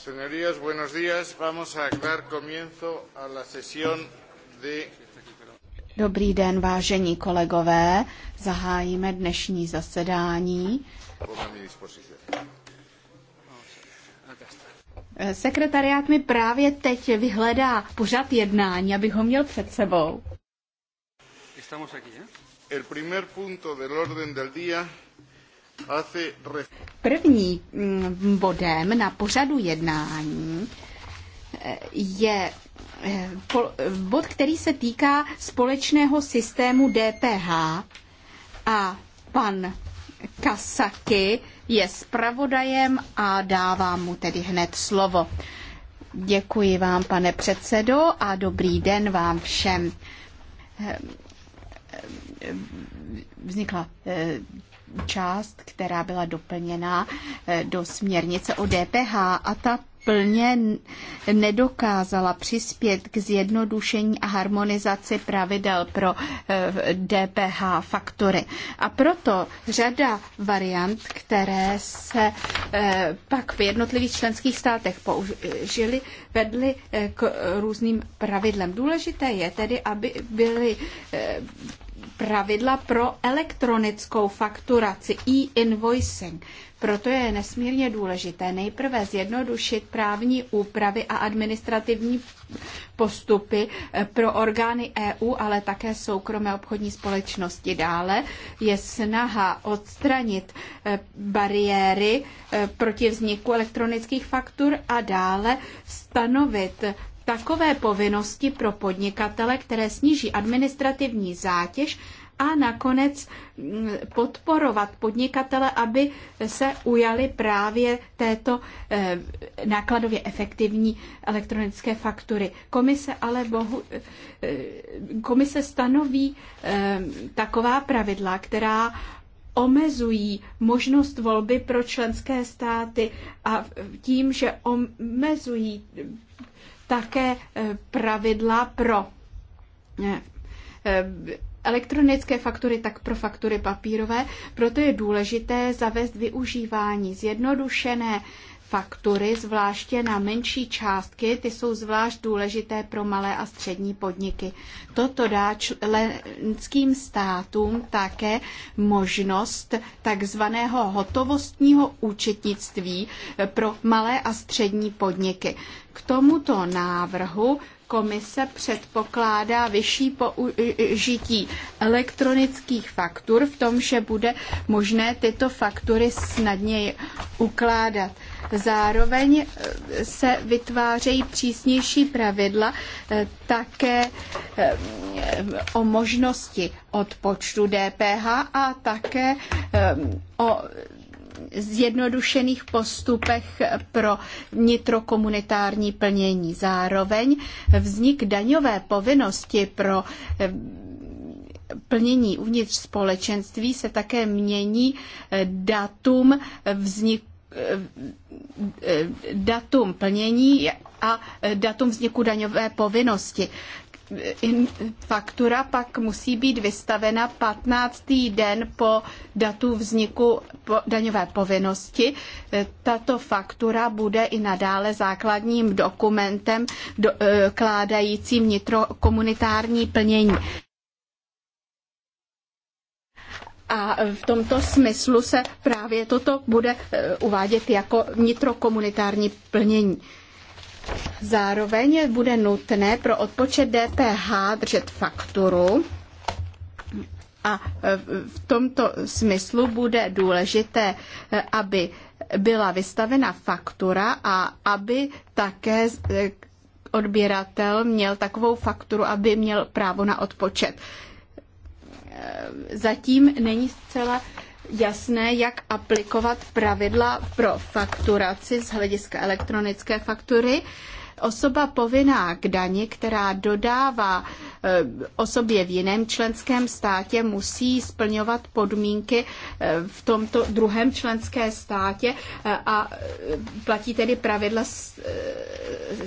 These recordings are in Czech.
Señorías, buenos días. Vamos a dar comienzo a la sesión de... Dobrý den, vážení kolegové. Zahájíme dnešní zasedání. Sekretariát mi právě teď vyhledá pořad jednání, abych ho měl před sebou. ¿eh? El primer punto del orden del día hace První mm, bodem na pořadu jednání eh, je eh, bod, který se týká společného systému DPH a pan Kasaky je zpravodajem a dávám mu tedy hned slovo. Děkuji vám, pane předsedo, a dobrý den vám všem. Eh, vznikla část, která byla doplněna eh, do směrnice o DPH a ta plně nedokázala přispět k zjednodušení a harmonizaci pravidel pro DPH eh, faktory. A proto řada variant, které se eh, pak v jednotlivých členských státech použili, vedly k různým pravidlem. Důležité je tedy, aby byly pravidla pro elektronickou fakturaci e-invoicing. Proto je nesmírně důležité nejprve zjednodušit právní úpravy a administrativní postupy eh, pro orgány EU, ale také soukromé obchodní společnosti. Dále je snaha odstranit eh, bariéry eh, proti vzniku elektronických faktur a dále stanovit takové povinnosti pro podnikatele, které sníží administrativní zátěž a nakonec mm, podporovat podnikatele, aby se ujali právě této eh, nákladově efektivní elektronické faktury. Komise ale bohu, eh, komise stanoví eh, taková pravidla, která omezují možnost volby pro členské státy a tím, že omezují také e, pravidla pro e, e, elektronické faktury, tak pro faktury papírové. Proto je důležité zavést využívání zjednodušené faktury, zvláště na menší částky, ty jsou zvlášť důležité pro malé a střední podniky. Toto dá členským státům také možnost takzvaného hotovostního účetnictví pro malé a střední podniky. K tomuto návrhu komise předpokládá vyšší použití elektronických faktur v tom, že bude možné tyto faktury snadněji ukládat. Zároveň eh, se vytvářejí přísnější pravidla eh, také eh, o možnosti odpočtu DPH a také o zjednodušených postupech pro nitrokomunitární plnění. Zároveň vznik daňové povinnosti pro plnění uvnitř společenství se také mění datum vzniku datum plnění a datum vzniku daňové povinnosti. Faktura pak musí být vystavena 15. den po datu vzniku daňové povinnosti. Tato faktura bude i nadále základním dokumentem eh, kládajícím vnitrokomunitární plnění a v tomto smyslu se právě toto bude eh, uvádět jako vnitrokomunitární plnění. Zároveň bude nutné pro odpočet DPH držet fakturu a eh, v tomto smyslu bude důležité, eh, aby byla vystavena faktura a aby také odběratel měl takovou fakturu, aby měl právo na odpočet zatím není zcela jasné, jak aplikovat pravidla pro fakturaci z hlediska elektronické faktury osoba povinná k dani, která dodává e, osobě v jiném členském státě, musí splňovat podmínky e, v tomto druhém členské státě e, a platí tedy pravidla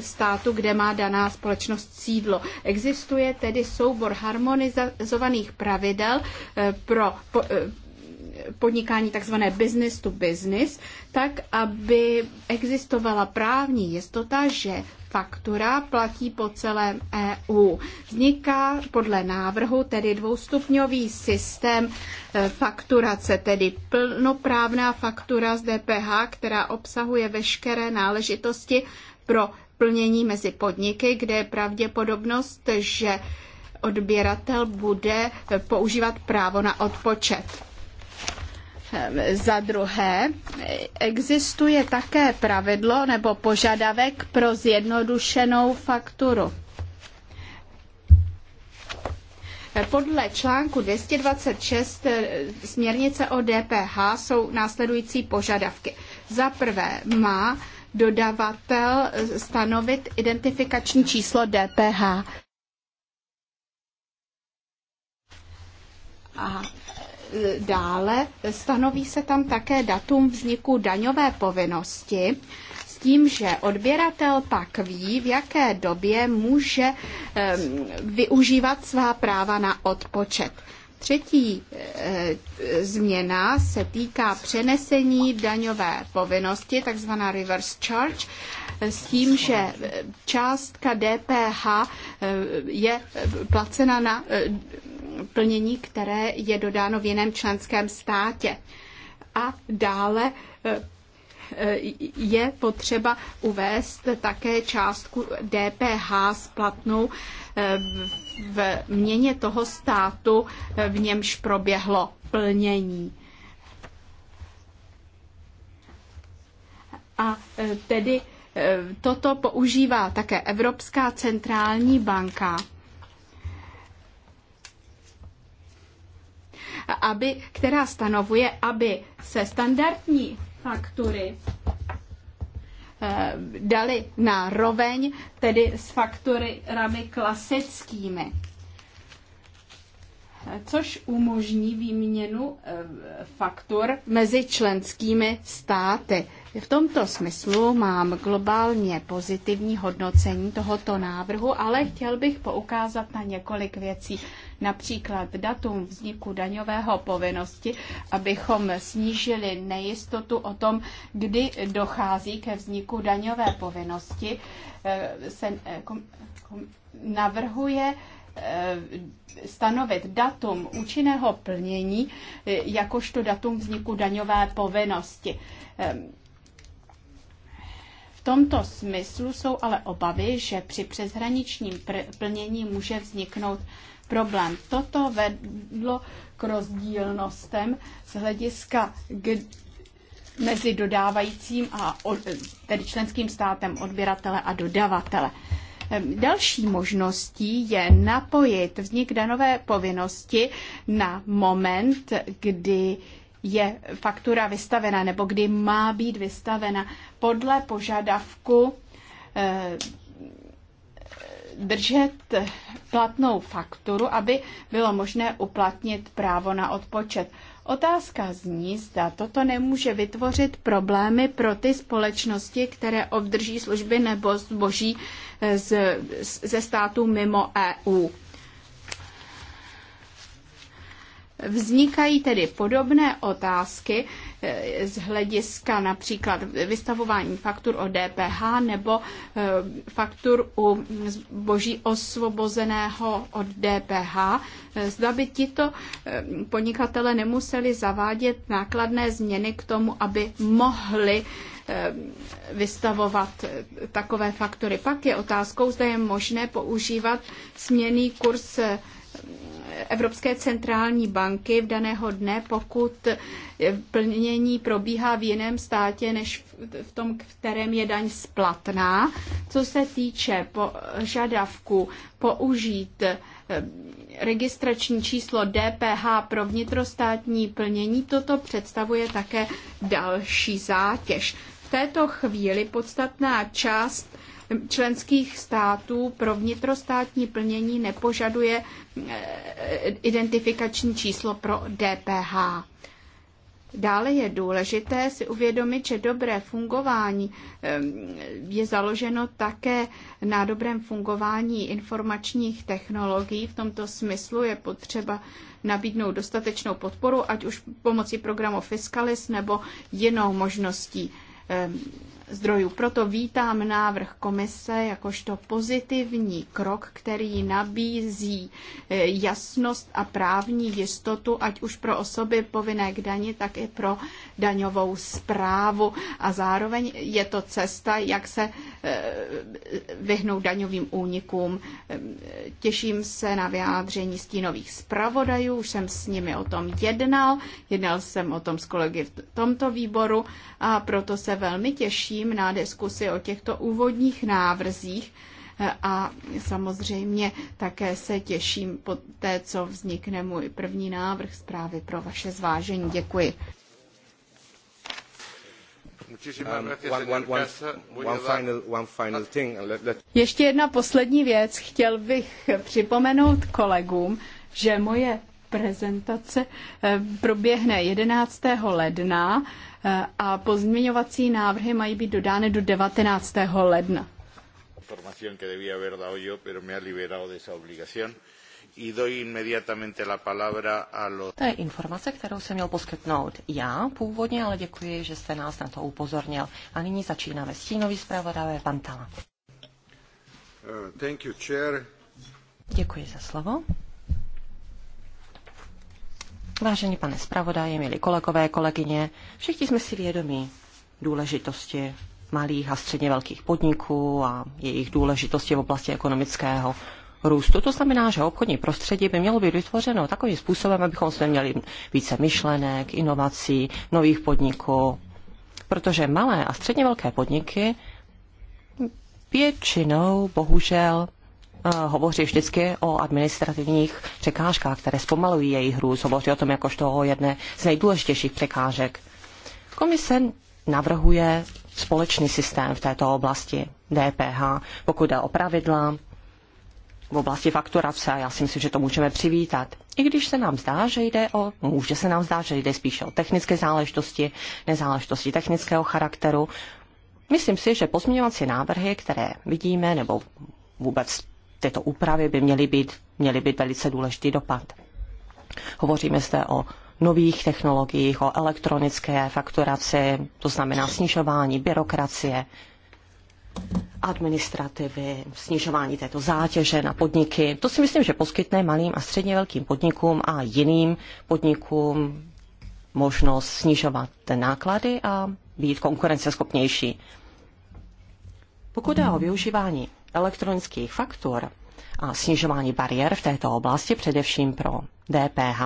státu, kde má daná společnost sídlo. Existuje tedy soubor harmonizovaných pravidel pro podnikání takzvané business to business, tak aby existovala právní jistota, že faktura platí po celém EU. Vzniká podle návrhu tedy dvoustupňový systém e, fakturace, tedy plnoprávná faktura z DPH, která obsahuje veškeré náležitosti pro plnění mezi podniky, kde je pravděpodobnost, že odběratel bude e, používat právo na odpočet. Za druhé, existuje také pravidlo nebo požadavek pro zjednodušenou fakturu. Podle článku 226 směrnice o DPH jsou následující požadavky. Za prvé má dodavatel stanovit identifikační číslo DPH. A dále stanoví se tam také datum vzniku daňové povinnosti s tím, že odběratel pak ví, v jaké době může využívat svá práva na odpočet. Třetí e, změna se týká přenesení daňové povinnosti, takzvaná reverse charge, s tím, že částka DPH eh, je placena na eh, plnění, které je dodáno v jiném členském státě. A dále eh, je potřeba uvést také částku DPH splatnou eh, v měně toho státu, eh, v němž proběhlo plnění. A tedy toto používá také Evropská centrální banka aby, která stanovuje, aby se standardní faktury eh, dali na roveň, tedy s faktorami klasickými. Což umožní výměnu eh, faktur mezi členskými státy. V tomto smyslu mám globálně pozitivní hodnocení tohoto návrhu, ale chtěl bych poukázat na několik věcí například datum vzniku daňového povinnosti, abychom snížili nejistotu o tom, kdy dochází ke vzniku daňové povinnosti, eh, se eh, navrhuje eh, stanovit datum účinného plnění jakožto datum vzniku daňové povinnosti. Ehm, v tomto smyslu jsou ale obavy, že při přeshraničním plnění může vzniknout problém. Toto vedlo k rozdílnostem z hlediska mezi dodávajícím a tedy členským státem odběratele a dodavatele. Ehm, další možností je napojit vznik danové povinnosti na moment, kdy je faktura vystavena nebo kdy má být vystavena podle požadavku ehm, držet platnou fakturu, aby bylo možné uplatnit právo na odpočet. Otázka zní, zda toto nemůže vytvořit problémy pro ty společnosti, které obdrží služby nebo zboží eh, z, ze států mimo EU. Vznikají tedy podobné otázky eh, z hlediska například vystavování faktur o DPH nebo eh, faktur u boží osvobozeného od DPH. Eh, zda by tito podnikatele nemuseli zavádět nákladné změny k tomu, aby mohli vystavovat takové faktory. Pak je otázkou, zda je možné používat směný kurz Evropské centrální banky v daného dne, pokud plnění probíhá v jiném státě, než v tom, v kterém je daň splatná. Co se týče požadavku použít eh, registrační číslo DPH pro vnitrostátní plnění, toto představuje také další zátěž. V této chvíli podstatná část členských států pro vnitrostátní plnění nepožaduje eh, identifikační číslo pro DPH. Dále je důležité si uvědomit, že dobré fungování eh, je založeno také na dobrém fungování informačních technologií. V tomto smyslu je potřeba nabídnout dostatečnou podporu, ať už pomocí programu Fiscalis nebo jinou možností. Eh, zdrojů. Proto vítám návrh komise jakožto pozitivní krok, který nabízí eh, jasnost a právní jistotu, ať už pro osoby povinné k dani, tak i pro daňovou zprávu. A zároveň je to cesta, jak se Eh, vyhnout daňovým únikům. Eh, těším se na vyjádření stínových zpravodajů, už jsem s nimi o tom jednal, jednal jsem o tom s kolegy v tomto výboru a proto se velmi těším na diskusi o těchto úvodních návrzích eh, a samozřejmě také se těším po té, co vznikne můj první návrh zprávy pro vaše zvážení. Děkuji. Ještě jedna poslední věc. Chtěl bych připomenout kolegům, že moje prezentace eh, proběhne 11. ledna eh, a pozměňovací návrhy mají být dodány do 19. ledna. información que debía haber dado yo, pero me ha liberado de esa obligación. To je informace, kterou jsem měl poskytnout já původně, ale děkuji, že jste nás na to upozornil. A nyní začínáme stínový zpravodavé Pantala. Uh, you, děkuji za slovo. Vážený pane zpravodaji, milí kolegové, kolegyně, všichni jsme si vědomí důležitosti malých a středně velkých podniků a jejich důležitosti v oblasti ekonomického růstu. To znamená, že obchodní prostředí by mělo být vytvořeno takovým způsobem, abychom jsme měli více myšlenek, inovací, nových podniků. Protože malé a středně velké podniky většinou, bohužel, eh, hovoří vždycky o administrativních překážkách, které zpomalují jejich růst. Hovoří o tom jakožto o jedné z nejdůležitějších překážek. Komise navrhuje společný systém v této oblasti DPH, pokud jde o pravidla, v oblasti fakturace a já si myslím, že to můžeme přivítat. I když se nám zdá, že jde o, může se nám zdá, že jde spíše o technické záležitosti, nezáležitosti technického charakteru, myslím si, že pozměňovací návrhy, které vidíme, nebo vůbec tyto úpravy by měly být, měly být velice důležitý dopad. Hovoříme zde o nových technologiích, o elektronické fakturaci, to znamená snižování byrokracie, administrativy, snižování této zátěže na podniky. To si myslím, že poskytne malým a středně velkým podnikům a jiným podnikům možnost snižovat náklady a být konkurenceschopnější. Pokud jde o využívání elektronických faktur a snižování bariér v této oblasti, především pro DPH,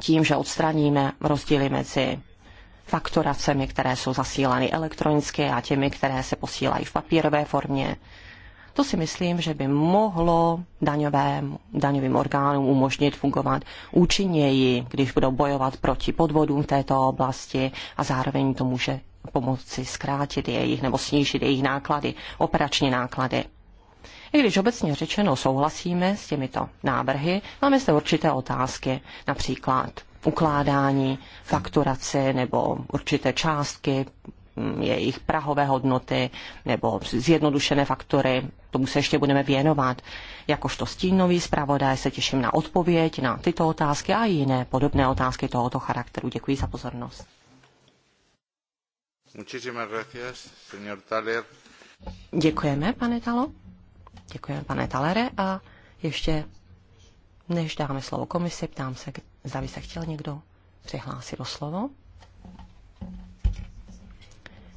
tím, že odstraníme rozdíly mezi fakturacemi, které jsou zasílány elektronicky a těmi, které se posílají v papírové formě. To si myslím, že by mohlo daňovém, daňovým orgánům umožnit fungovat účinněji, když budou bojovat proti podvodům v této oblasti a zároveň to může pomoci zkrátit jejich nebo snížit jejich náklady, operační náklady. I když obecně řečeno souhlasíme s těmito návrhy, máme zde určité otázky, například ukládání fakturace nebo určité částky mm, jejich prahové hodnoty nebo zjednodušené faktory. Tomu se ještě budeme věnovat. Jakožto stínový zpravodaj se těším na odpověď na tyto otázky a jiné podobné otázky tohoto charakteru. Děkuji za pozornost. Děkujeme, pane Talo. Děkujeme, pane Talere. A ještě než dáme slovo komisi, ptám se, Zda by se chtěl někdo přihlásit o slovo?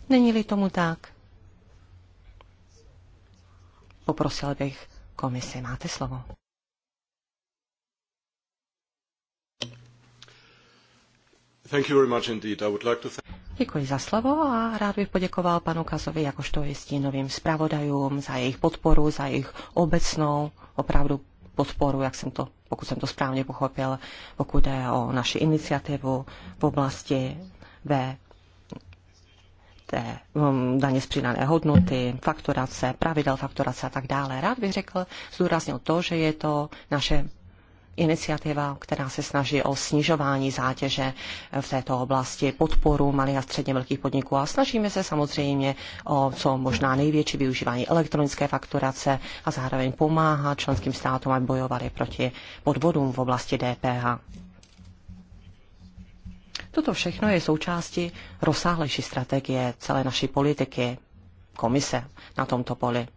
Není-li tomu tak, poprosil bych komisi. Máte slovo. Thank you very much indeed. I would like to thank... Děkuji za slovo a rád bych poděkoval panu Kazovi jakožto jistí novým zpravodajům za jejich podporu, za jejich obecnou, opravdu podporu, jak jsem to, pokud jsem to správně pochopil, pokud jde o naši iniciativu v oblasti v té um, daně z přidané hodnoty, fakturace, pravidel fakturace a tak dále. Rád bych řekl, zdůraznil to, že je to naše iniciativa, která se snaží o snižování zátěže v této oblasti, podporu malých a středně velkých podniků a snažíme se samozřejmě o co možná největší využívání elektronické fakturace a zároveň pomáhat členským státům, aby bojovali proti podvodům v oblasti DPH. Toto všechno je součástí rozsáhlejší strategie celé naší politiky, komise na tomto poli.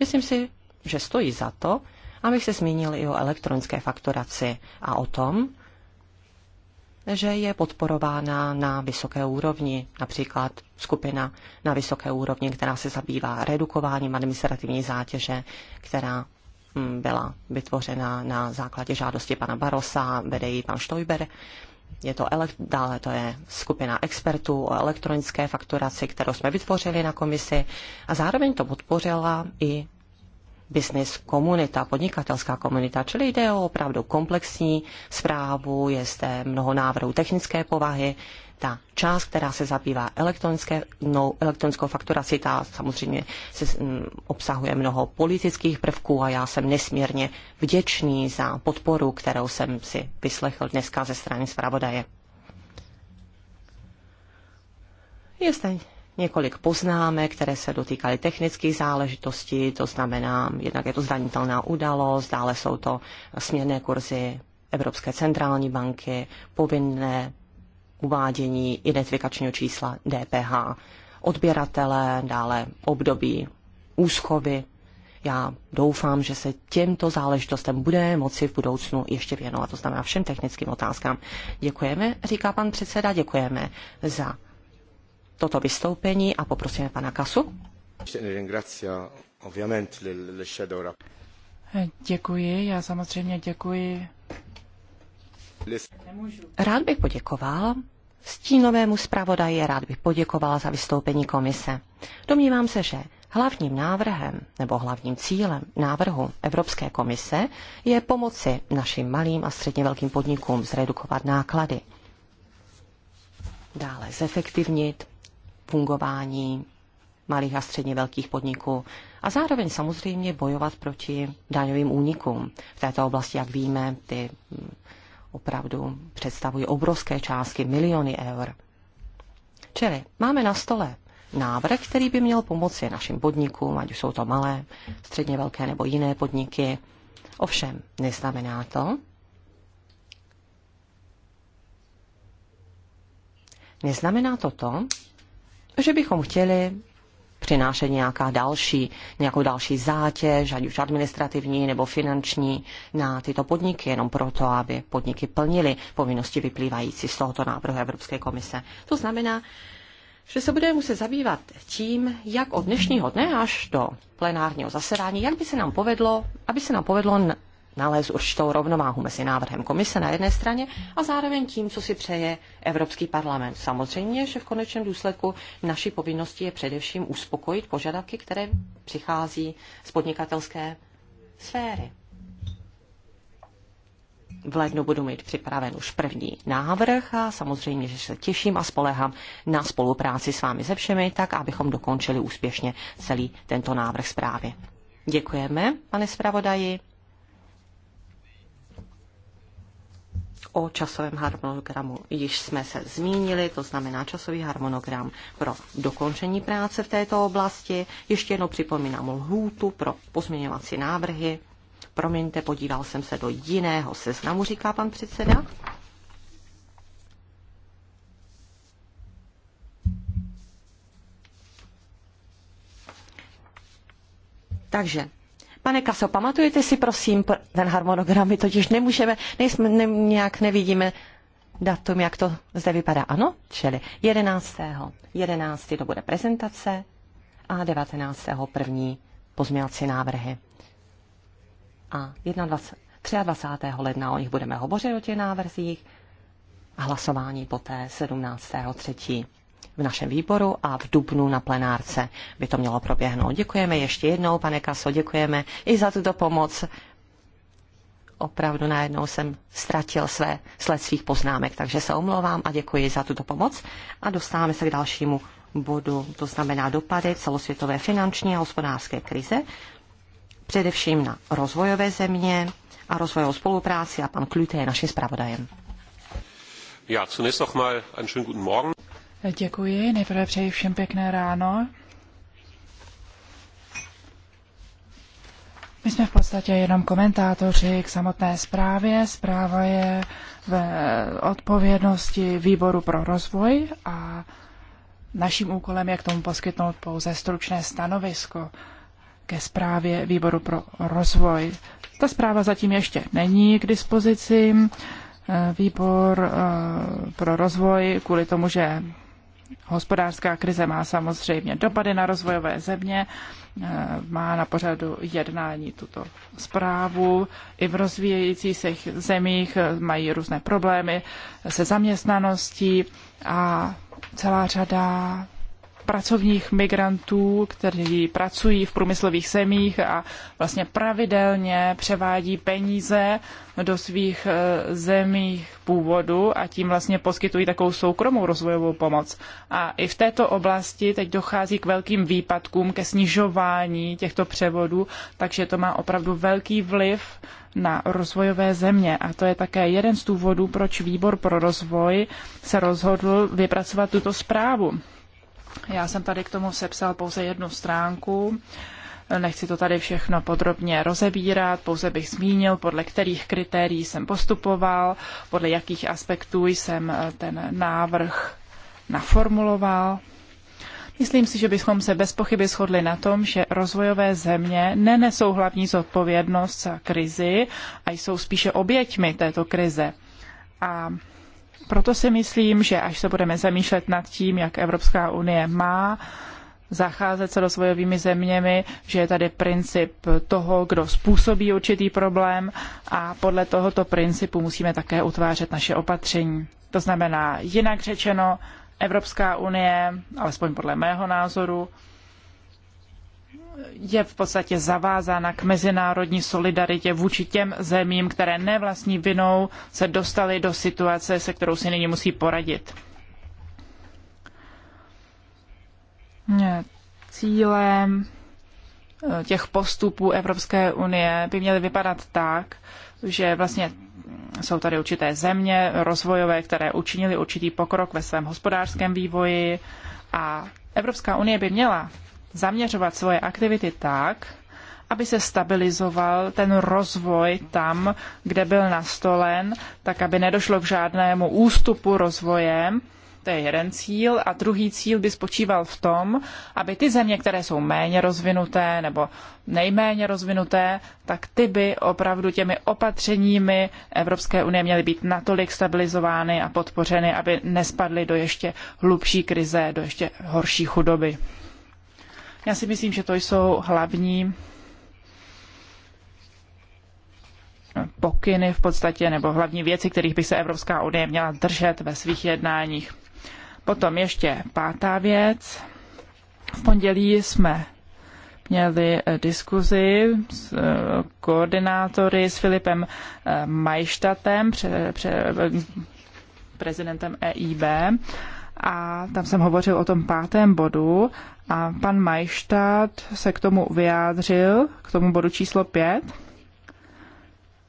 Myslím si, že stojí za to, abych se zmínil i o elektronické fakturaci a o tom, že je podporována na vysoké úrovni, například skupina na vysoké úrovni, která se zabývá redukováním administrativní zátěže, která hm, byla vytvořena na základě žádosti pana Barosa, vede ji pan Stoiber. Je to elekt, dále to je skupina expertů o elektronické fakturaci, kterou jsme vytvořili na komisi a zároveň to podpořila i business komunita, podnikatelská komunita, čili jde o opravdu komplexní zprávu, je zde mnoho návrhů technické povahy, ta část, která se zabývá elektronické, no, elektronickou fakturací, ta samozřejmě se, m, mm, obsahuje mnoho politických prvků a já jsem nesmírně vděčný za podporu, kterou jsem si vyslechl dneska ze strany zpravodaje. Je několik poznámek, které se dotýkaly technických záležitostí, to znamená, jednak je to zdanitelná událost, dále jsou to směrné kurzy Evropské centrální banky, povinné uvádění identifikačního čísla DPH, odběratele, dále období úschovy. Já doufám, že se těmto záležitostem bude moci v budoucnu ještě věnovat, to znamená všem technickým otázkám. Děkujeme, říká pan předseda, děkujeme za toto vystoupení a poprosíme pana Kasu. Děkuji, já samozřejmě děkuji. Rád bych poděkoval stínovému zpravodaji, rád bych poděkoval za vystoupení komise. Domnívám se, že Hlavním návrhem nebo hlavním cílem návrhu Evropské komise je pomoci našim malým a středně velkým podnikům zredukovat náklady, dále zefektivnit fungování malých a středně velkých podniků a zároveň samozřejmě bojovat proti daňovým únikům. V této oblasti, jak víme, ty mm, opravdu představují obrovské částky, miliony eur. Čili máme na stole návrh, který by měl pomoci našim podnikům, ať už jsou to malé, středně velké nebo jiné podniky. Ovšem, neznamená to, neznamená to to, že bychom chtěli přinášet nějaká další, nějakou další zátěž, ať už administrativní nebo finanční, na tyto podniky, jenom proto, aby podniky plnily povinnosti vyplývající z tohoto návrhu Evropské komise. To znamená, že se budeme muset zabývat tím, jak od dnešního dne až do plenárního zasedání, jak by se nám povedlo, aby se nám povedlo nalézt určitou rovnováhu mezi návrhem komise na jedné straně a zároveň tím, co si přeje Evropský parlament. Samozřejmě, že v konečném důsledku naší povinností je především uspokojit požadavky, které přichází z podnikatelské sféry. V lednu budu mít připraven už první návrh a samozřejmě, že se těším a spolehám na spolupráci s vámi se všemi, tak abychom dokončili úspěšně celý tento návrh zprávy. Děkujeme, pane zpravodaji. O časovém harmonogramu již jsme se zmínili, to znamená časový harmonogram pro dokončení práce v této oblasti. Ještě jednou připomínám lhůtu pro pozměňovací návrhy. Promiňte, podíval jsem se do jiného seznamu, říká pan předseda. Takže Pane Kaso, pamatujete si prosím ten harmonogram? My totiž nemůžeme, nejsme, ne, nějak nevidíme datum, jak to zde vypadá. Ano, čili 11. 11. to bude prezentace a 19. první pozměňovací návrhy. A 21, 23. ledna o nich budeme hovořit o těch návrzích a hlasování poté 17. 3 v našem výboru a v dubnu na plenárce by to mělo proběhnout. Děkujeme ještě jednou, pane Kaso, děkujeme i za tuto pomoc. Opravdu najednou jsem ztratil své sled svých poznámek, takže se omlouvám a děkuji za tuto pomoc. A dostáváme se k dalšímu bodu, to znamená dopady celosvětové finanční a hospodářské krize, především na rozvojové země a rozvojovou spolupráci a pan Klüte je naším zpravodajem. Ja, zunächst noch mal einen schönen guten Morgen. Děkuji. Nejprve přeji všem pěkné ráno. My jsme v podstatě jenom komentátoři k samotné zprávě. Zpráva je v odpovědnosti výboru pro rozvoj a naším úkolem je k tomu poskytnout pouze stručné stanovisko ke zprávě výboru pro rozvoj. Ta zpráva zatím ještě není k dispozici. Výbor eh, pro rozvoj kvůli tomu, že Hospodářská krize má samozřejmě dopady na rozvojové země, eh, má na pořadu jednání tuto zprávu. I v rozvíjejících se zemích eh, mají různé problémy se zaměstnaností a celá řada pracovních migrantů, kteří pracují v průmyslových zemích a vlastně pravidelně převádí peníze do svých eh, zemí původu a tím vlastně poskytují takovou soukromou rozvojovou pomoc. A i v této oblasti teď dochází k velkým výpadkům, ke snižování těchto převodů, takže to má opravdu velký vliv na rozvojové země. A to je také jeden z důvodů, proč výbor pro rozvoj se rozhodl vypracovat tuto zprávu. Já jsem tady k tomu sepsal pouze jednu stránku. Nechci to tady všechno podrobně rozebírat, pouze bych zmínil, podle kterých kritérií jsem postupoval, podle jakých aspektů jsem eh, ten návrh naformuloval. Myslím si, že bychom se bez pochyby shodli na tom, že rozvojové země nenesou hlavní zodpovědnost za krizi a jsou spíše oběťmi této krize. A proto si myslím, že až se budeme zamýšlet nad tím, jak Evropská unie má zacházet s rozvojovými zeměmi, že je tady princip toho, kdo způsobí určitý problém a podle tohoto principu musíme také utvářet naše opatření. To znamená, jinak řečeno, Evropská unie, alespoň podle mého názoru, je v podstatě zavázána k mezinárodní solidaritě vůči těm zemím, které nevlastní vinou se dostaly do situace, se kterou si nyní musí poradit. Cílem eh, těch postupů Evropské unie by měly vypadat tak, že vlastně jsou tady určité země rozvojové, které učinily určitý pokrok ve svém hospodářském vývoji a Evropská unie by měla zaměřovat svoje aktivity tak, aby se stabilizoval ten rozvoj tam, kde byl nastolen, tak aby nedošlo k žádnému ústupu rozvojem. To je jeden cíl. A druhý cíl by spočíval v tom, aby ty země, které jsou méně rozvinuté nebo nejméně rozvinuté, tak ty by opravdu těmi opatřeními Evropské unie měly být natolik stabilizovány a podpořeny, aby nespadly do ještě hlubší krize, do ještě horší chudoby. Já si myslím, že to jsou hlavní pokyny v podstatě, nebo hlavní věci, kterých by se Evropská unie měla držet ve svých jednáních. Potom ještě pátá věc. V pondělí jsme měli eh, diskuzi s eh, koordinátory, s Filipem eh, Majštatem, pře, pře, prezidentem EIB, a tam jsem hovořil o tom pátém bodu a pan Majštát se k tomu vyjádřil, k tomu bodu číslo 5.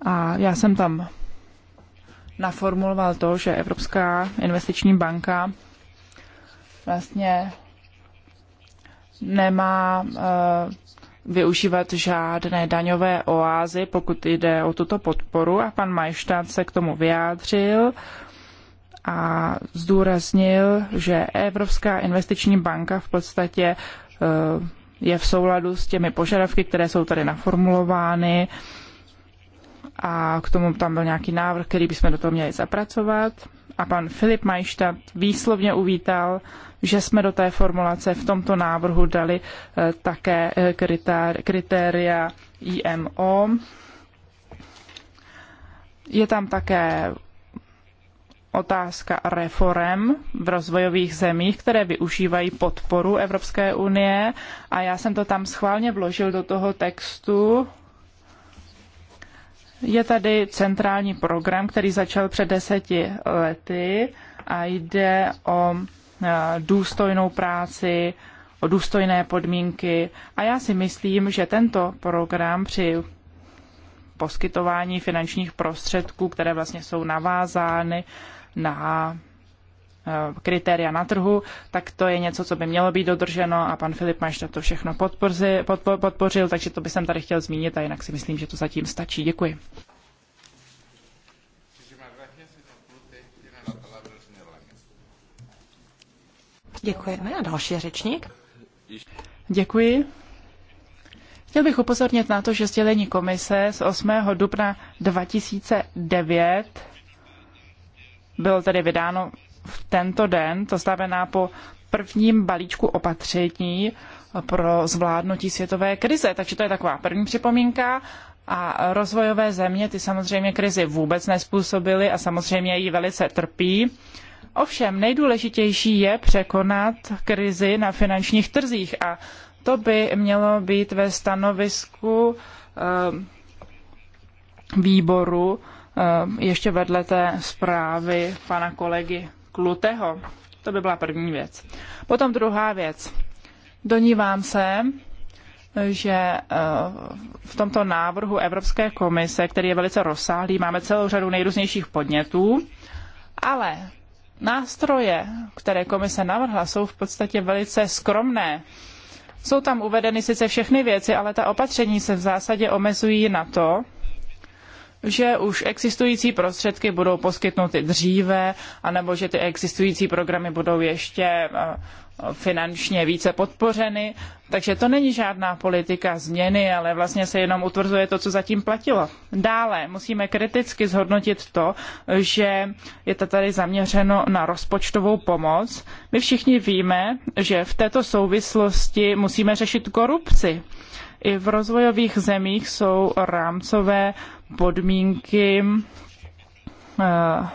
A já jsem tam naformuloval to, že Evropská investiční banka vlastně nemá eh, využívat žádné daňové oázy, pokud jde o tuto podporu. A pan Majštát se k tomu vyjádřil a zdůraznil, že Evropská investiční banka v podstatě e, je v souladu s těmi požadavky, které jsou tady naformulovány a k tomu tam byl nějaký návrh, který bychom do toho měli zapracovat. A pan Filip Majštat výslovně uvítal, že jsme do té formulace v tomto návrhu dali e, také e, kritéria IMO. Je tam také otázka reform v rozvojových zemích, které využívají podporu Evropské unie a já jsem to tam schválně vložil do toho textu. Je tady centrální program, který začal před deseti lety a jde o e, důstojnou práci, o důstojné podmínky a já si myslím, že tento program při poskytování finančních prostředků, které vlastně jsou navázány na eh, kritéria na trhu, tak to je něco, co by mělo být dodrženo a pan Filip Maš to všechno podpořil, podpo, podpořil, takže to bych jsem tady chtěl zmínit a jinak si myslím, že to zatím stačí. Děkuji. Děkujeme. A další řečník. Děkuji. Chtěl bych upozornit na to, že sdělení komise z 8. dubna 2009 bylo tedy vydáno v tento den, to znamená po prvním balíčku opatření pro zvládnutí světové krize. Takže to je taková první připomínka. A rozvojové země ty samozřejmě krizi vůbec nespůsobily a samozřejmě ji velice trpí. Ovšem nejdůležitější je překonat krizi na finančních trzích a to by mělo být ve stanovisku ehm, výboru ehm, ještě vedle té zprávy pana kolegy Kluteho. To by byla první věc. Potom druhá věc. Donívám se, že eh, v tomto návrhu Evropské komise, který je velice rozsáhlý, máme celou řadu nejrůznějších podnětů, ale nástroje, které komise navrhla, jsou v podstatě velice skromné. Jsou tam uvedeny sice všechny věci, ale ta opatření se v zásadě omezují na to, že už existující prostředky budou poskytnuty dříve, anebo že ty existující programy budou ještě eh, finančně více podpořeny. Takže to není žádná politika změny, ale vlastně se jenom utvrzuje to, co zatím platilo. Dále musíme kriticky zhodnotit to, že je to tady zaměřeno na rozpočtovou pomoc. My všichni víme, že v této souvislosti musíme řešit korupci i v rozvojových zemích jsou rámcové podmínky eh,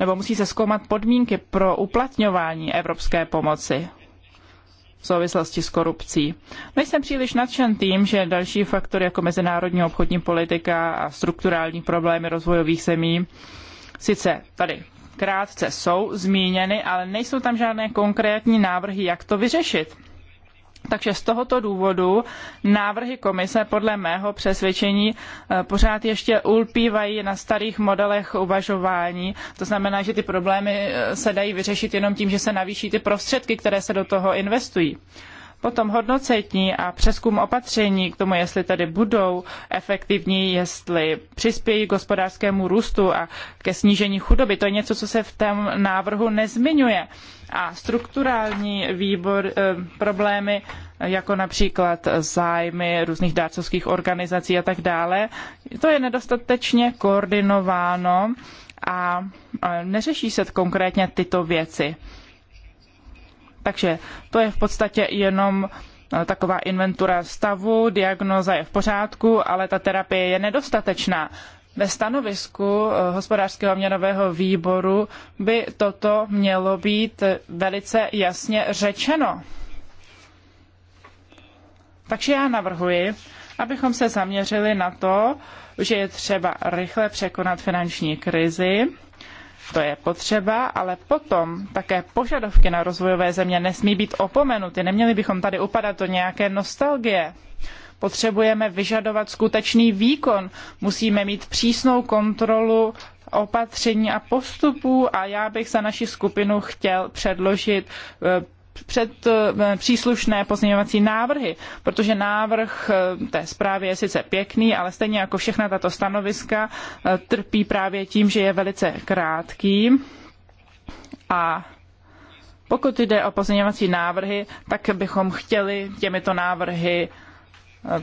nebo musí se zkoumat podmínky pro uplatňování evropské pomoci v souvislosti s korupcí. Nejsem příliš nadšen tím, že další faktory jako mezinárodní obchodní politika a strukturální problémy rozvojových zemí sice tady krátce jsou zmíněny, ale nejsou tam žádné konkrétní návrhy, jak to vyřešit. Takže z tohoto důvodu návrhy komise podle mého přesvědčení eh, pořád ještě ulpívají na starých modelech uvažování. To znamená, že ty problémy eh, se dají vyřešit jenom tím, že se navýší ty prostředky, které se do toho investují. Potom hodnocení a přeskum opatření k tomu, jestli tedy budou efektivní, jestli přispějí k hospodářskému růstu a ke snížení chudoby. To je něco, co se v tom návrhu nezmiňuje a strukturální výbor, eh, problémy, jako například zájmy různých dárcovských organizací a tak dále, to je nedostatečně koordinováno a eh, neřeší se konkrétně tyto věci. Takže to je v podstatě jenom eh, taková inventura stavu, diagnoza je v pořádku, ale ta terapie je nedostatečná. Ve stanovisku eh, hospodářského a měnového výboru by toto mělo být velice jasně řečeno. Takže já navrhuji, abychom se zaměřili na to, že je třeba rychle překonat finanční krizi, to je potřeba, ale potom také požadovky na rozvojové země nesmí být opomenuty. Neměli bychom tady upadat do nějaké nostalgie. Potřebujeme vyžadovat skutečný výkon. Musíme mít přísnou kontrolu opatření a postupů a já bych za naši skupinu chtěl předložit eh, před eh, příslušné pozměňovací návrhy, protože návrh eh, té zprávy je sice pěkný, ale stejně jako všechna tato stanoviska trpí právě tím, že je velice krátký. A pokud jde o pozměňovací návrhy, tak bychom chtěli těmito návrhy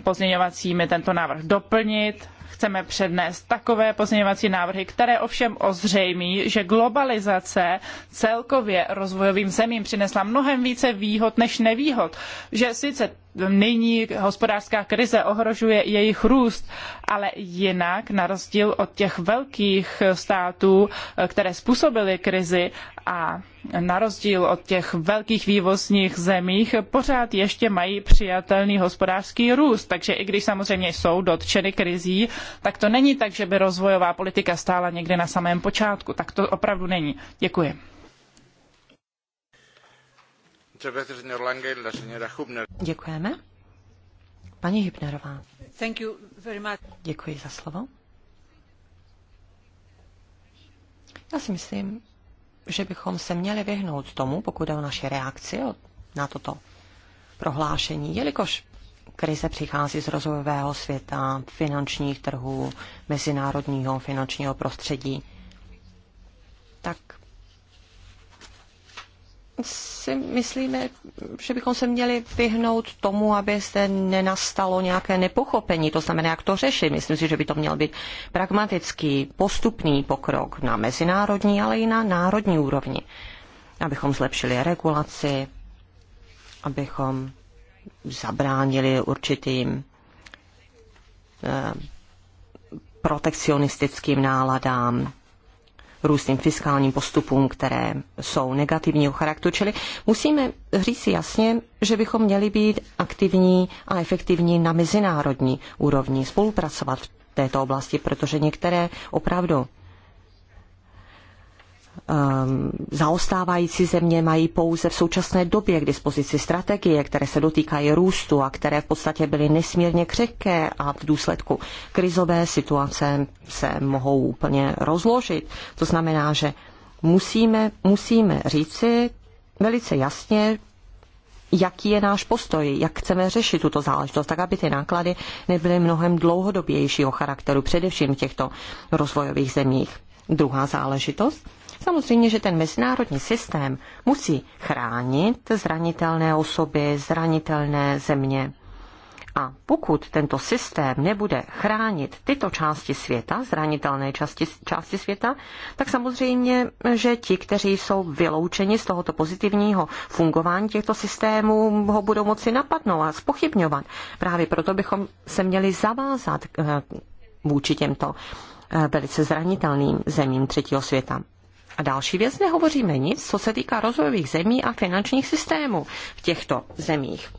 pozměňovacími tento návrh doplnit. Chceme přednést takové pozměňovací návrhy, které ovšem ozřejmí, že globalizace celkově rozvojovým zemím přinesla mnohem více výhod než nevýhod. Že sice nyní hospodářská krize ohrožuje jejich růst, ale jinak, na rozdíl od těch velkých států, které způsobily krizi a na rozdíl od těch velkých vývozních zemích, pořád ještě mají přijatelný hospodářský růst. Takže i když samozřejmě jsou dotčeny krizí, tak to není tak, že by rozvojová politika stála někde na samém počátku. Tak to opravdu není. Děkuji. Děkujeme. Paní Hübnerová. Thank you very much. Děkuji za slovo. Já si myslím, že bychom se měli vyhnout tomu, pokud je o naše reakci na toto prohlášení, jelikož krize přichází z rozvojového světa, finančních trhů, mezinárodního finančního prostředí, tak si myslíme, že bychom se měli vyhnout tomu, aby zde nenastalo nějaké nepochopení, to znamená, jak to řešit. Myslím si, že by to měl být pragmatický, postupný pokrok na mezinárodní, ale i na národní úrovni. Abychom zlepšili regulaci, abychom zabránili určitým eh, protekcionistickým náladám, různým fiskálním postupům, které jsou negativního charakteru. Čili musíme říct jasně, že bychom měli být aktivní a efektivní na mezinárodní úrovni, spolupracovat v této oblasti, protože některé opravdu Ehm, zaostávající země mají pouze v současné době k dispozici strategie, které se dotýkají růstu a které v podstatě byly nesmírně křehké a v důsledku krizové situace se mohou úplně rozložit. To znamená, že musíme, musíme říci velice jasně, jaký je náš postoj, jak chceme řešit tuto záležitost, tak aby ty náklady nebyly mnohem dlouhodobějšího charakteru, především v těchto rozvojových zemích. Druhá záležitost, Samozřejmě, že ten mezinárodní systém musí chránit zranitelné osoby, zranitelné země. A pokud tento systém nebude chránit tyto části světa, zranitelné části, části světa, tak samozřejmě, že ti, kteří jsou vyloučeni z tohoto pozitivního fungování těchto systémů, ho budou moci napadnout a spochybňovat. Právě proto bychom se měli zavázat eh, vůči těmto eh, velice zranitelným zemím třetího světa. A další věc nehovoříme nic, co se týká rozvojových zemí a finančních systémů v těchto zemích.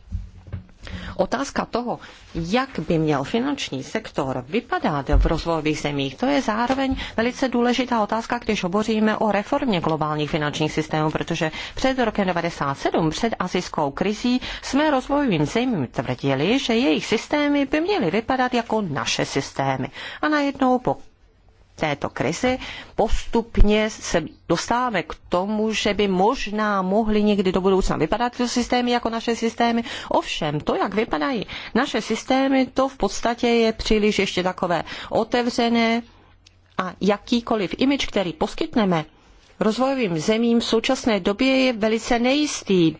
Otázka toho, jak by měl finanční sektor vypadat v rozvojových zemích, to je zároveň velice důležitá otázka, když hovoříme o reformě globálních finančních systémů, protože před rokem 1997, před azijskou krizí, jsme rozvojovým zemím tvrdili, že jejich systémy by měly vypadat jako naše systémy. A najednou po této krizi, postupně se dostáváme k tomu, že by možná mohly někdy do budoucna vypadat ty systémy jako naše systémy. Ovšem, to, jak vypadají naše systémy, to v podstatě je příliš ještě takové otevřené a jakýkoliv image, který poskytneme rozvojovým zemím v současné době je velice nejistý.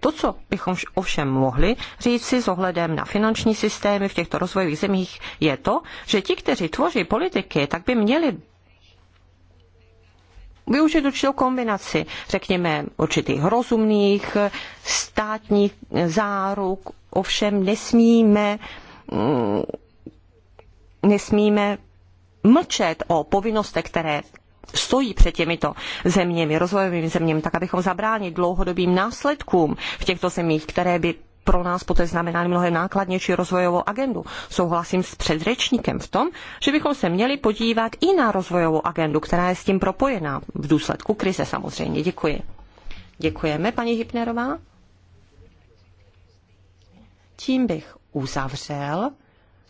To, co bychom ovšem mohli říci s ohledem na finanční systémy v těchto rozvojových zemích, je to, že ti, kteří tvoří politiky, tak by měli využít určitou kombinaci, řekněme, určitých rozumných státních záruk, ovšem nesmíme mm, nesmíme mlčet o povinnostech, které stojí před těmito zeměmi, rozvojovými zeměmi, tak abychom zabránili dlouhodobým následkům v těchto zemích, které by pro nás poté znamenaly mnohem nákladnější rozvojovou agendu. Souhlasím s předřečníkem v tom, že bychom se měli podívat i na rozvojovou agendu, která je s tím propojená v důsledku krize samozřejmě. Děkuji. Děkujeme, paní Hypnerová. Tím bych uzavřel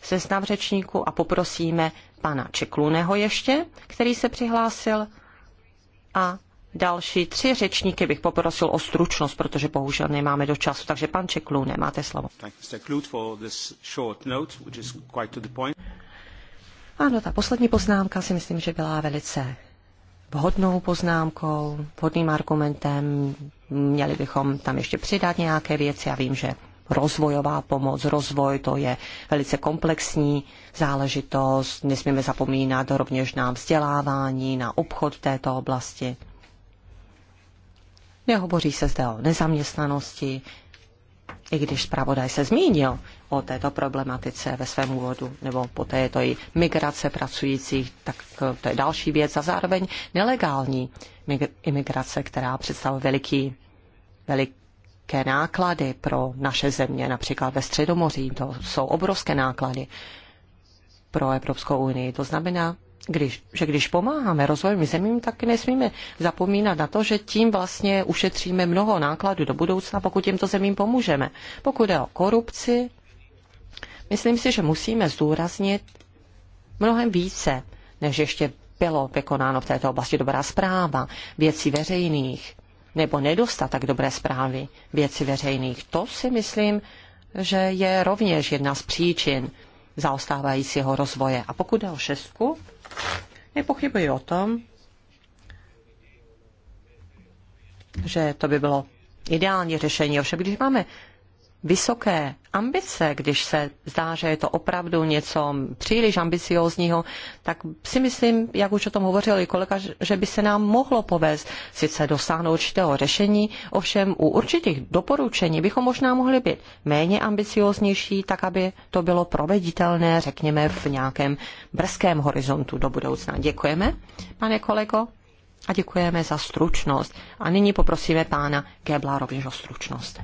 seznam řečníků a poprosíme pana Čekluného ještě, který se přihlásil a další tři řečníky bych poprosil o stručnost, protože bohužel nemáme do času. Takže pan Čeklune, máte slovo. Ano, ta poslední poznámka si myslím, že byla velice vhodnou poznámkou, vhodným argumentem. Měli bychom tam ještě přidat nějaké věci. Já vím, že rozvojová pomoc, rozvoj, to je velice komplexní záležitost. Nesmíme zapomínat rovněž na vzdělávání, na obchod v této oblasti. Nehovoří se zde o nezaměstnanosti, i když zpravodaj se zmínil o této problematice ve svém úvodu, nebo poté je to i migrace pracujících, tak eh, to je další věc a zároveň nelegální imigrace, která představuje veliký, velké náklady pro naše země, například ve Středomoří. To jsou obrovské náklady pro Evropskou unii. To znamená, když, že když pomáháme rozvojovým zemím, tak nesmíme zapomínat na to, že tím vlastně ušetříme mnoho nákladů do budoucna, pokud těmto zemím pomůžeme. Pokud je o korupci, myslím si, že musíme zdůraznit mnohem více, než ještě bylo vykonáno v této oblasti dobrá zpráva věcí veřejných, nebo nedostatek dobré zprávy věci veřejných. To si myslím, že je rovněž jedna z příčin zaostávajícího rozvoje. A pokud jde o šestku, nepochybuji o tom, že to by bylo ideální řešení. Ovšem, když máme vysoké ambice, když se zdá, že je to opravdu něco příliš ambiciózního, tak si myslím, jak už o tom hovořil i kolega, že by se nám mohlo povést sice dosáhnout určitého řešení, ovšem u určitých doporučení bychom možná mohli být méně ambicióznější, tak aby to bylo proveditelné, řekněme, v nějakém brzkém horizontu do budoucna. Děkujeme, pane kolego, a děkujeme za stručnost. A nyní poprosíme pána Gebla rovněž o stručnost.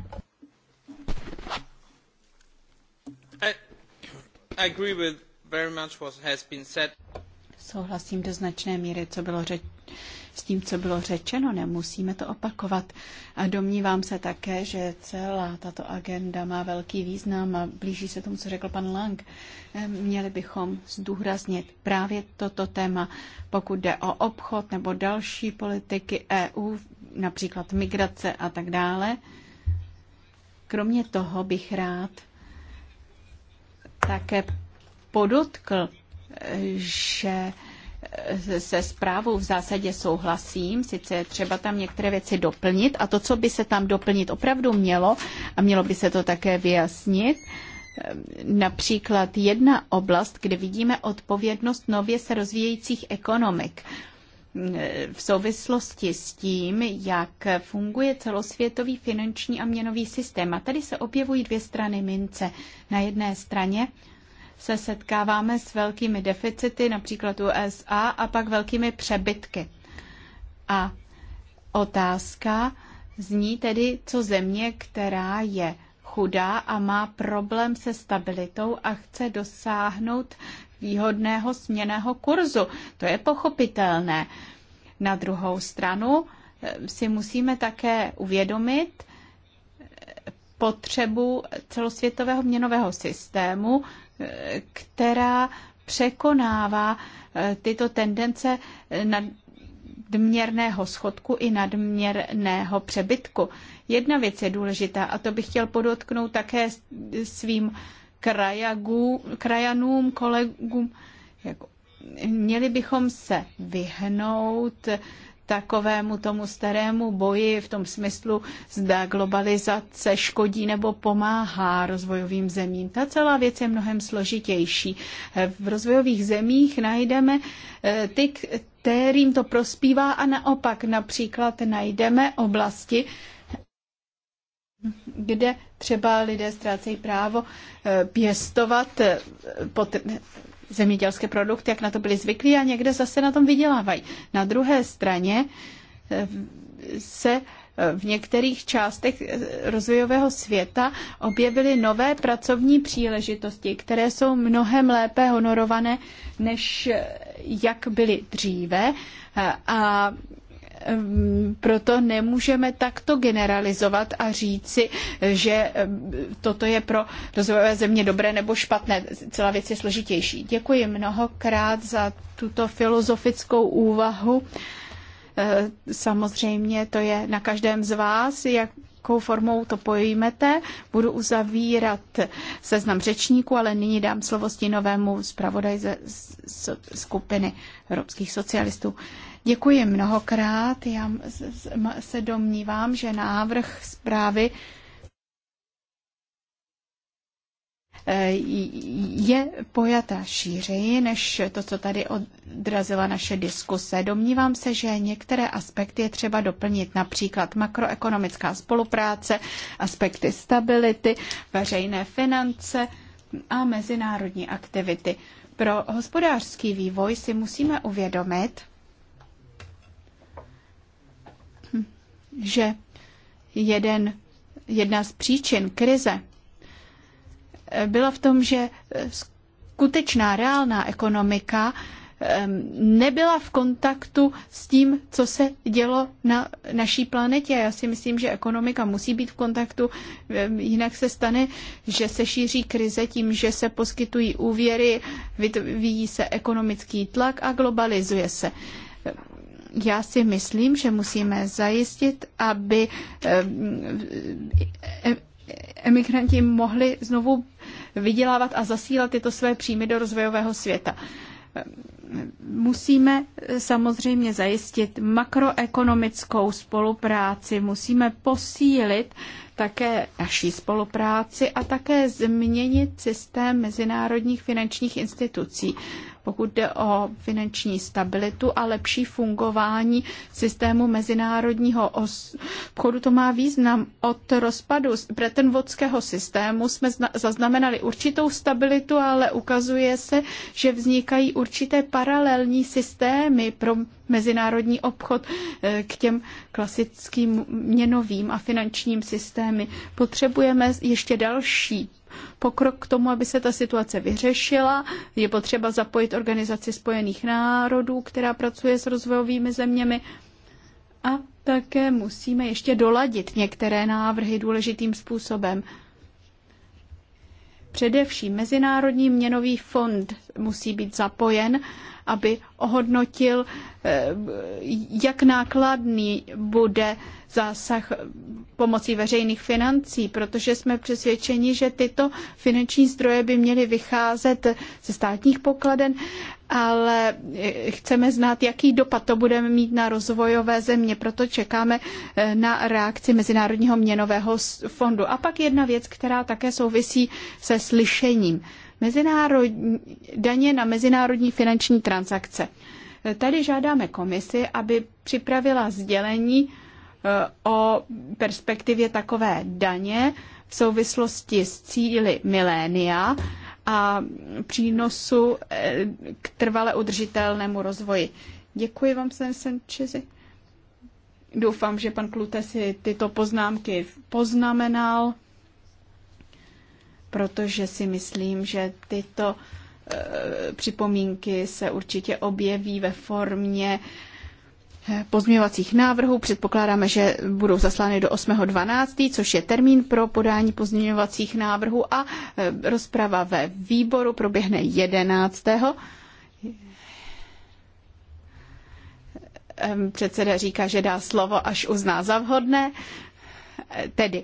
Souhlasím do značné míry, co bylo řeč, s tím, co bylo řečeno, nemusíme to opakovat. A domnívám se také, že celá tato agenda má velký význam a blíží se tomu, co řekl pan Lang. Ehm, měli bychom zdůraznit právě toto téma, pokud jde o obchod nebo další politiky EU, například migrace a tak dále. Kromě toho bych rád také podotkl, že se zprávou v zásadě souhlasím, sice je třeba tam některé věci doplnit a to, co by se tam doplnit opravdu mělo a mělo by se to také vyjasnit, například jedna oblast, kde vidíme odpovědnost nově se rozvíjejících ekonomik v souvislosti s tím, jak funguje celosvětový finanční a měnový systém. A tady se objevují dvě strany mince. Na jedné straně se setkáváme s velkými deficity, například USA, a pak velkými přebytky. A otázka zní tedy, co země, která je chudá a má problém se stabilitou a chce dosáhnout výhodného směného kurzu. To je pochopitelné. Na druhou stranu eh, si musíme také uvědomit eh, potřebu celosvětového měnového systému, eh, která překonává tyto tendence nadměrného schodku i nadměrného přebytku. Jedna věc je důležitá a to bych chtěl podotknout také svým krajagů, krajanům, kolegům. Jako, měli bychom se vyhnout takovému tomu starému boji v tom smyslu, zda globalizace škodí nebo pomáhá rozvojovým zemím. Ta celá věc je mnohem složitější. V rozvojových zemích najdeme eh, ty, kterým to prospívá a naopak například najdeme oblasti, kde třeba lidé ztrácejí právo eh, pěstovat eh, pot- zemědělské produkty, jak na to byli zvyklí, a někde zase na tom vydělávají. Na druhé straně eh, se v některých částech rozvojového světa objevily nové pracovní příležitosti, které jsou mnohem lépe honorované, než jak byly dříve. A Ehm, proto nemůžeme takto generalizovat a říci, že ehm, toto je pro rozvojové země dobré nebo špatné. Celá věc je složitější. Děkuji mnohokrát za tuto filozofickou úvahu. Ehm, samozřejmě to je na každém z vás, jak jakou formou to pojmete. Budu uzavírat seznam řečníků, ale nyní dám slovo stínovému zpravodaj ze skupiny evropských socialistů. Děkuji mnohokrát. Já se domnívám, že návrh zprávy Eh, je pojata šířeji než to, co tady odrazila naše diskuse. Domnívám se, že některé aspekty je třeba doplnit, například makroekonomická spolupráce, aspekty stability, veřejné finance a mezinárodní aktivity. Pro hospodářský vývoj si musíme uvědomit, hm, že jeden, jedna z příčin krize byla v tom, že eh, skutečná reálná ekonomika eh, nebyla v kontaktu s tím, co se dělo na naší planetě. Já si myslím, že ekonomika musí být v kontaktu, eh, jinak se stane, že se šíří krize tím, že se poskytují úvěry, vyvíjí se ekonomický tlak a globalizuje se. Já si myslím, že musíme zajistit, aby emigranti mohli znovu vydělávat a zasílat tyto své příjmy do rozvojového světa. Musíme samozřejmě zajistit makroekonomickou spolupráci, musíme posílit také naší spolupráci a také změnit systém mezinárodních finančních institucí pokud jde o finanční stabilitu a lepší fungování systému mezinárodního obchodu. To má význam. Od rozpadu bretenvodského systému jsme zaznamenali určitou stabilitu, ale ukazuje se, že vznikají určité paralelní systémy pro mezinárodní obchod eh, k těm klasickým měnovým a finančním systémy. Potřebujeme ještě další pokrok k tomu, aby se ta situace vyřešila. Je potřeba zapojit Organizaci spojených národů, která pracuje s rozvojovými zeměmi. A také musíme ještě doladit některé návrhy důležitým způsobem. Především Mezinárodní měnový fond musí být zapojen, aby ohodnotil, eh, jak nákladný bude zásah pomocí veřejných financí, protože jsme přesvědčeni, že tyto finanční zdroje by měly vycházet ze státních pokladen, ale eh, chceme znát, jaký dopad to bude mít na rozvojové země. Proto čekáme eh, na reakci Mezinárodního měnového fondu. A pak jedna věc, která také souvisí se slyšením. Mezinárodní, daně na mezinárodní finanční transakce. Tady žádáme komisi, aby připravila sdělení e, o perspektivě takové daně v souvislosti s cíly milénia a přínosu e, k trvale udržitelnému rozvoji. Děkuji vám, pane Sančezi. Doufám, že pan Klute si tyto poznámky poznamenal protože si myslím, že tyto eh, připomínky se určitě objeví ve formě eh, pozměňovacích návrhů. Předpokládáme, že budou zaslány do 8.12., což je termín pro podání pozměňovacích návrhů a eh, rozprava ve výboru proběhne 11. Ehm, předseda říká, že dá slovo, až uzná za vhodné. Tedy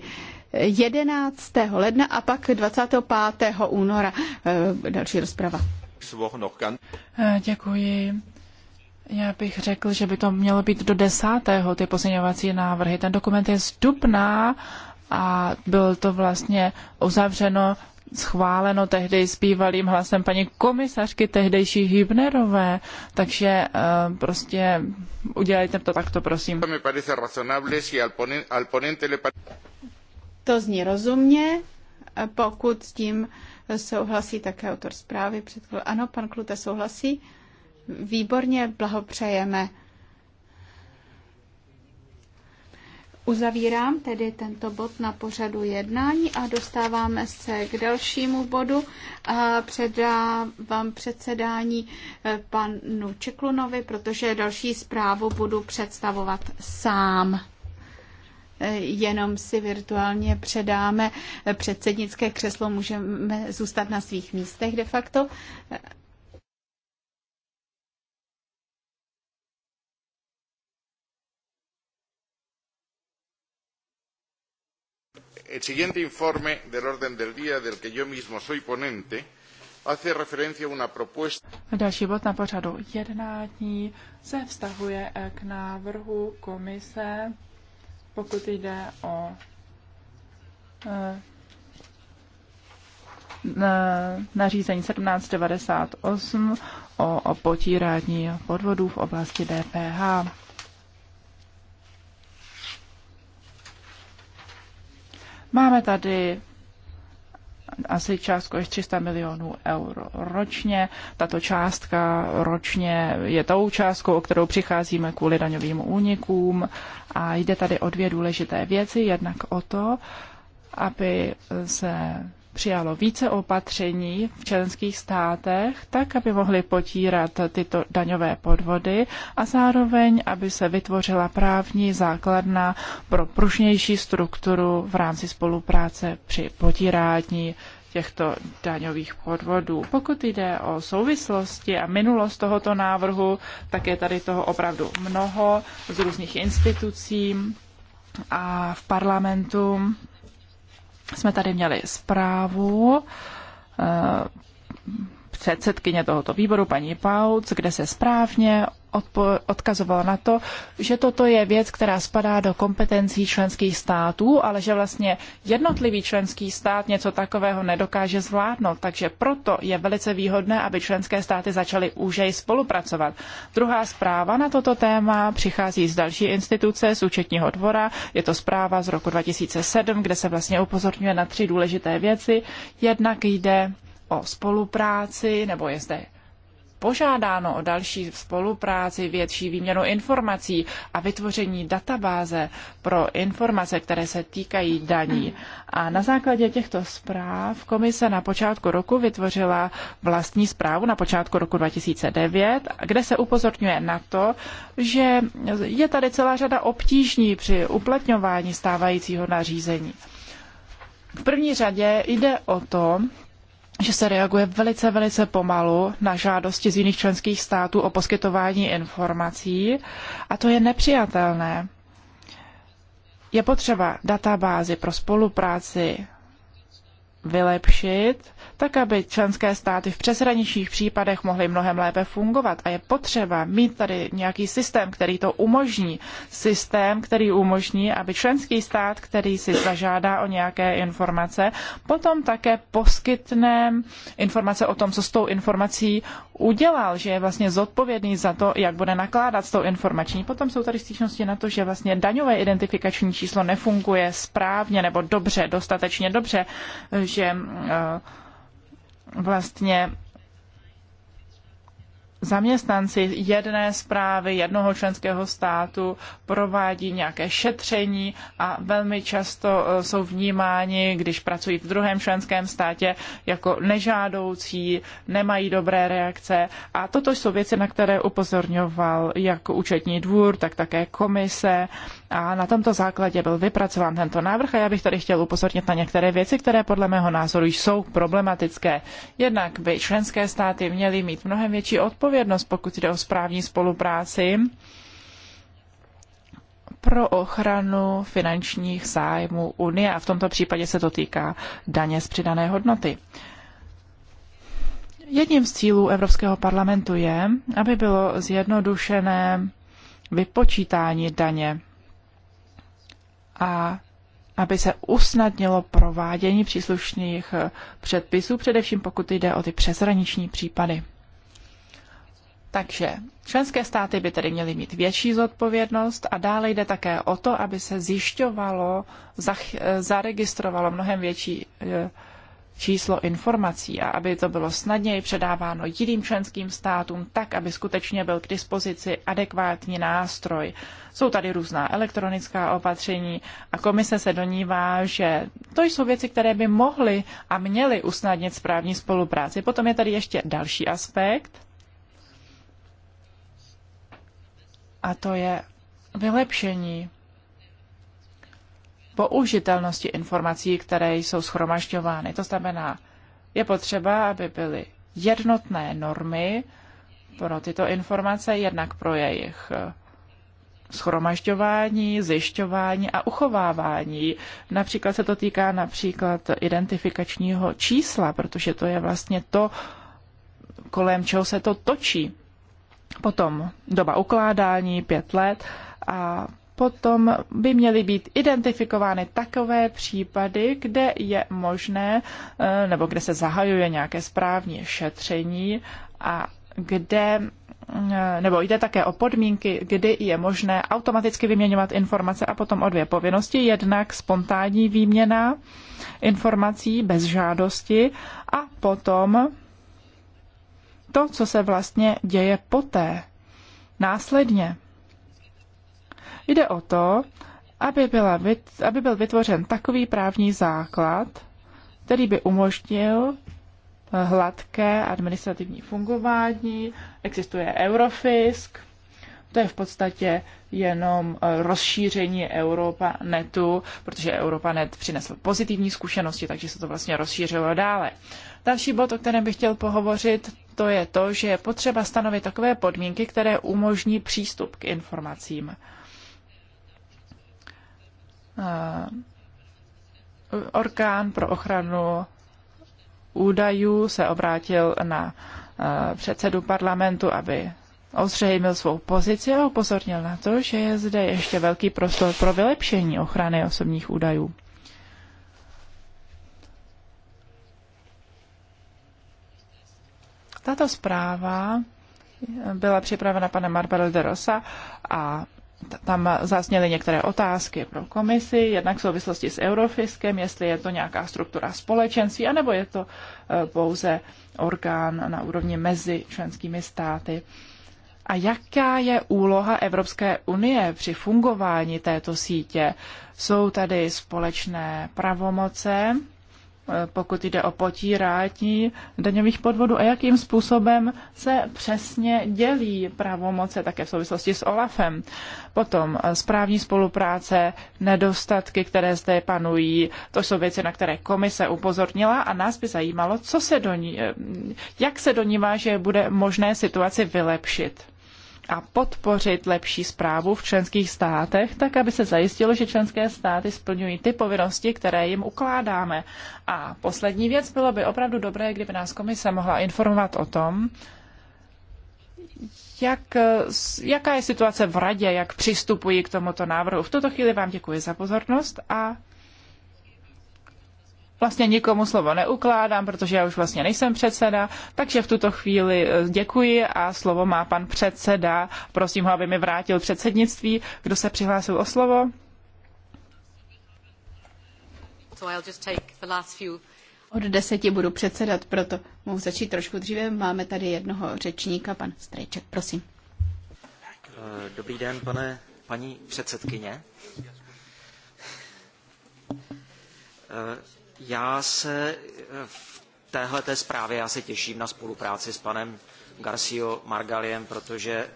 11. ledna a pak 25. února eh, další rozprava. Děkuji. Já bych řekl, že by to mělo být do desátého, ty pozměňovací návrhy. Ten dokument je z a byl to vlastně uzavřeno, schváleno tehdy s bývalým hlasem paní komisařky tehdejší Hübnerové. Takže eh, prostě udělejte to takto, prosím. To zní rozumně, pokud s tím souhlasí také autor zprávy. Ano, pan Klute souhlasí. Výborně, blahopřejeme. Uzavírám tedy tento bod na pořadu jednání a dostáváme se k dalšímu bodu a předávám předsedání eh, panu Čeklunovi, protože další zprávu budu představovat sám jenom si virtuálně předáme předsednické křeslo, můžeme zůstat na svých místech de facto. El siguiente informe del orden del día del que yo mismo soy ponente hace referencia a una propuesta. Další bod na pořadu jednání se vztahuje k návrhu komise pokud jde o e, e, nařízení 1798 o, o potírání podvodů v oblasti DPH. Máme tady asi částku až 300 milionů eur ročně. Tato částka ročně je tou částkou, o kterou přicházíme kvůli daňovým únikům a jde tady o dvě důležité věci. Jednak o to, aby se přijalo více opatření v členských státech, tak aby mohly potírat tyto daňové podvody a zároveň, aby se vytvořila právní základna pro pružnější strukturu v rámci spolupráce při potírání těchto daňových podvodů. Pokud jde o souvislosti a minulost tohoto návrhu, tak je tady toho opravdu mnoho z různých institucí a v parlamentu jsme tady měli zprávu eh, předsedkyně tohoto výboru, paní Pauc, kde se správně odkazovala na to, že toto je věc, která spadá do kompetencí členských států, ale že vlastně jednotlivý členský stát něco takového nedokáže zvládnout. Takže proto je velice výhodné, aby členské státy začaly úžej spolupracovat. Druhá zpráva na toto téma přichází z další instituce, z účetního dvora. Je to zpráva z roku 2007, kde se vlastně upozorňuje na tři důležité věci. Jednak jde o spolupráci, nebo je zde požádáno o další spolupráci, větší výměnu informací a vytvoření databáze pro informace, které se týkají daní. A na základě těchto zpráv komise na počátku roku vytvořila vlastní zprávu na počátku roku 2009, kde se upozorňuje na to, že je tady celá řada obtížní při uplatňování stávajícího nařízení. V první řadě jde o to, že se reaguje velice, velice pomalu na žádosti z jiných členských států o poskytování informací a to je nepřijatelné. Je potřeba databázi pro spolupráci vylepšit tak aby členské státy v přeshraničních případech mohly mnohem lépe fungovat. A je potřeba mít tady nějaký systém, který to umožní. Systém, který umožní, aby členský stát, který si zažádá o nějaké informace, potom také poskytne informace o tom, co s tou informací udělal, že je vlastně zodpovědný za to, jak bude nakládat s tou informační. Potom jsou tady stížnosti na to, že vlastně daňové identifikační číslo nefunguje správně nebo dobře, dostatečně dobře, že uh, vlastně zaměstnanci jedné zprávy jednoho členského státu provádí nějaké šetření a velmi často e, jsou vnímáni, když pracují v druhém členském státě, jako nežádoucí, nemají dobré reakce. A toto jsou věci, na které upozorňoval jak účetní dvůr, tak také komise a na tomto základě byl vypracován tento návrh a já bych tady chtěl upozornit na některé věci, které podle mého názoru jsou problematické. Jednak by členské státy měly mít mnohem větší odpovědnost, pokud jde o správní spolupráci pro ochranu finančních zájmů Unie a v tomto případě se to týká daně z přidané hodnoty. Jedním z cílů Evropského parlamentu je, aby bylo zjednodušené vypočítání daně a aby se usnadnilo provádění příslušných eh, předpisů, především pokud jde o ty přeshraniční případy. Takže členské státy by tedy měly mít větší zodpovědnost a dále jde také o to, aby se zjišťovalo, eh, zaregistrovalo mnohem větší eh, číslo informací a aby to bylo snadněji předáváno jiným členským státům, tak aby skutečně byl k dispozici adekvátní nástroj. Jsou tady různá elektronická opatření a komise se donívá, že to jsou věci, které by mohly a měly usnadnit správní spolupráci. Potom je tady ještě další aspekt. A to je vylepšení použitelnosti informací, které jsou schromažďovány. To znamená, je potřeba, aby byly jednotné normy pro tyto informace, jednak pro jejich eh, schromažďování, zjišťování a uchovávání. Například se to týká například identifikačního čísla, protože to je vlastně to, kolem čeho se to točí. Potom doba ukládání, pět let a potom by měly být identifikovány takové případy, kde je možné, eh, nebo kde se zahajuje nějaké správní šetření a kde eh, nebo jde také o podmínky, kdy je možné automaticky vyměňovat informace a potom o dvě povinnosti. Jednak spontánní výměna informací bez žádosti a potom to, co se vlastně děje poté, následně. Jde o to, aby, byla, aby byl vytvořen takový právní základ, který by umožnil eh, hladké administrativní fungování, existuje Eurofisk, to je v podstatě jenom eh, rozšíření Europa netu, protože Europa net přinesl pozitivní zkušenosti, takže se to vlastně rozšířilo dále. Další bod, o kterém bych chtěl pohovořit, to je to, že je potřeba stanovit takové podmínky, které umožní přístup k informacím. Eh, orgán pro ochranu údajů se obrátil na eh, předsedu parlamentu, aby ozřejmil svou pozici a upozornil na to, že je zde ještě velký prostor pro vylepšení ochrany osobních údajů. Tato zpráva byla připravena panem Marbel de Rosa a tam zazněly některé otázky pro komisi, jednak v souvislosti s Eurofiskem, jestli je to nějaká struktura společenství, anebo je to eh, pouze orgán na úrovni mezi členskými státy. A jaká je úloha Evropské unie při fungování této sítě? Jsou tady společné pravomoce pokud jde o potírání daňových podvodů a jakým způsobem se přesně dělí pravomoce také v souvislosti s OLAFem. Potom eh, správní spolupráce, nedostatky, které zde panují, to jsou věci, na které komise upozornila a nás by zajímalo, co se do ní, eh, jak se do ní má, že bude možné situaci vylepšit a podpořit lepší zprávu v členských státech, tak aby se zajistilo, že členské státy splňují ty povinnosti, které jim ukládáme. A poslední věc, bylo by opravdu dobré, kdyby nás komise mohla informovat o tom, jak, jaká je situace v radě, jak přistupují k tomuto návrhu. V tuto chvíli vám děkuji za pozornost a vlastně nikomu slovo neukládám, protože já už vlastně nejsem předseda, takže v tuto chvíli e, děkuji a slovo má pan předseda. Prosím ho, aby mi vrátil předsednictví. Kdo se přihlásil o slovo? Od deseti budu předsedat, proto mohu začít trošku dříve. Máme tady jednoho řečníka, pan Strejček, prosím. E, dobrý den, pane, paní předsedkyně. Já se eh, v té zprávě já se těším na spolupráci s panem Garcio Margaliem, protože eh,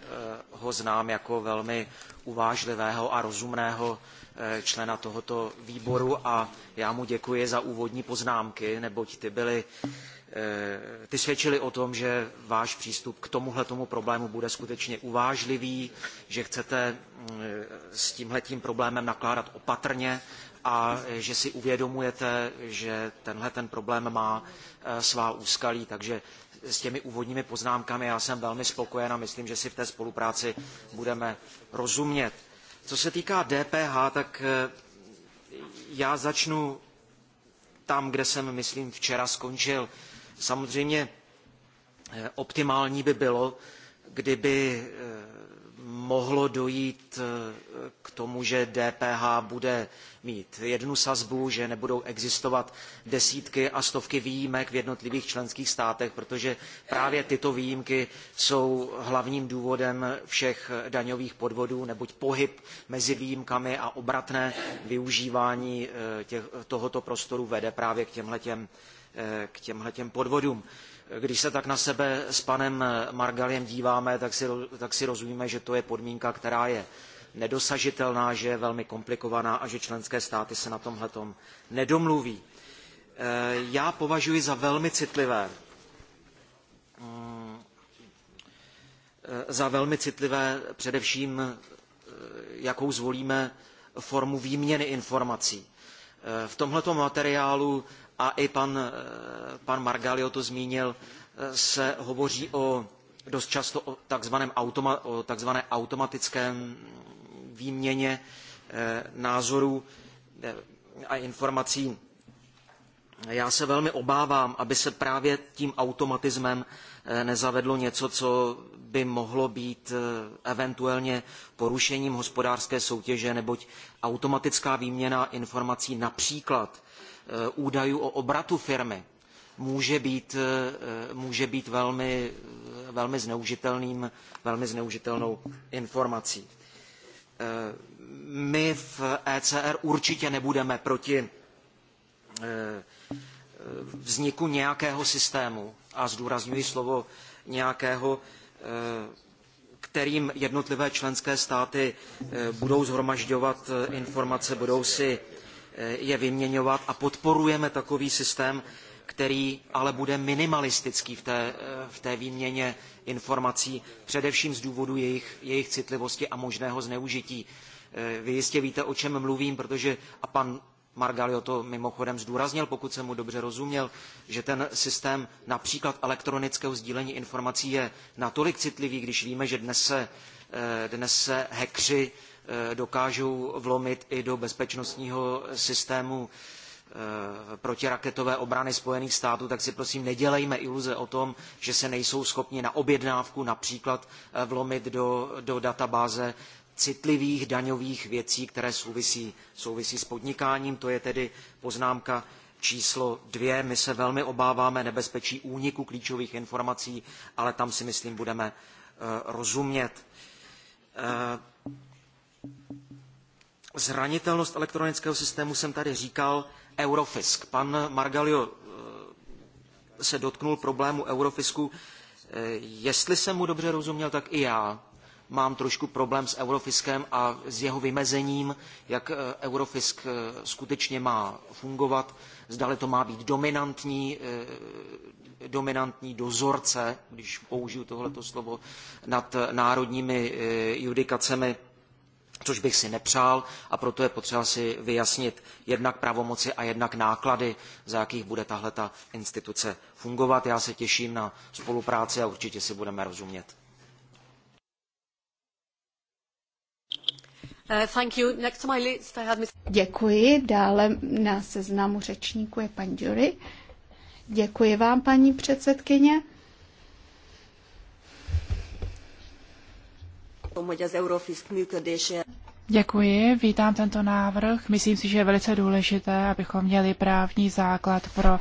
ho znám jako velmi uvážlivého a rozumného eh, člena tohoto výboru a já mu děkuji za úvodní poznámky, neboť ty byly ty svědčily o tom, že váš přístup k tomuhle tomu problému bude skutečně uvážlivý, že chcete mm, s tímhletím problémem nakládat opatrně, a že si uvědomujete, že tenhle ten problém má e, svá úskalí, takže s těmi úvodními poznámkami já jsem velmi spokojen a myslím, že si v té spolupráci budeme rozumět. Co se týká DPH, tak e, já začnu tam, kde jsem, myslím, včera skončil. Samozřejmě e, optimální by bylo, kdyby mohlo dojít eh, k tomu, že DPH bude mít jednu sazbu, že nebudou existovat desítky a stovky výjimek v jednotlivých členských státech, protože právě tyto výjimky jsou hlavním důvodem všech daňových podvodů, neboť pohyb mezi výjimkami a obratné využívání eh, těch, tohoto prostoru vede právě k těmhletěm, eh, k těmhletěm podvodům. Když se tak na sebe s panem Margalem díváme, tak si, tak si rozumíme, že to je podmínka, která je nedosažitelná, že je velmi komplikovaná a že členské státy se na tomhle nedomluví. Eh, já považuji za velmi citlivé mm, eh, za velmi citlivé především, eh, jakou zvolíme formu výměny informací. V tomto materiálu a i pan, eh, pan Margalio to zmínil, eh, se hovoří o dost často o takzvaném automa, automatickém mm, výměně eh, názorů a informací. Já se velmi obávám, aby se právě tím automatismem nezavedlo něco, co by mohlo být eventuálně porušením hospodářské soutěže, neboť automatická výměna informací například Eh, údajů o obratu firmy může být, eh, eh, může být velmi, velmi, zneužitelným, velmi zneužitelnou informací. My v ECR určitě nebudeme proti vzniku nějakého systému, a zdůrazňuji slovo nějakého, kterým jednotlivé členské státy budou zhromažďovat informace, budou si Eh, je vyměňovat a podporujeme takový systém, který ale bude minimalistický v té, eh, v té výměně informací, především z důvodu jejich, jejich citlivosti a možného zneužití. Eh, vy jistě víte, o čem mluvím, protože a pan Margalio to mimochodem zdůraznil, pokud jsem mu dobře rozuměl, že ten systém například elektronického sdílení informací je natolik citlivý, když víme, že dnes se, dnes se hekři Eh, dokážou vlomit i do bezpečnostního systému eh, protiraketové obrany Spojených států, tak si prosím nedělejme iluze o tom, že se nejsou schopni na objednávku například eh, vlomit do, do databáze citlivých daňových věcí, které souvisí, souvisí s podnikáním. To je tedy poznámka číslo dvě. My se velmi obáváme nebezpečí úniku klíčových informací, ale tam si myslím budeme rozumět. Zranitelnost elektronického systému jsem tady říkal Eurofisk. Pan Margalio eh, se dotknul problému Eurofisku. Eh, jestli jsem mu dobře rozuměl, tak i já mám trošku problém s Eurofiskem a s jeho vymezením, jak eh, Eurofisk skutečně má fungovat, zdali to má být dominantní, dominantní dozorce, když použiju tohleto slovo, nad národními judikacemi což bych si nepřál a proto je potřeba si vyjasnit jednak pravomoci a jednak náklady, za jakých bude tahle ta instituce fungovat. Já se těším na spolupráci a určitě si budeme rozumět. Uh, Děkuji. Dále na seznamu řečníků je paní Jury. Děkuji vám, paní předsedkyně. Děkuji, vítám tento návrh. Myslím si, že je velice důležité, abychom měli právní základ pro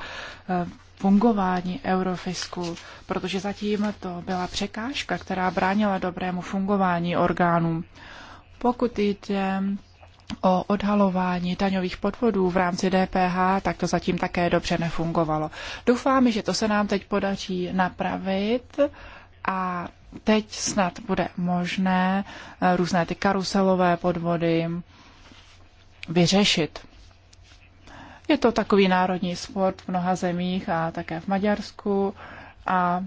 eh, fungování Eurofisku, protože zatím to byla překážka, která bránila dobrému fungování orgánů. Pokud jde o odhalování daňových podvodů v rámci DPH, tak to zatím také dobře nefungovalo. Doufám, že to se nám teď podaří napravit a teď snad bude možné eh, různé ty karuselové podvody vyřešit. Je to takový národní sport v mnoha zemích a také v Maďarsku a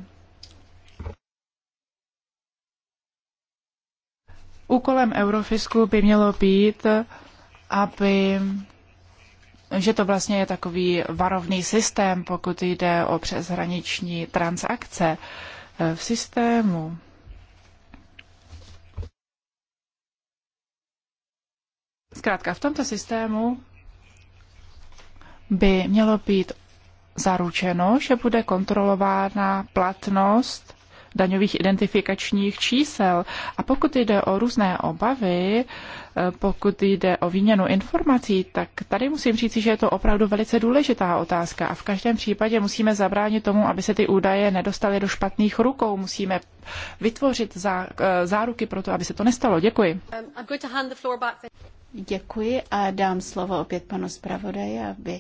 Úkolem Eurofisku by mělo být, aby že to vlastně je takový varovný systém, pokud jde o přeshraniční transakce. Uh, Eh, v systému Zkrátka, v tomto systému by mělo být zaručeno, že bude kontrolována platnost daňových identifikačních čísel. A pokud jde o různé obavy, eh, pokud jde o výměnu informací, tak tady musím říct, že je to opravdu velice důležitá otázka a v každém případě musíme zabránit tomu, aby se ty údaje nedostaly do špatných rukou. Musíme vytvořit zá, eh, záruky pro to, aby se to nestalo. Děkuji. Um, Děkuji a dám slovo opět panu zpravodaji, aby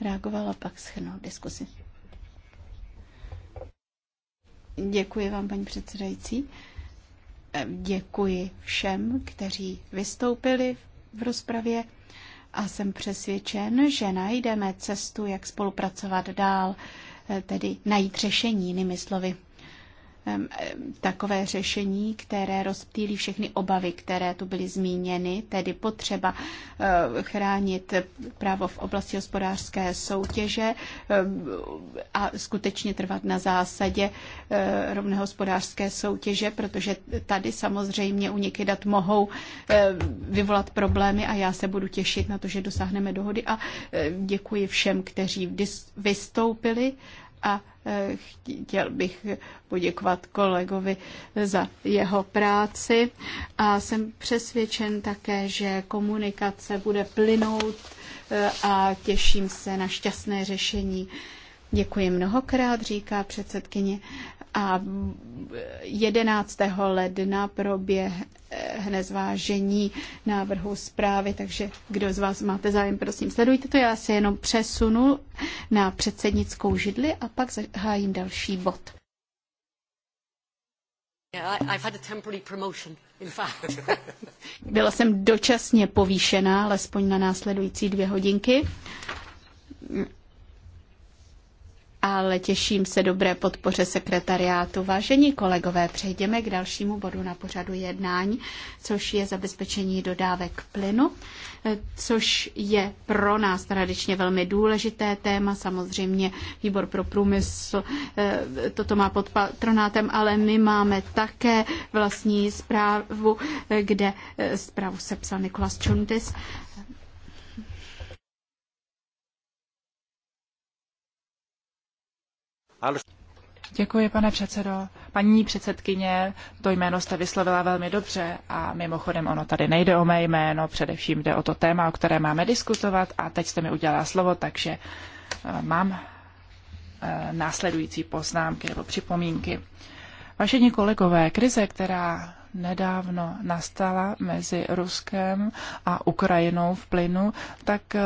reagovala pak schrnout diskusi. Děkuji vám, paní předsedající. Eh, děkuji všem, kteří vystoupili v rozpravě a jsem přesvědčen, že najdeme cestu, jak spolupracovat dál, eh, tedy najít řešení, jinými slovy takové řešení, které rozptýlí všechny obavy, které tu byly zmíněny, tedy potřeba eh, chránit právo v oblasti hospodářské soutěže a skutečně trvat na zásadě eh, rovné hospodářské soutěže, protože tady samozřejmě uniky dat mohou vyvolat problémy a já se budu těšit na to, že dosáhneme dohody a eh, děkuji všem, kteří vystoupili a Eh, chtěl bych poděkovat kolegovi za jeho práci a jsem přesvědčen také, že komunikace bude plynout eh, a těším se na šťastné řešení. Děkuji mnohokrát, říká předsedkyně a 11. ledna proběhne zvážení návrhu zprávy, takže kdo z vás máte zájem, prosím, sledujte to. Já se jenom přesunu na předsednickou židli a pak zahájím další bod. Byla jsem dočasně povýšená, alespoň na následující dvě hodinky ale těším se dobré podpoře sekretariátu. Vážení kolegové, přejdeme k dalšímu bodu na pořadu jednání, což je zabezpečení dodávek plynu, eh, což je pro nás tradičně velmi důležité téma. Samozřejmě výbor pro průmysl eh, toto má pod patronátem, ale my máme také vlastní zprávu, eh, kde zprávu sepsal Nikolas Čundis Děkuji, pane předsedo. Paní předsedkyně, to jméno jste vyslovila velmi dobře a mimochodem ono tady nejde o mé jméno, především jde o to téma, o které máme diskutovat a teď jste mi udělala slovo, takže eh, mám eh, následující poznámky nebo připomínky. Vašení kolegové, krize, která nedávno nastala mezi Ruskem a Ukrajinou v plynu, tak eh,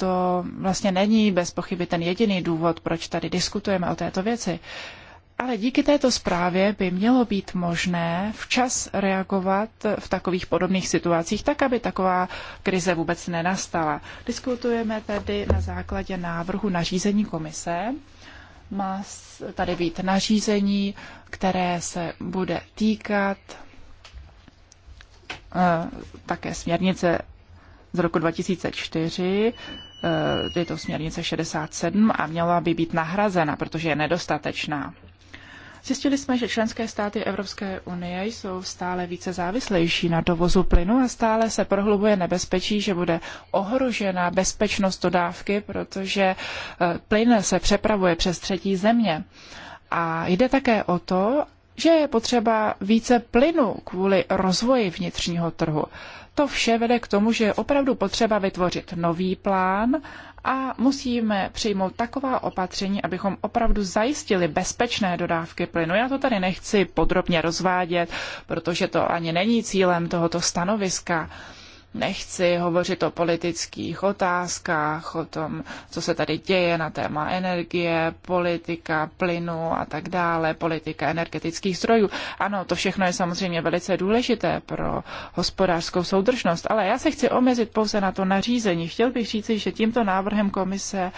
to vlastně není bez pochyby ten jediný důvod, proč tady diskutujeme o této věci. Ale díky této zprávě by mělo být možné včas reagovat v takových podobných situacích, tak aby taková krize vůbec nenastala. Diskutujeme tedy na základě návrhu nařízení komise. Má tady být nařízení, které se bude týkat eh, také směrnice z roku 2004 Eh, je to směrnice 67 a měla by být nahrazena, protože je nedostatečná. Zjistili jsme, že členské státy Evropské unie jsou stále více závislejší na dovozu plynu a stále se prohlubuje nebezpečí, že bude ohrožena bezpečnost dodávky, protože eh, plyn se přepravuje přes třetí země. A jde také o to, že je potřeba více plynu kvůli rozvoji vnitřního trhu to vše vede k tomu, že je opravdu potřeba vytvořit nový plán a musíme přijmout taková opatření, abychom opravdu zajistili bezpečné dodávky plynu. Já to tady nechci podrobně rozvádět, protože to ani není cílem tohoto stanoviska. Nechci hovořit o politických otázkách, o tom, co se tady děje na téma energie, politika plynu a tak dále, politika energetických zdrojů. Ano, to všechno je samozřejmě velice důležité pro hospodářskou soudržnost, ale já se chci omezit pouze na to nařízení. Chtěl bych říci, že tímto návrhem komise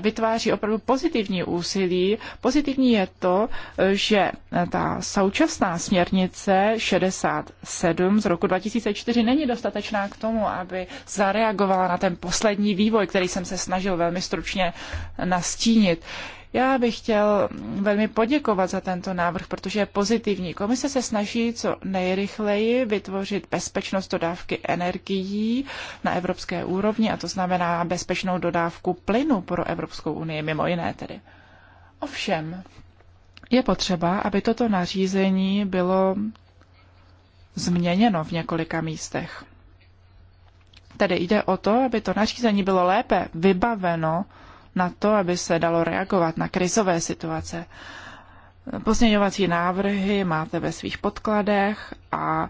vytváří opravdu pozitivní úsilí. Pozitivní je to, že ta současná směrnice 67 z roku 2004 není dostatečná k tomu, aby zareagovala na ten poslední vývoj, který jsem se snažil velmi stručně nastínit. Já bych chtěl velmi poděkovat za tento návrh, protože je pozitivní. Komise se snaží co nejrychleji vytvořit bezpečnost dodávky energií na evropské úrovni, a to znamená bezpečnou dodávku plynu pro Evropskou unii, mimo jiné tedy. Ovšem, je potřeba, aby toto nařízení bylo změněno v několika místech. Tedy jde o to, aby to nařízení bylo lépe vybaveno na to, aby se dalo reagovat na krizové situace. Pozměňovací návrhy máte ve svých podkladech a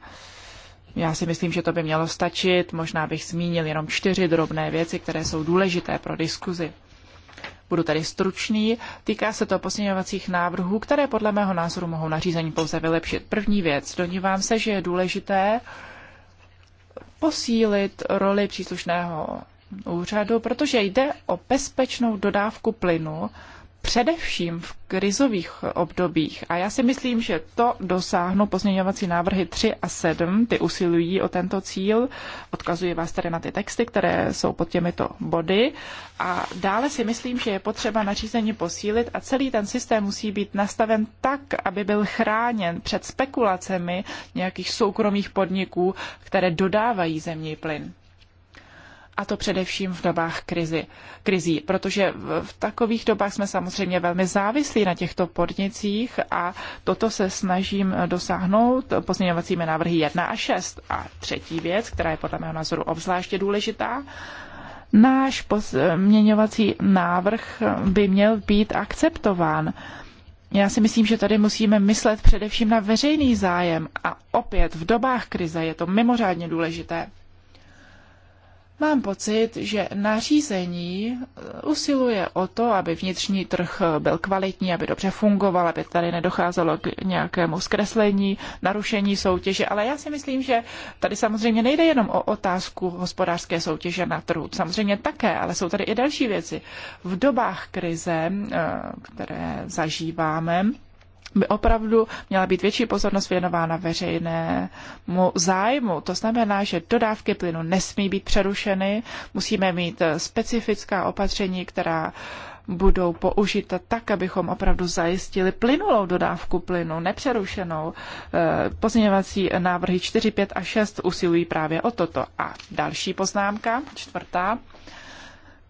já si myslím, že to by mělo stačit. Možná bych zmínil jenom čtyři drobné věci, které jsou důležité pro diskuzi. Budu tady stručný. Týká se to posměňovacích návrhů, které podle mého názoru mohou nařízení pouze vylepšit. První věc, donívám se, že je důležité posílit roli příslušného úřadu, protože jde o bezpečnou dodávku plynu, především v krizových obdobích. A já si myslím, že to dosáhnou pozměňovací návrhy 3 a 7, ty usilují o tento cíl. Odkazuji vás tady na ty texty, které jsou pod těmito body. A dále si myslím, že je potřeba nařízení posílit a celý ten systém musí být nastaven tak, aby byl chráněn před spekulacemi nějakých soukromých podniků, které dodávají zemní plyn a to především v dobách krizi, krizí, protože v takových dobách jsme samozřejmě velmi závislí na těchto podnicích a toto se snažím dosáhnout pozměňovacími návrhy 1 a 6. A třetí věc, která je podle mého názoru obzvláště důležitá, náš pozměňovací návrh by měl být akceptován. Já si myslím, že tady musíme myslet především na veřejný zájem a opět v dobách krize je to mimořádně důležité. Mám pocit, že nařízení eh, usiluje o to, aby vnitřní trh eh, byl kvalitní, aby dobře fungoval, aby tady nedocházelo k nějakému zkreslení, narušení soutěže, ale já si myslím, že tady samozřejmě nejde jenom o otázku hospodářské soutěže na trhu. Samozřejmě také, ale jsou tady i další věci. V dobách krize, eh, které zažíváme, by opravdu měla být větší pozornost věnována veřejnému zájmu. To znamená, že dodávky plynu nesmí být přerušeny, musíme mít eh, specifická opatření, která budou použita tak, abychom opravdu zajistili plynulou dodávku plynu, nepřerušenou. Eh, pozměňovací návrhy 4, 5 a 6 usilují právě o toto. A další poznámka, čtvrtá.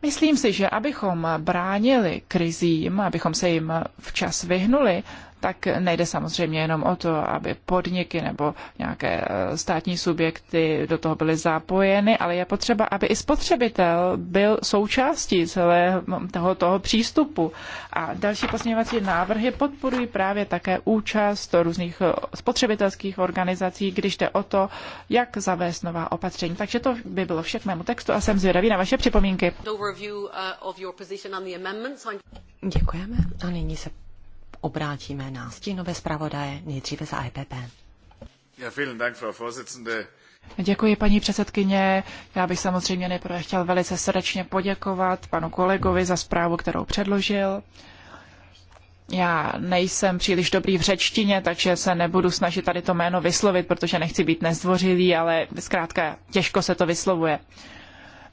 Myslím si, že abychom bránili krizím, abychom se jim včas vyhnuli, tak nejde samozřejmě jenom o to, aby podniky nebo nějaké eh, státní subjekty do toho byly zapojeny, ale je potřeba, aby i spotřebitel byl součástí celého hm, toho, toho přístupu. A další pozměňovací návrhy podporují právě také účast různých eh, spotřebitelských organizací, když jde o to, jak zavést nová opatření. Takže to by bylo vše k mému textu a jsem zvědavý na vaše připomínky. Eh, Děkujeme a nyní se obrátíme na stínové zpravodaje, nejdříve za EPP. Ja, vielen Dank, Frau Vorsitzende. Děkuji, paní předsedkyně. Já bych samozřejmě nejprve chtěl velice srdečně poděkovat panu kolegovi za zprávu, kterou předložil. Já nejsem příliš dobrý v řečtině, takže se nebudu snažit tady to jméno vyslovit, protože nechci být nezdvořilý, ale zkrátka těžko se to vyslovuje.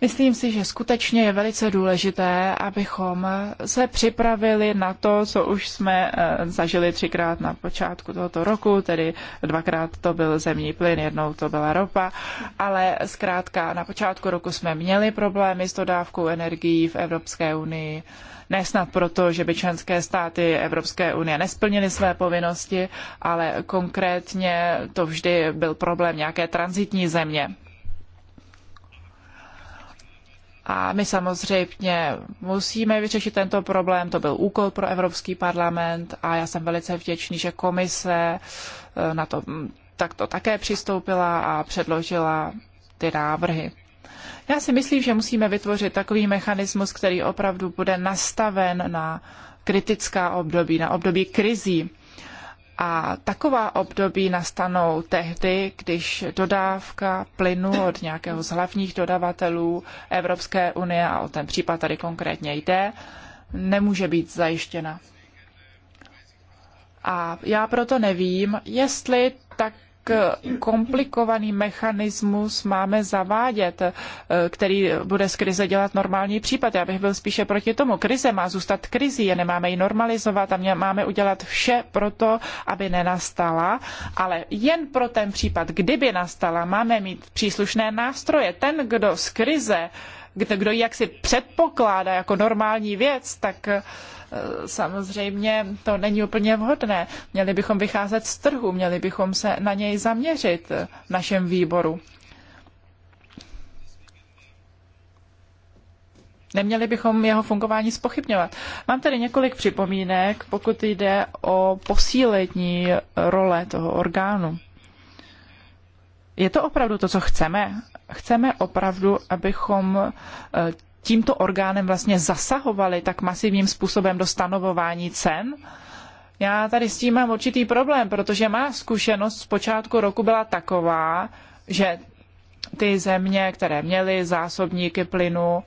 Myslím si, že skutečně je velice důležité, abychom se připravili na to, co už jsme eh, zažili třikrát na počátku tohoto roku, tedy dvakrát to byl zemní plyn, jednou to byla ropa, ale zkrátka na počátku roku jsme měli problémy s dodávkou energií v Evropské unii nesnad proto, že by členské státy Evropské unie nesplnily své povinnosti, ale konkrétně to vždy byl problém nějaké transitní země. A my samozřejmě musíme vyřešit tento problém, to byl úkol pro Evropský parlament a já jsem velice vděčný, že komise eh, na to mm, takto také přistoupila a předložila ty návrhy. Já si myslím, že musíme vytvořit takový mechanismus, který opravdu bude nastaven na kritická období, na období krizí. A taková období nastanou tehdy, když dodávka plynu od nějakého z hlavních dodavatelů Evropské unie, a o ten případ tady konkrétně jde, nemůže být zajištěna. A já proto nevím, jestli tak komplikovaný mechanismus máme zavádět, eh, který bude z krize dělat normální případ. Já bych byl spíše proti tomu. Krize má zůstat krizí, je nemáme ji normalizovat a máme udělat vše pro to, aby nenastala, ale jen pro ten případ, kdyby nastala, máme mít příslušné nástroje. Ten, kdo z krize, kdo ji jaksi předpokládá jako normální věc, tak uh, Eh, samozřejmě to není úplně vhodné. Měli bychom vycházet z trhu, měli bychom se na něj zaměřit v našem výboru. Neměli bychom jeho fungování spochybňovat. Mám tady několik připomínek, pokud jde o posílení role toho orgánu. Je to opravdu to, co chceme? Chceme opravdu, abychom eh, tímto orgánem vlastně zasahovali tak masivním způsobem do stanovování cen? Já tady s tím mám určitý problém, protože má zkušenost z počátku roku byla taková, že ty země, které měly zásobníky plynu,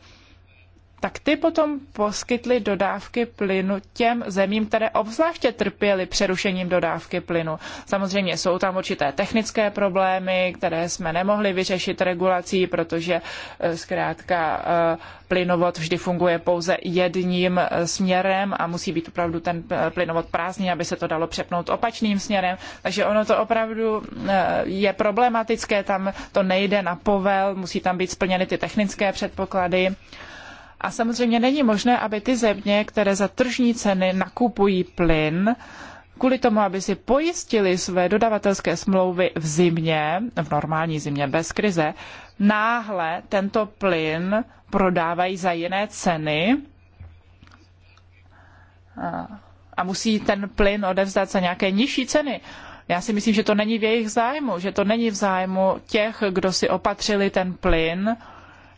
tak ty potom poskytly dodávky plynu těm zemím, které obzvláště trpěly přerušením dodávky plynu. Samozřejmě jsou tam určité technické problémy, které jsme nemohli vyřešit regulací, protože eh, zkrátka eh, plynovod vždy funguje pouze jedním eh, směrem a musí být opravdu ten plynovod prázdný, aby se to dalo přepnout opačným směrem. Takže ono to opravdu je problematické, tam to nejde na povel, musí tam být splněny ty technické předpoklady. A samozřejmě není možné, aby ty země, které za tržní ceny nakupují plyn, kvůli tomu, aby si pojistili své dodavatelské smlouvy v zimě, v normální zimě bez krize, náhle tento plyn prodávají za jiné ceny a musí ten plyn odevzdat za nějaké nižší ceny. Já si myslím, že to není v jejich zájmu, že to není v zájmu těch, kdo si opatřili ten plyn,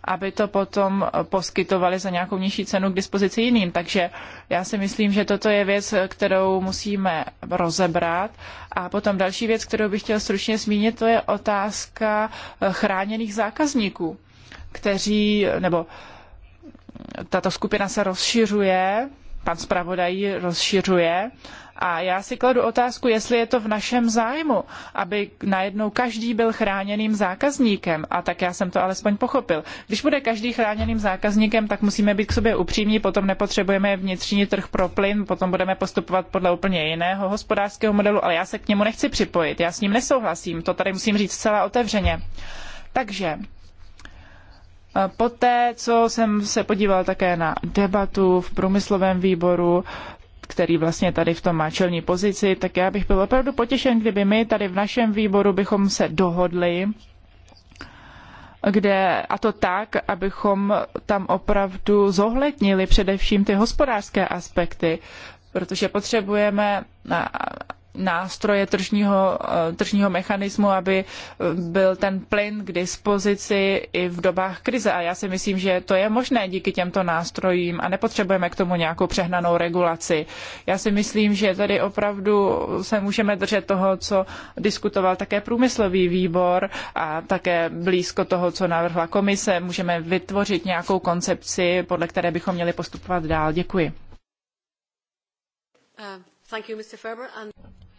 aby to potom poskytovali za nějakou nižší cenu k dispozici jiným. Takže já si myslím, že toto je věc, kterou musíme rozebrat. A potom další věc, kterou bych chtěl stručně zmínit, to je otázka eh, chráněných zákazníků, kteří, nebo tato skupina se rozšiřuje, pan zpravodaj rozšiřuje a já si kladu otázku, jestli je to v našem zájmu, aby najednou každý byl chráněným zákazníkem. A tak já jsem to alespoň pochopil. Když bude každý chráněným zákazníkem, tak musíme být k sobě upřímní, potom nepotřebujeme vnitřní trh pro plyn, potom budeme postupovat podle úplně jiného hospodářského modelu, ale já se k němu nechci připojit. Já s ním nesouhlasím, to tady musím říct zcela otevřeně. Takže eh, Poté, co jsem se podíval také na debatu v průmyslovém výboru, který vlastně tady v tom má čelní pozici, tak já bych byl opravdu potěšen, kdyby my tady v našem výboru bychom se dohodli, kde, a to tak, abychom tam opravdu zohlednili především ty hospodářské aspekty, protože potřebujeme nástroje tržního, eh, tržního mechanismu, aby eh, byl ten plyn k dispozici i v dobách krize. A já si myslím, že to je možné díky těmto nástrojím a nepotřebujeme k tomu nějakou přehnanou regulaci. Já si myslím, že tady opravdu se můžeme držet toho, co diskutoval také průmyslový výbor a také blízko toho, co navrhla komise. Můžeme vytvořit nějakou koncepci, podle které bychom měli postupovat dál. Děkuji. Eh, Ferber.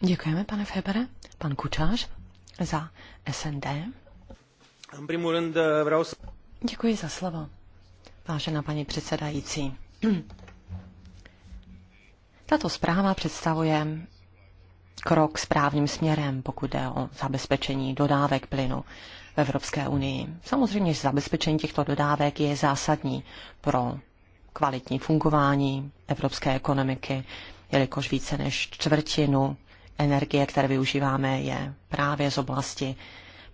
Děkujeme, pane Febere. Pan Kučář za SND. Eh, Děkuji za slovo, vážená paní předsedající. Tato zpráva představuje krok správným směrem, pokud jde o zabezpečení dodávek plynu v Evropské unii. Samozřejmě, že zabezpečení těchto dodávek je zásadní pro kvalitní fungování evropské ekonomiky, jelikož více než čtvrtinu energie, které využíváme, je právě z oblasti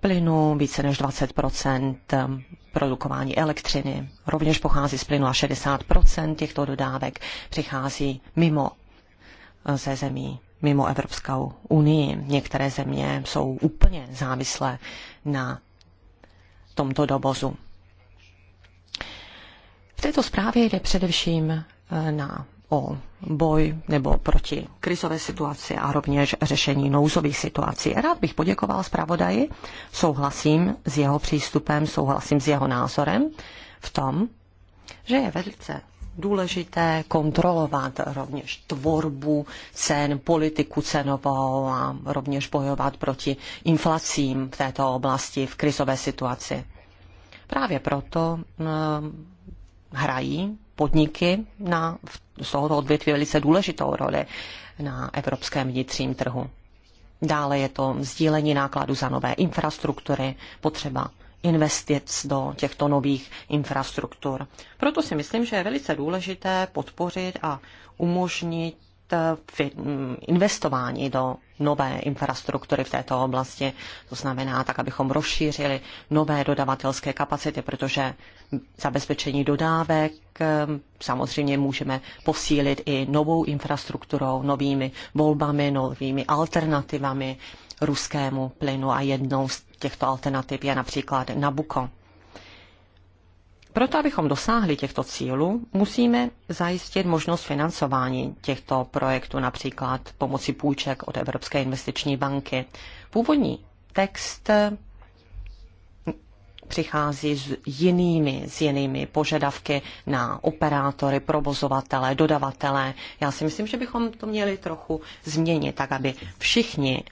plynu, více než 20 um, produkování elektřiny rovněž pochází z plynu a 60 těchto dodávek přichází mimo eh, ze zemí mimo Evropskou unii. Některé země jsou úplně závislé na tomto dobozu. V této zprávě jde především eh, na o boj nebo proti krizové situaci a rovněž řešení nouzových situací. Rád bych poděkoval zpravodaji, souhlasím s jeho přístupem, souhlasím s jeho názorem v tom, že je velice důležité kontrolovat rovněž tvorbu cen, politiku cenovou a rovněž bojovat proti inflacím v této oblasti v krizové situaci. Právě proto eh, hrají podniky na, z tohoto odvětví velice důležitou roli na evropském vnitřním trhu. Dále je to sdílení nákladů za nové infrastruktury, potřeba investic do těchto nových infrastruktur. Proto si myslím, že je velice důležité podpořit a umožnit Eh, investování do nové infrastruktury v této oblasti, to znamená tak, abychom rozšířili nové dodavatelské kapacity, protože zabezpečení dodávek eh, samozřejmě můžeme posílit i novou infrastrukturou, novými volbami, novými alternativami ruskému plynu a jednou z těchto alternativ je například Nabuko. Proto, abychom dosáhli těchto cílů, musíme zajistit možnost financování těchto projektů, například pomocí půjček od Evropské investiční banky. Původní text eh, přichází s jinými, s jinými požadavky na operátory, provozovatele, dodavatele. Já si myslím, že bychom to měli trochu změnit, tak aby všichni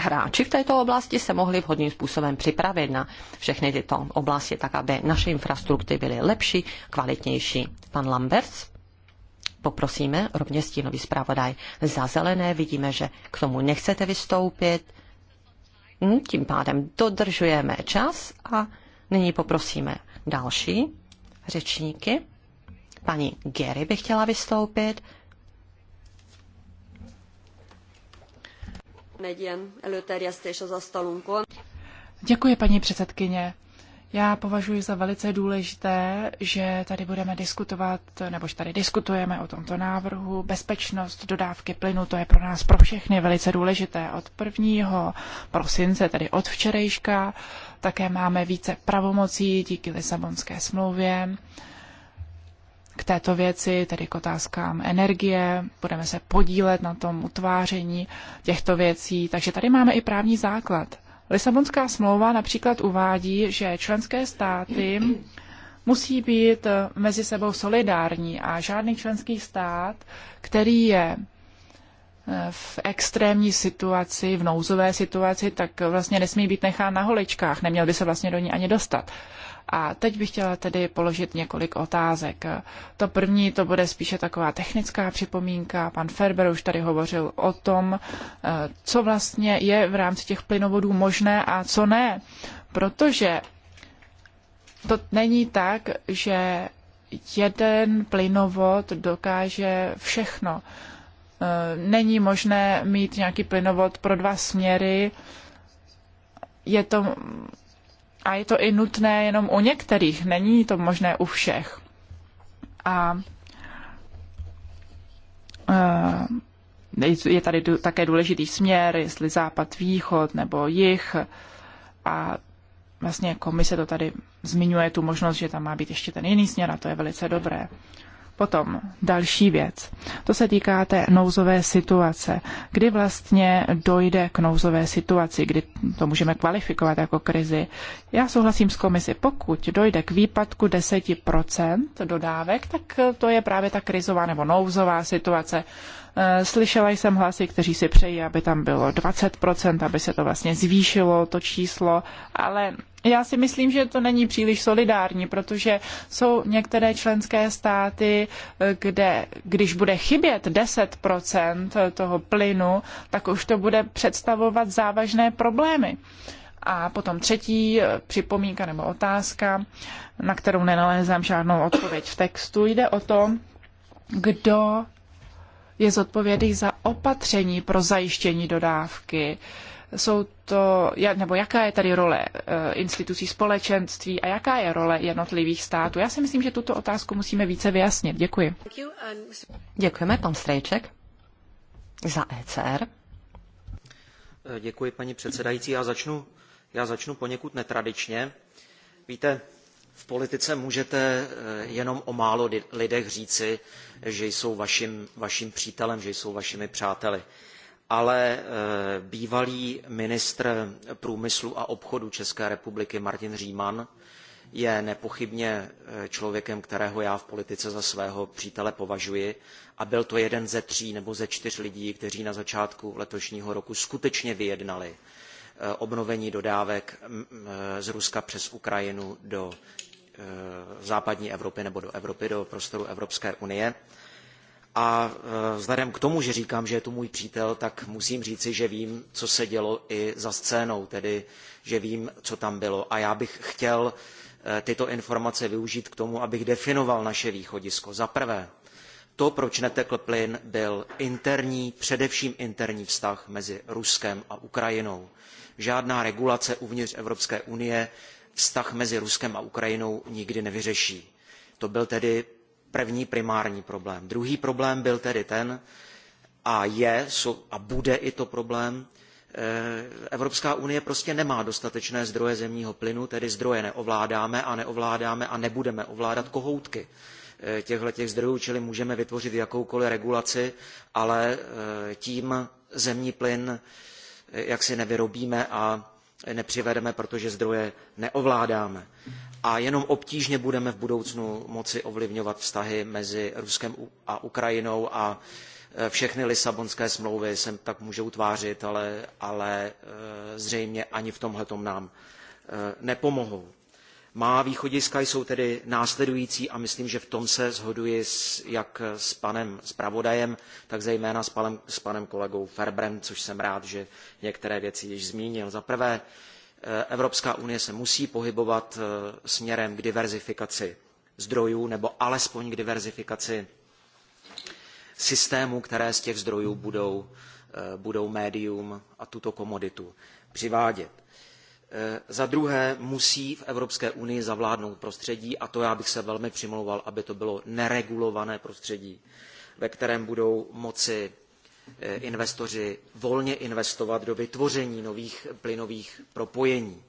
hráči v této oblasti se mohli vhodným způsobem připravit na všechny tyto oblasti, tak aby naše infrastruktury byly lepší, kvalitnější. Pan Lamberts, poprosíme rovněž stínový zpravodaj za zelené. Vidíme, že k tomu nechcete vystoupit. Hm, tím pádem dodržujeme čas a nyní poprosíme další řečníky. Paní Gary by chtěla vystoupit. Děkuji, paní předsedkyně. Já považuji za velice důležité, že tady budeme diskutovat, nebo že tady diskutujeme o tomto návrhu. Bezpečnost dodávky plynu, to je pro nás pro všechny velice důležité. Od 1. prosince, tedy od včerejška, také máme více pravomocí díky Lisabonské smlouvě k této věci, tedy k otázkám energie, budeme se podílet na tom utváření těchto věcí. Takže tady máme i právní základ. Lisabonská smlouva například uvádí, že členské státy musí být mezi sebou solidární a žádný členský stát, který je eh, v extrémní situaci, v nouzové situaci, tak vlastně nesmí být nechán na holičkách, neměl by se vlastně do ní ani dostat. A teď bych chtěla tedy položit několik otázek. To první, to bude spíše taková technická připomínka. Pan Ferber už tady hovořil o tom, eh, co vlastně je v rámci těch plynovodů možné a co ne. Protože to není tak, že jeden plynovod dokáže všechno. Eh, není možné mít nějaký plynovod pro dva směry. Je to a je to i nutné jenom u některých, není to možné u všech. A eh, je tady také důležitý směr, jestli západ, východ nebo jih. A vlastně komise to tady zmiňuje tu možnost, že tam má být ještě ten jiný směr a to je velice dobré. Potom další věc. To se týká té nouzové situace. Kdy vlastně dojde k nouzové situaci, kdy to můžeme kvalifikovat jako krizi? Já souhlasím s komisi. Pokud dojde k výpadku 10% dodávek, tak to je právě ta krizová nebo nouzová situace. Eh, slyšela jsem hlasy, kteří si přejí, aby tam bylo 20%, aby se to vlastně zvýšilo, to číslo, ale já si myslím, že to není příliš solidární, protože jsou některé členské státy, eh, kde když bude chybět 10% toho plynu, tak už to bude představovat závažné problémy. A potom třetí eh, připomínka nebo otázka, na kterou nenalézám žádnou odpověď v textu, jde o to, kdo je zodpovědný za opatření pro zajištění dodávky. Uh, jsou to, nebo jaká je tady role eh, institucí společenství a jaká je role jednotlivých států? Já si myslím, že tuto otázku musíme více vyjasnit. Děkuji. Děkujeme, pan Strejček. Za ECR. Eh, děkuji, paní předsedající. Já začnu, já začnu poněkud netradičně. Víte, v politice můžete eh, jenom o málo lidech říci, že jsou vaším, vaším přítelem, že jsou vašimi přáteli ale eh, bývalý ministr průmyslu a obchodu České republiky Martin Říman je nepochybně eh, člověkem, kterého já v politice za svého přítele považuji a byl to jeden ze tří nebo ze čtyř lidí, kteří na začátku letošního roku skutečně vyjednali eh, obnovení dodávek mm, z Ruska přes Ukrajinu do západní Evropy nebo do Evropy, do prostoru Evropské unie. A e, vzhledem k tomu, že říkám, že je to můj přítel, tak musím říci, že vím, co se dělo i za scénou, tedy že vím, co tam bylo. A já bych chtěl e, tyto informace využít k tomu, abych definoval naše východisko. Za prvé, to, proč netekl plyn, byl interní, především interní vztah mezi Ruskem a Ukrajinou. Žádná regulace uvnitř Evropské unie vztah mezi Ruskem a Ukrajinou nikdy nevyřeší. To byl tedy první primární problém. Druhý problém byl tedy ten, a je a bude i to problém, eh, Evropská unie prostě nemá dostatečné zdroje zemního plynu, tedy zdroje neovládáme a neovládáme a nebudeme ovládat kohoutky eh, těchto zdrojů, čili můžeme vytvořit jakoukoliv regulaci, ale eh, tím zemní plyn jaksi nevyrobíme a nepřivedeme, protože zdroje neovládáme. A jenom obtížně budeme v budoucnu moci ovlivňovat vztahy mezi Ruskem a Ukrajinou a e, všechny Lisabonské smlouvy se tak můžou tvářit, ale, ale e, zřejmě ani v tomhle nám e, nepomohou. Má východiska jsou tedy následující a myslím, že v tom se shoduji s, jak s panem zpravodajem, tak zejména s panem, s panem kolegou Ferbrem, což jsem rád, že některé věci již zmínil. Za prvé, e, Evropská unie se musí pohybovat e, směrem k diverzifikaci zdrojů nebo alespoň k diverzifikaci systémů, které z těch zdrojů budou, e, budou médium a tuto komoditu přivádět. Eh, za druhé musí v Evropské unii zavládnout prostředí, a to já bych se velmi přimlouval, aby to bylo neregulované prostředí, ve kterém budou moci eh, investoři volně investovat do vytvoření nových plynových propojení.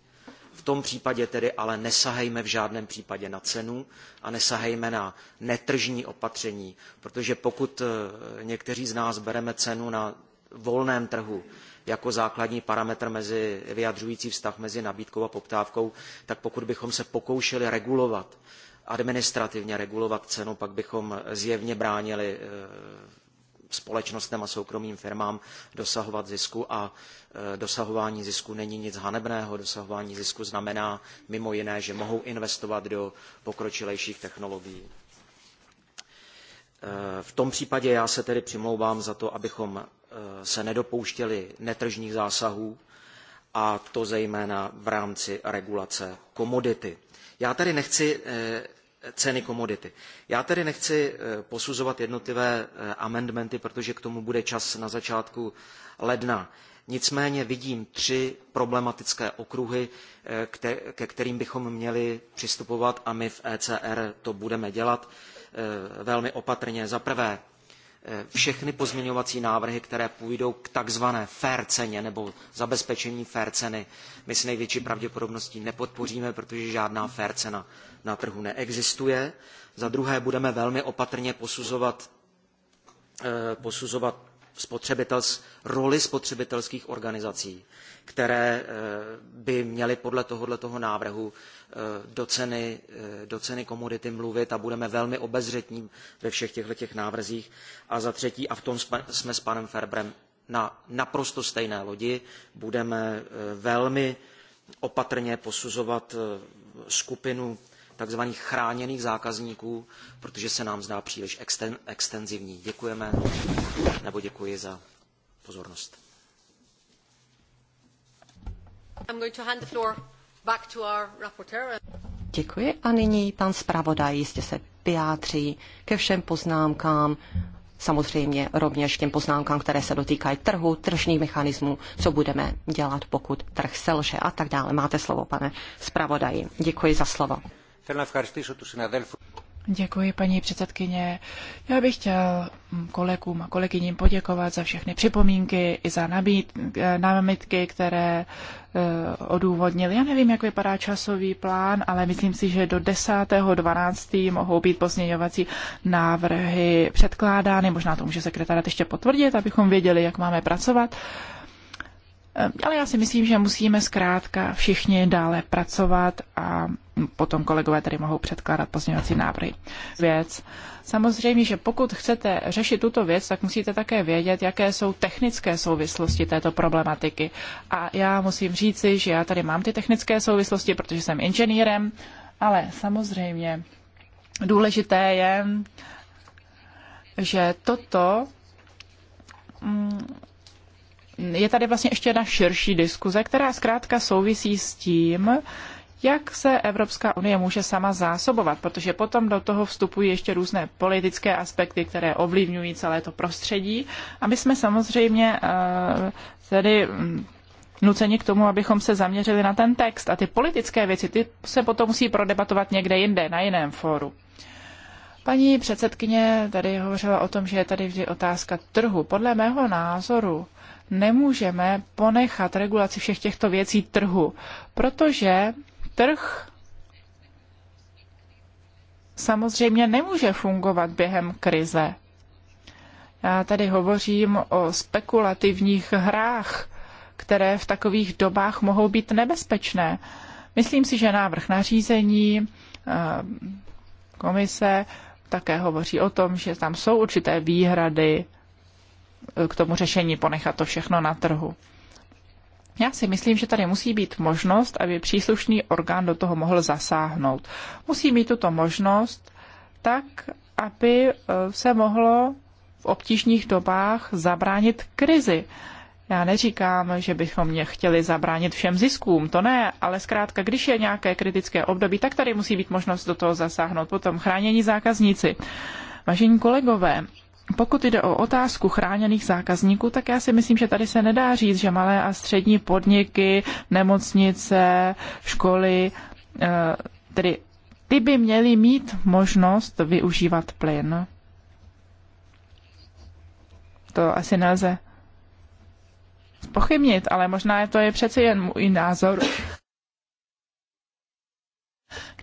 V tom případě tedy ale nesahejme v žádném případě na cenu a nesahejme na netržní opatření, protože pokud eh, někteří z nás bereme cenu na volném trhu, jako základní parametr mezi, vyjadřující vztah mezi nabídkou a poptávkou, tak pokud bychom se pokoušeli regulovat, administrativně regulovat cenu, pak bychom zjevně bránili eh, společnostem a soukromým firmám dosahovat zisku a eh, dosahování zisku není nic hanebného. Dosahování zisku znamená mimo jiné, že mohou investovat do pokročilejších technologií. Eh, v tom případě já se tedy přimlouvám za to, abychom Eh, se nedopouštěli netržních zásahů, a to zejména v rámci regulace komodity. Já tady nechci eh, ceny komodity. Já tedy nechci eh, posuzovat jednotlivé amendmenty, protože k tomu bude čas na začátku ledna. Nicméně vidím tři problematické okruhy, ke kterým bychom měli přistupovat a my v ECR to budeme dělat velmi opatrně. Za prvé Eh, všechny pozměňovací návrhy, které půjdou k takzvané fair ceně nebo zabezpečení fair ceny, my s největší pravděpodobností nepodpoříme, protože žádná fair cena na trhu neexistuje. Za druhé budeme velmi opatrně posuzovat, eh, posuzovat spotřebitels, roli spotřebitelských organizací, které eh, by měly podle tohoto návrhu eh, do ceny, eh, do ceny komodity mluvit a budeme velmi obezřetní ve všech těchto těch návrzích. A za třetí, a v tom jsme s panem Ferbrem na naprosto stejné lodi, budeme velmi opatrně posuzovat skupinu tzv. chráněných zákazníků, protože se nám zdá příliš exten, extenzivní. Děkujeme nebo děkuji za pozornost. Děkuji a nyní pan zpravodaj jistě se vyjádří ke všem poznámkám, samozřejmě rovněž těm poznámkám, které se dotýkají trhu, tržních mechanismů, co budeme dělat, pokud trh selže a tak dále. Máte slovo, pane zpravodaji. Děkuji za slovo. Děkuji, paní předsedkyně. Já bych chtěl mm, kolegům a kolegyním poděkovat za všechny připomínky i za nabít, eh, námitky, které eh, odůvodnil. Já nevím, jak vypadá časový plán, ale myslím si, že do 10.12. mohou být pozměňovací návrhy předkládány. Možná to může sekretariat ještě potvrdit, abychom věděli, jak máme pracovat. Eh, ale já si myslím, že musíme zkrátka všichni dále pracovat a potom kolegové tady mohou předkládat pozměňovací návrhy. Věc. Samozřejmě, že pokud chcete řešit tuto věc, tak musíte také vědět, jaké jsou technické souvislosti této problematiky. A já musím říci, že já tady mám ty technické souvislosti, protože jsem inženýrem, ale samozřejmě důležité je, že toto mm, je tady vlastně ještě jedna širší diskuze, která zkrátka souvisí s tím, jak se Evropská unie může sama zásobovat, protože potom do toho vstupují ještě různé politické aspekty, které ovlivňují celé to prostředí. A my jsme samozřejmě eh, tedy mm, nuceni k tomu, abychom se zaměřili na ten text. A ty politické věci, ty se potom musí prodebatovat někde jinde, na jiném fóru. Paní předsedkyně tady hovořila o tom, že je tady vždy otázka trhu. Podle mého názoru nemůžeme ponechat regulaci všech těchto věcí trhu, protože trh samozřejmě nemůže fungovat během krize. Já tady hovořím o spekulativních hrách, které v takových dobách mohou být nebezpečné. Myslím si, že návrh nařízení eh, komise také hovoří o tom, že tam jsou určité výhrady eh, k tomu řešení ponechat to všechno na trhu. Já si myslím, že tady musí být možnost, aby příslušný orgán do toho mohl zasáhnout. Musí mít tuto možnost tak, aby e, se mohlo v obtížných dobách zabránit krizi. Já neříkám, že bychom mě chtěli zabránit všem ziskům, to ne, ale zkrátka, když je nějaké kritické období, tak tady musí být možnost do toho zasáhnout. Potom chránění zákazníci. Vážení kolegové, pokud jde o otázku chráněných zákazníků, tak já si myslím, že tady se nedá říct, že malé a střední podniky, nemocnice, školy, eh, tedy ty by měly mít možnost využívat plyn. To asi nelze pochybnit, ale možná to je přeci jen můj názor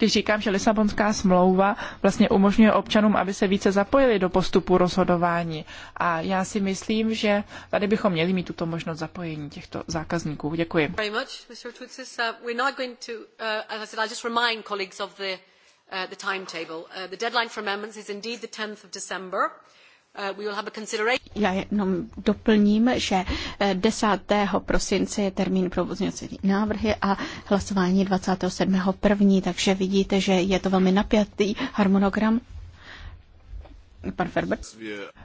když říkám, že Lisabonská smlouva vlastně umožňuje občanům, aby se více zapojili do postupu rozhodování. A já si myslím, že tady bychom měli mít tuto možnost zapojení těchto zákazníků. Děkuji. Uh, uh, uh, the timetable. Uh, the deadline for amendments is indeed the 10th of December. Uh, Já jenom doplním, že 10. Eh, prosince je termín pro pozměňovací návrhy a hlasování 27. první, takže vidíte, že je to velmi napjatý harmonogram. Pan Ferber?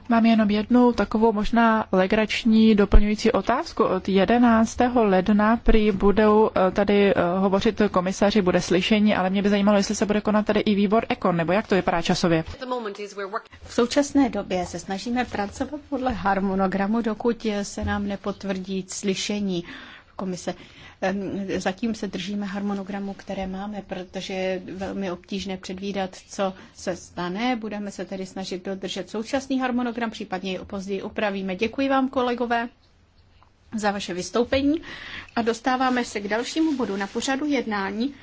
Mám jenom jednu takovou možná legrační doplňující otázku. Od 11. ledna prý budou eh, tady eh, hovořit komisaři, bude slyšení, ale mě by zajímalo, jestli se bude konat tady i výbor Ekon, nebo jak to vypadá časově? V současné době se snažíme pracovat podle harmonogramu, dokud se nám nepotvrdí slyšení komise. Zatím se držíme harmonogramu, které máme, protože je velmi obtížné předvídat, co se stane. Budeme se tedy snažit dodržet současný harmonogram, případně ji později upravíme. Děkuji vám, kolegové za vaše vystoupení a dostáváme se k dalšímu bodu na pořadu jednání,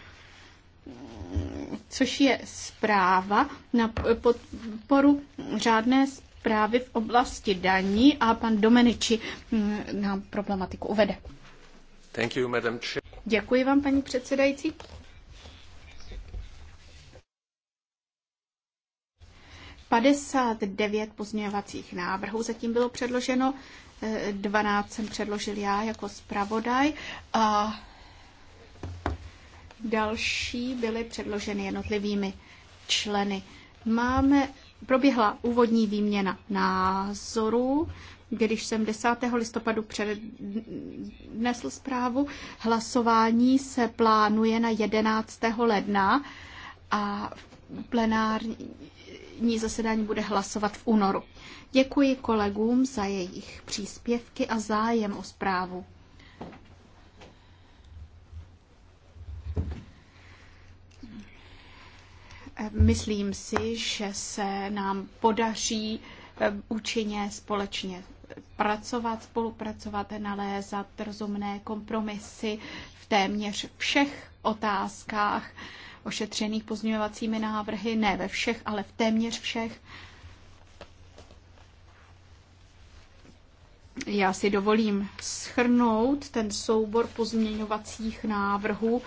což je zpráva na podporu řádné zprávy v oblasti daní a pan Domeniči mm, nám problematiku uvede. Thank you, madam Děkuji vám, paní předsedající. Padesát devět pozměňovacích návrhů zatím bylo předloženo, 12 jsem předložil já jako zpravodaj a další byly předloženy jednotlivými členy. Máme, proběhla úvodní výměna názorů když jsem 10. listopadu přednesl zprávu, hlasování se plánuje na 11. ledna a plenární zasedání bude hlasovat v únoru. Děkuji kolegům za jejich příspěvky a zájem o zprávu. Myslím si, že se nám podaří eh, účinně společně pracovat, spolupracovat, nalézat rozumné kompromisy v téměř všech otázkách ošetřených pozměňovacími návrhy, ne ve všech, ale v téměř všech. Já si dovolím schrnout ten soubor pozměňovacích návrhů,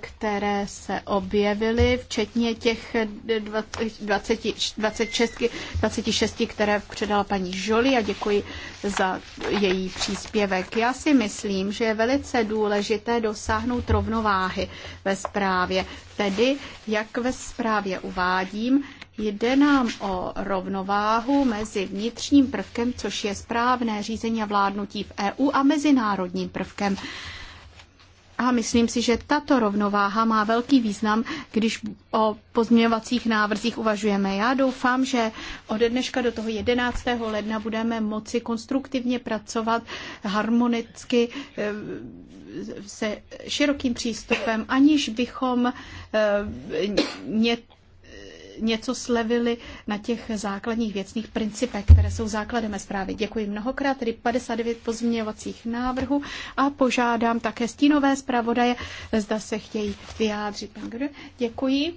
které se objevily, včetně těch 20, 26, 26, které předala paní Žoli a děkuji za její příspěvek. Já si myslím, že je velice důležité dosáhnout rovnováhy ve zprávě. Tedy, jak ve zprávě uvádím, Jde nám o rovnováhu mezi vnitřním prvkem, což je správné řízení a vládnutí v EU, a mezinárodním prvkem. A myslím si, že tato rovnováha má velký význam, když o pozměňovacích návrzích uvažujeme. Já doufám, že od dneška do toho 11. ledna budeme moci konstruktivně pracovat harmonicky eh, se širokým přístupem, aniž bychom eh, ně něco slevili na těch základních věcných principech, které jsou základem zprávy. Děkuji mnohokrát, tedy 59 pozměňovacích návrhů a požádám také stínové zpravodaje, zda se chtějí vyjádřit. Děkuji.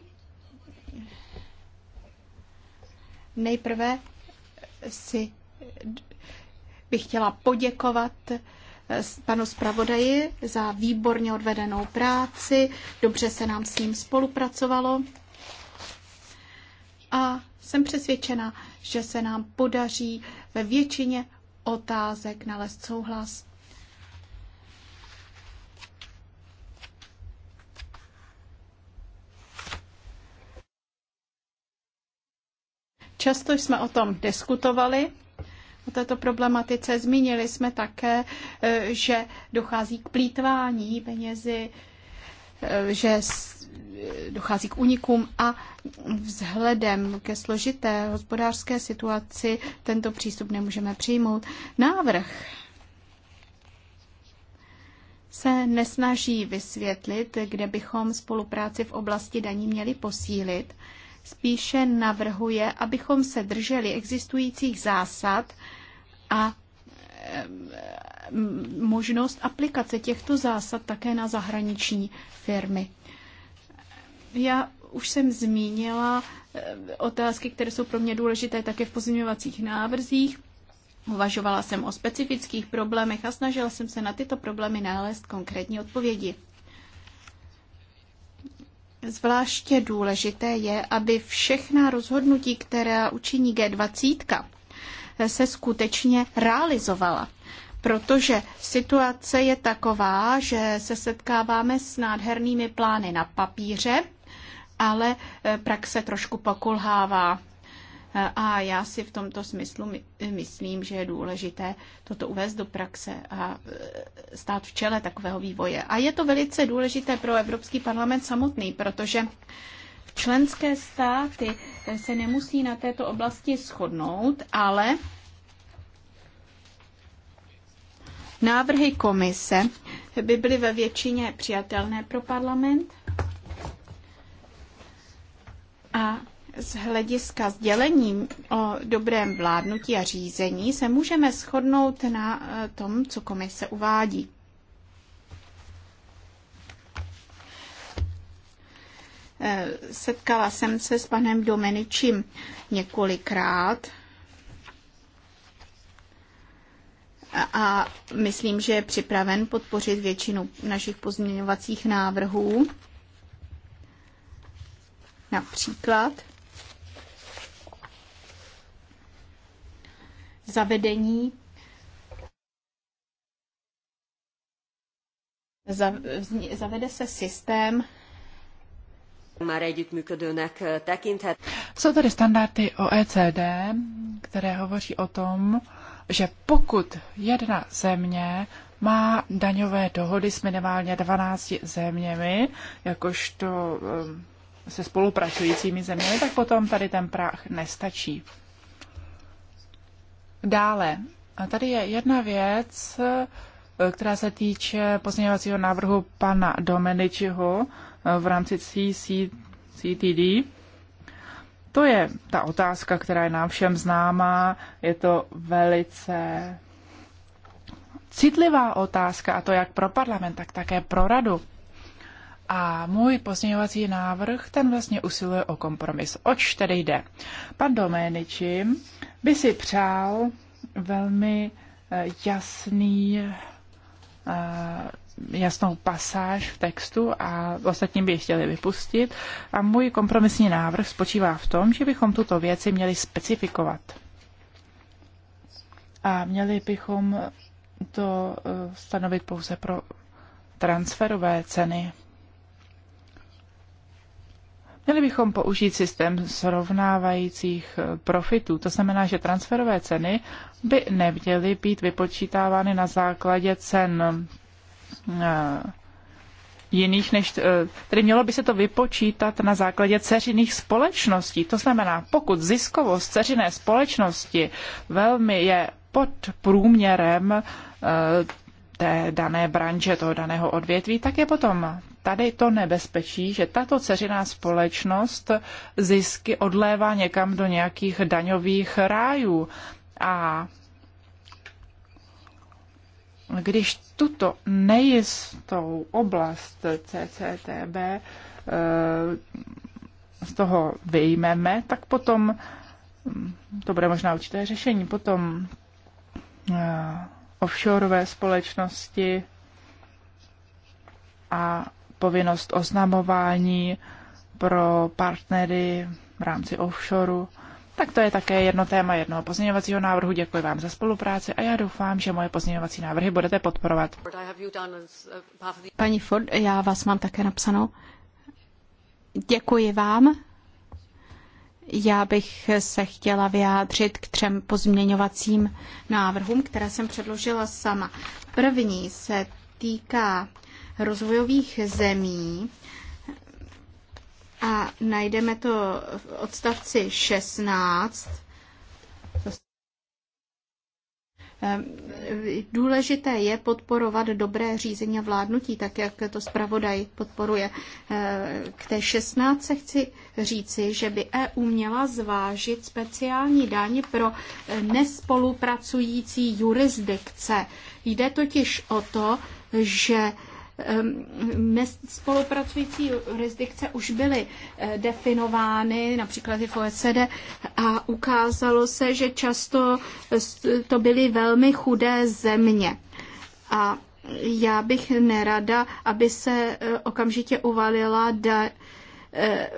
Nejprve si bych chtěla poděkovat panu zpravodaji za výborně odvedenou práci. Dobře se nám s ním spolupracovalo a jsem přesvědčena, že se nám podaří ve většině otázek nalézt souhlas. Často jsme o tom diskutovali, o této problematice. Zmínili jsme také, e, že dochází k plítvání penězi, e, že dochází k unikům a vzhledem ke složité hospodářské situaci tento přístup nemůžeme přijmout. Návrh se nesnaží vysvětlit, kde bychom spolupráci v oblasti daní měli posílit. Spíše navrhuje, abychom se drželi existujících zásad a eh, možnost aplikace těchto zásad také na zahraniční firmy. Já už jsem zmínila eh, otázky, které jsou pro mě důležité také v pozměňovacích návrzích. Uvažovala jsem o specifických problémech a snažila jsem se na tyto problémy nalézt konkrétní odpovědi. Zvláště důležité je, aby všechna rozhodnutí, která učiní G20, eh, se skutečně realizovala. Protože situace je taková, že se setkáváme s nádhernými plány na papíře, ale eh, praxe trošku pokulhává. Eh, a já si v tomto smyslu myslím, že je důležité toto uvést do praxe a eh, stát v čele takového vývoje. A je to velice důležité pro Evropský parlament samotný, protože členské státy se nemusí na této oblasti shodnout, ale návrhy komise by byly ve většině přijatelné pro parlament a z hlediska sdělení o dobrém vládnutí a řízení se můžeme shodnout na eh, tom, co komise uvádí. Eh, setkala jsem se s panem Domeničím několikrát a myslím, že je připraven podpořit většinu našich pozměňovacích návrhů. Například zavedení zavede se systém eh, Jsou tady standardy OECD, které hovoří o tom, že pokud jedna země má daňové dohody s minimálně 12 zeměmi, jakožto eh, se spolupracujícími zeměmi, tak potom tady ten práh nestačí. Dále, a tady je jedna věc, která se týče pozměňovacího návrhu pana Domeničiho v rámci CCTD. To je ta otázka, která je nám všem známá. Je to velice citlivá otázka, a to jak pro parlament, tak také pro radu. A můj pozměňovací návrh, ten vlastně usiluje o kompromis. Oč tedy jde? Pan Doméniči by si přál velmi eh, jasný eh, jasnou pasáž v textu a ostatní by ji chtěli vypustit. A můj kompromisní návrh spočívá v tom, že bychom tuto věci měli specifikovat. A měli bychom to eh, stanovit pouze pro transferové ceny. Měli bychom použít systém srovnávajících eh, profitů. To znamená, že transferové ceny by neměly být vypočítávány na základě cen eh, jiných než, eh, tedy mělo by se to vypočítat na základě ceřiných společností. To znamená, pokud ziskovost ceřiné společnosti velmi je pod průměrem té dané branže, toho daného odvětví, tak je potom tady to nebezpečí, že tato ceřiná společnost zisky odlévá někam do nějakých daňových rájů. A když tuto nejistou oblast CCTB eh, z toho vyjmeme, tak potom hm, to bude možná určité řešení. Potom eh, offshoreové společnosti a povinnost oznamování pro partnery v rámci offshoreu. Tak to je také jedno téma jednoho pozměňovacího návrhu. Děkuji vám za spolupráci a já doufám, že moje pozměňovací návrhy budete podporovat. Paní Ford, já vás mám také napsanou. Děkuji vám. Já bych se chtěla vyjádřit k třem pozměňovacím návrhům, které jsem předložila sama. První se týká rozvojových zemí a najdeme to v odstavci 16. Důležité je podporovat dobré řízení a vládnutí, tak jak to zpravodaj podporuje. K té 16 se chci říci, že by EU měla zvážit speciální daň pro nespolupracující jurisdikce. Jde totiž o to, že Ehm, spolupracující jurisdikce už byly eh, definovány, například i v OECD, a ukázalo se, že často eh, to byly velmi chudé země. A já bych nerada, aby se eh, okamžitě uvalila da, Eh,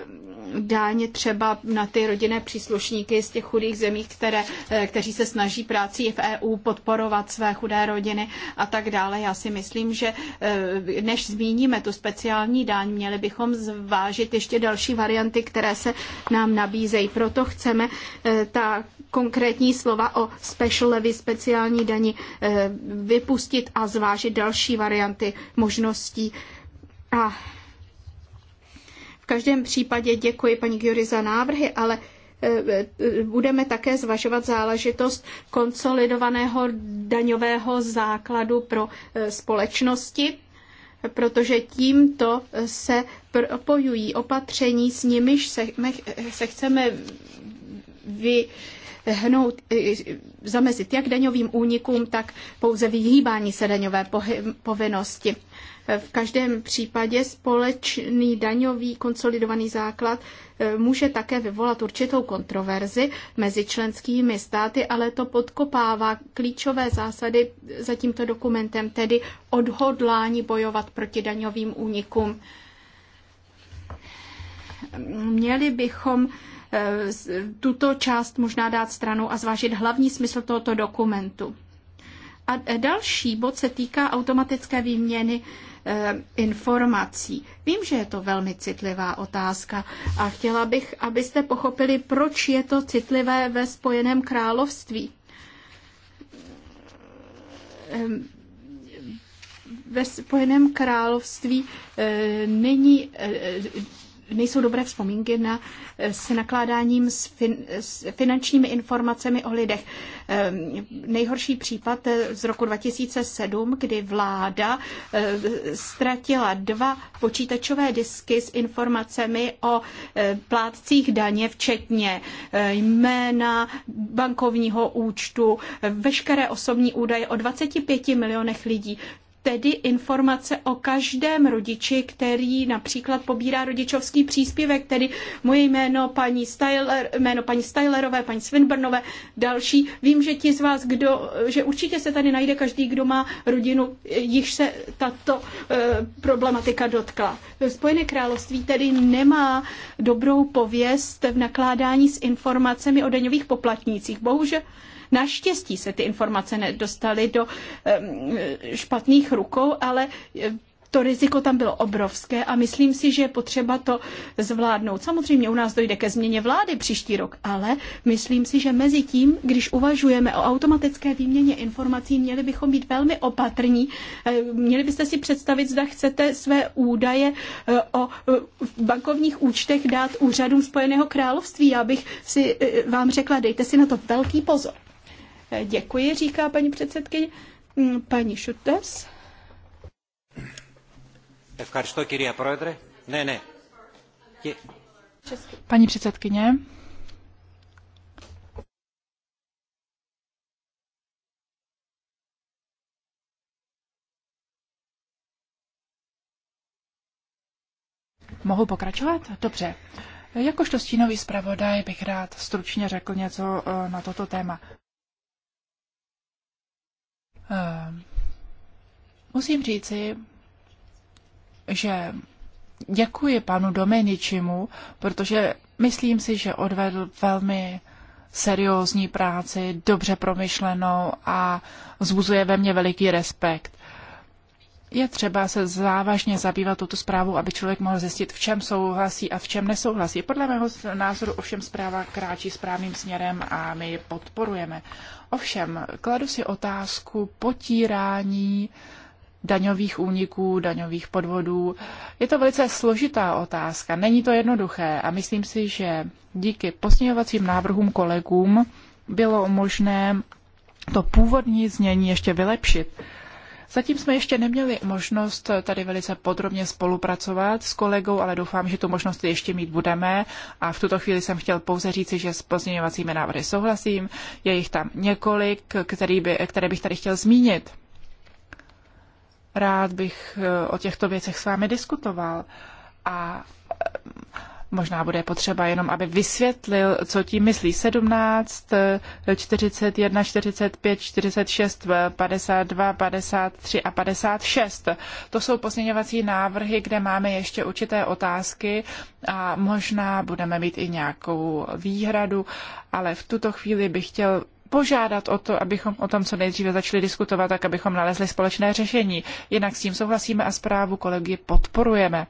dáně třeba na ty rodinné příslušníky z těch chudých zemí, které, eh, kteří se snaží práci v EU podporovat své chudé rodiny a tak dále. Já si myslím, že eh, než zmíníme tu speciální daň, měli bychom zvážit ještě další varianty, které se nám nabízejí. Proto chceme ta konkrétní slova o special levy, speciální dani vypustit a zvážit další varianty možností. A v každém případě děkuji paní Giori za návrhy, ale e, e, budeme také zvažovat záležitost konsolidovaného daňového základu pro e, společnosti, protože tímto se propojují opatření, s nimiž se, se chceme vy, zamezit jak daňovým únikům, tak pouze vyhýbání se daňové povinnosti. V každém případě společný daňový konsolidovaný základ e, může také vyvolat určitou kontroverzi mezi členskými státy, ale to podkopává klíčové zásady za tímto dokumentem, tedy odhodlání bojovat proti daňovým únikům. Měli bychom e, tuto část možná dát stranu a zvážit hlavní smysl tohoto dokumentu. A e, další bod se týká automatické výměny Eh, informací. Vím, že je to velmi citlivá otázka a chtěla bych, abyste pochopili, proč je to citlivé ve Spojeném království ve Spojeném království eh, není eh, nejsou dobré vzpomínky na, eh, s nakládáním s, fin, s finančními informacemi o lidech. Eh, nejhorší případ eh, z roku 2007, kdy vláda ztratila dva počítačové disky s informacemi o plátcích daně, včetně jména, bankovního účtu, veškeré osobní údaje o 25 milionech lidí tedy informace o každém rodiči, který například pobírá rodičovský příspěvek, tedy moje jméno paní, Styler, jméno paní Stylerové, paní Svinbrnové, další. Vím, že ti z vás, kdo, že určitě se tady najde každý, kdo má rodinu, již se tato e, problematika dotkla. Spojené království tedy nemá dobrou pověst v nakládání s informacemi o daňových poplatnících. Bohužel Naštěstí se ty informace nedostaly do špatných rukou, ale to riziko tam bylo obrovské a myslím si, že je potřeba to zvládnout. Samozřejmě u nás dojde ke změně vlády příští rok, ale myslím si, že mezi tím, když uvažujeme o automatické výměně informací, měli bychom být velmi opatrní. Měli byste si představit, zda chcete své údaje e, o e, bankovních účtech dát úřadům Spojeného království. Já bych si e, vám řekla, dejte si na to velký pozor. Děkuji, říká paní předsedkyně. Mm, paní Šutes. Ne, ne. Paní předsedkyně. Mohu pokračovat? Dobře. Jakožto stínový zpravodaj bych rád stručně řekl něco eh, na toto téma. Eh, musím říci, že děkuji panu Dominičimu, protože myslím si, že odvedl velmi seriózní práci, dobře promyšlenou a zbuzuje ve mně veliký respekt je třeba se závažně zabývat tuto zprávu, aby člověk mohl zjistit, v čem souhlasí a v čem nesouhlasí. Podle mého názoru ovšem zpráva kráčí správným směrem a my ji podporujeme. Ovšem, kladu si otázku potírání daňových úniků, daňových podvodů. Je to velice složitá otázka, není to jednoduché a myslím si, že díky posměňovacím návrhům kolegům bylo možné to původní znění ještě vylepšit. Zatím jsme ještě neměli možnost tady velice podrobně spolupracovat s kolegou, ale doufám, že tu možnost ještě mít budeme. A v tuto chvíli jsem chtěl pouze říci, že s pozměňovacími návrhy souhlasím. Je jich tam několik, který by, které bych tady chtěl zmínit. Rád bych eh, o těchto věcech s vámi diskutoval. A Možná bude potřeba jenom, aby vysvětlil, co tím myslí. 17, 41, 45, 46, 52, 53 a 56. To jsou pozměňovací návrhy, kde máme ještě určité otázky a možná budeme mít i nějakou výhradu, ale v tuto chvíli bych chtěl požádat o to, abychom o tom co nejdříve začali diskutovat, tak abychom nalezli společné řešení. Jinak s tím souhlasíme a zprávu kolegy podporujeme.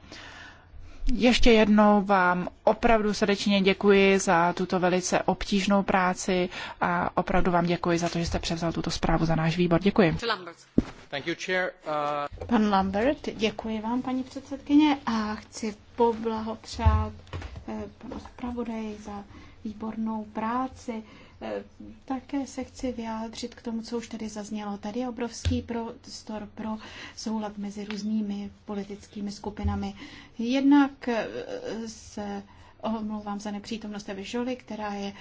Ještě jednou vám opravdu srdečně děkuji za tuto velice obtížnou práci a opravdu vám děkuji za to, že jste převzal tuto zprávu za náš výbor. Děkuji. Uh, Pan Lambert, děkuji vám, paní předsedkyně, a chci poblahopřát eh, panu zpravodaji za výbornou práci. Eh, také se chci vyjádřit k tomu, co už tady zaznělo. Tady je obrovský prostor pro soulad mezi různými politickými skupinami. Jednak eh, se omlouvám za nepřítomnost Evy Žoli, která je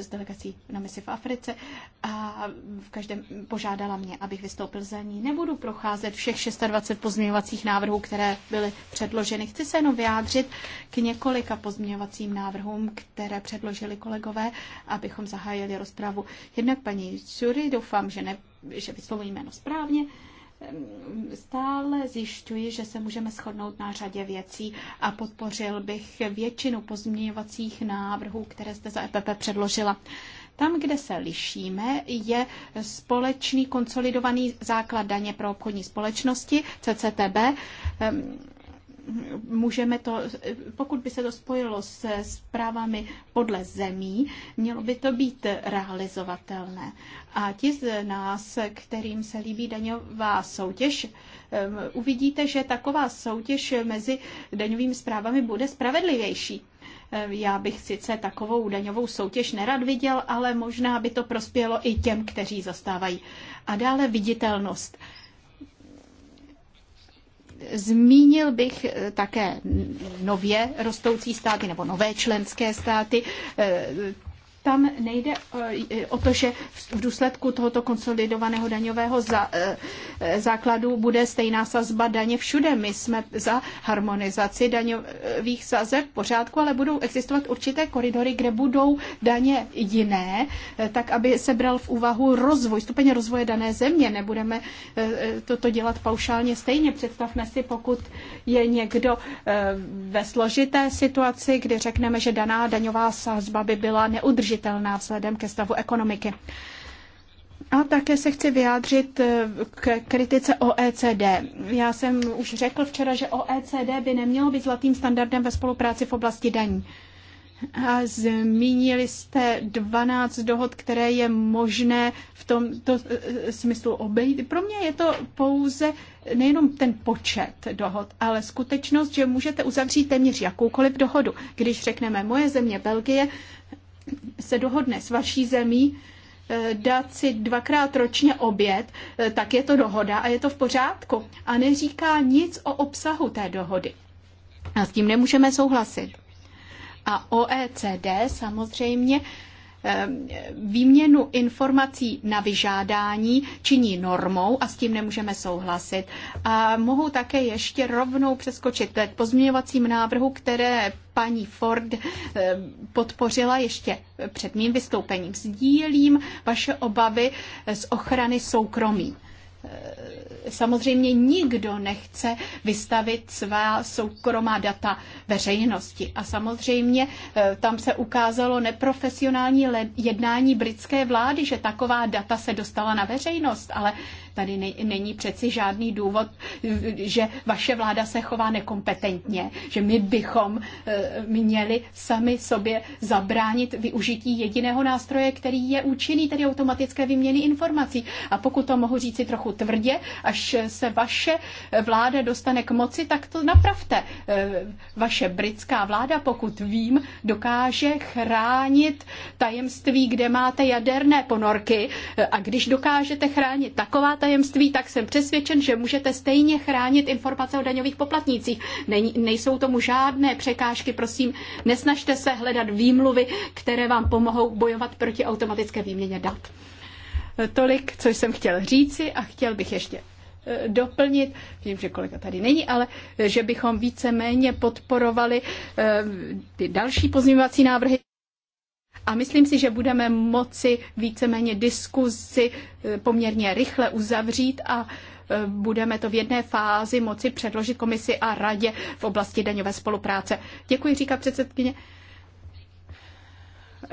z eh, delegací na misi v Africe a v každém požádala mě, abych vystoupil za ní. Nebudu procházet všech 26 pozměňovacích návrhů, které byly předloženy. Chci se jenom vyjádřit k několika pozměňovacím návrhům, které předložili kolegové, abychom zahájili rozpravu. Jednak paní Cury, doufám, že, ne, že vyslovuji jméno správně, stále zjišťuji, že se můžeme shodnout na řadě věcí a podpořil bych většinu pozměňovacích návrhů, které jste za EPP předložila. Tam, kde se lišíme, je společný konsolidovaný základ daně pro obchodní společnosti, CCTB, můžeme to, pokud by se to spojilo se zprávami podle zemí, mělo by to být realizovatelné. A ti z nás, kterým se líbí daňová soutěž, uvidíte, že taková soutěž mezi daňovými zprávami bude spravedlivější. Já bych sice takovou daňovou soutěž nerad viděl, ale možná by to prospělo i těm, kteří zastávají. A dále viditelnost. Zmínil bych eh, také nově rostoucí státy nebo nové členské státy. Eh, tam nejde eh, o to, že v důsledku tohoto konsolidovaného daňového eh, základu bude stejná sazba daně všude. My jsme za harmonizaci daňových sazeb v pořádku, ale budou existovat určité koridory, kde budou daně jiné, eh, tak aby se bral v úvahu rozvoj, stupeň rozvoje dané země. Nebudeme toto dělat paušálně stejně. Představme si, pokud je někdo ve složité situaci, kdy řekneme, že daná daňová sazba by byla neudržitelná, udržitelná vzhledem ke stavu ekonomiky. A také se chci vyjádřit eh, k kritice OECD. Já jsem už řekl včera, že OECD by nemělo být zlatým standardem ve spolupráci v oblasti daní. A zmínili jste 12 dohod, které je možné v tomto eh, eh, smyslu obejít. Pro mě je to pouze nejenom ten počet dohod, ale skutečnost, že můžete uzavřít téměř jakoukoliv dohodu. Když řekneme moje země Belgie se dohodne s vaší zemí eh, dát si dvakrát ročně oběd, eh, tak je to dohoda a je to v pořádku. A neříká nic o obsahu té dohody. A s tím nemůžeme souhlasit. A OECD samozřejmě Ehm, výměnu informací na vyžádání činí normou a s tím nemůžeme souhlasit. A mohu také ještě rovnou přeskočit k pozměňovacím návrhu, které paní Ford ehm, podpořila ještě před mým vystoupením. Sdílím vaše obavy z ochrany soukromí ehm, samozřejmě nikdo nechce vystavit svá soukromá data veřejnosti. A samozřejmě eh, tam se ukázalo neprofesionální jednání britské vlády, že taková data se dostala na veřejnost, ale Tady není přeci žádný důvod, že vaše vláda se chová nekompetentně, že my bychom eh, měli sami sobě zabránit využití jediného nástroje, který je účinný, tedy automatické výměny informací. A pokud to mohu říci trochu tvrdě, až se vaše vláda dostane k moci, tak to napravte. Eh, vaše britská vláda, pokud vím, dokáže chránit tajemství, kde máte jaderné ponorky. Eh, a když dokážete chránit taková tajemství, tak jsem přesvědčen, že můžete stejně chránit informace o daňových poplatnících. Nej, nejsou tomu žádné překážky, prosím, nesnažte se hledat výmluvy, které vám pomohou bojovat proti automatické výměně dat. E, tolik, co jsem chtěl říci a chtěl bych ještě e, doplnit, vím, že kolega tady není, ale e, že bychom víceméně podporovali ty další pozměňovací návrhy. A myslím si, že budeme moci víceméně diskuzi eh, poměrně rychle uzavřít a eh, budeme to v jedné fázi moci předložit komisi a radě v oblasti daňové spolupráce. Děkuji, říká předsedkyně.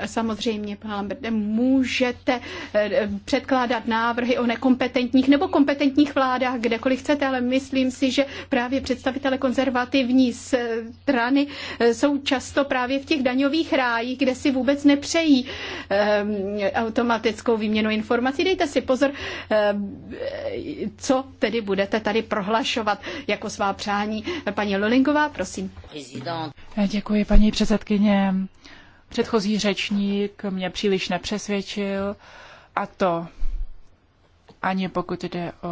Samozřejmě, pane Lamberte, můžete eh, předkládat návrhy o nekompetentních nebo kompetentních vládách, kdekoliv chcete, ale myslím si, že právě představitele konzervativní strany eh, jsou často právě v těch daňových rájích, kde si vůbec nepřejí eh, automatickou výměnu informací. Dejte si pozor, co tedy budete tady prohlašovat jako svá přání. Paní Lulingová, prosím. Děkuji, paní předsedkyně. Předchozí řečník mě příliš nepřesvědčil a to ani pokud jde o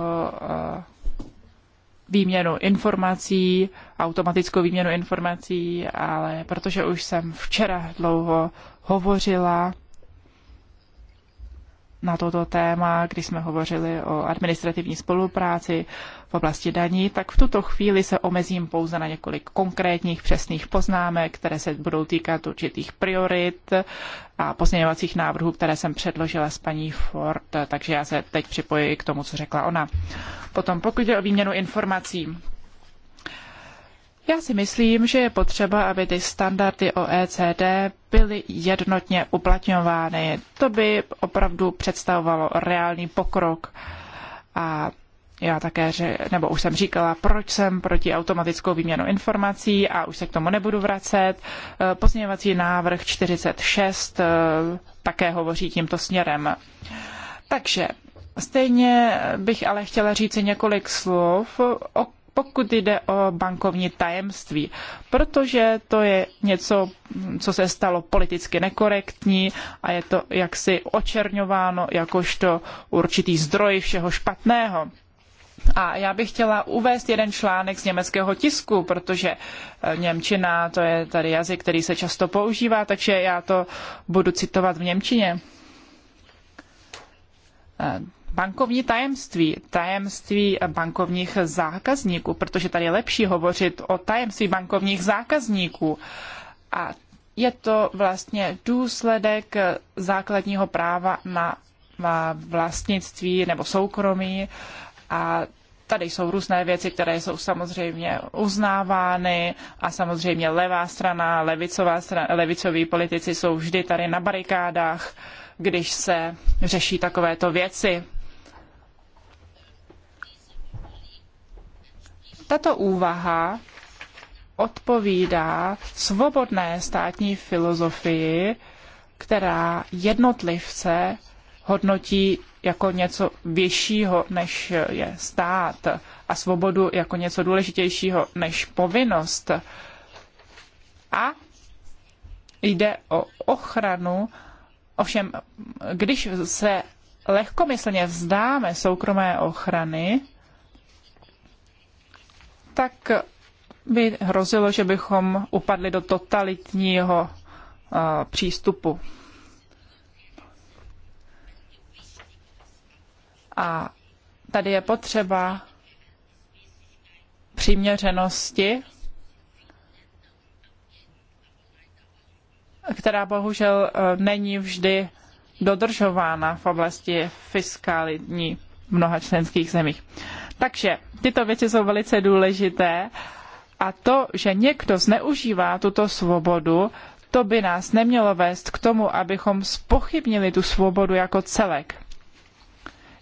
výměnu informací, automatickou výměnu informací, ale protože už jsem včera dlouho hovořila na toto téma, když jsme hovořili o administrativní spolupráci v oblasti daní, tak v tuto chvíli se omezím pouze na několik konkrétních přesných poznámek, které se budou týkat určitých priorit a pozměňovacích návrhů, které jsem předložila s paní Ford, takže já se teď připojuji k tomu, co řekla ona. Potom, pokud je o výměnu informací, já si myslím, že je potřeba, aby ty standardy OECD byly jednotně uplatňovány. To by opravdu představovalo reálný pokrok. A já také, že, nebo už jsem říkala, proč jsem proti automatickou výměnu informací a už se k tomu nebudu vracet. Eh, pozměňovací návrh 46 eh, také hovoří tímto směrem. Takže Stejně bych ale chtěla říci několik slov o pokud jde o bankovní tajemství, protože to je něco, co se stalo politicky nekorektní a je to jaksi očerňováno jakožto určitý zdroj všeho špatného. A já bych chtěla uvést jeden článek z německého tisku, protože eh, Němčina to je tady jazyk, který se často používá, takže já to budu citovat v Němčině. Eh, bankovní tajemství, tajemství bankovních zákazníků, protože tady je lepší hovořit o tajemství bankovních zákazníků. A je to vlastně důsledek základního práva na, vlastnictví nebo soukromí a Tady jsou různé věci, které jsou samozřejmě uznávány a samozřejmě levá strana, levicová strana, levicoví politici jsou vždy tady na barikádách, když se řeší takovéto věci. Tato úvaha odpovídá svobodné státní filozofii, která jednotlivce hodnotí jako něco vyššího, než je stát a svobodu jako něco důležitějšího než povinnost. A jde o ochranu, ovšem, když se lehkomyslně vzdáme soukromé ochrany, tak by hrozilo, že bychom upadli do totalitního uh, přístupu. A tady je potřeba přiměřenosti, která bohužel uh, není vždy dodržována v oblasti fiskální v mnoha členských zemích. Takže tyto věci jsou velice důležité a to, že někdo zneužívá tuto svobodu, to by nás nemělo vést k tomu, abychom spochybnili tu svobodu jako celek.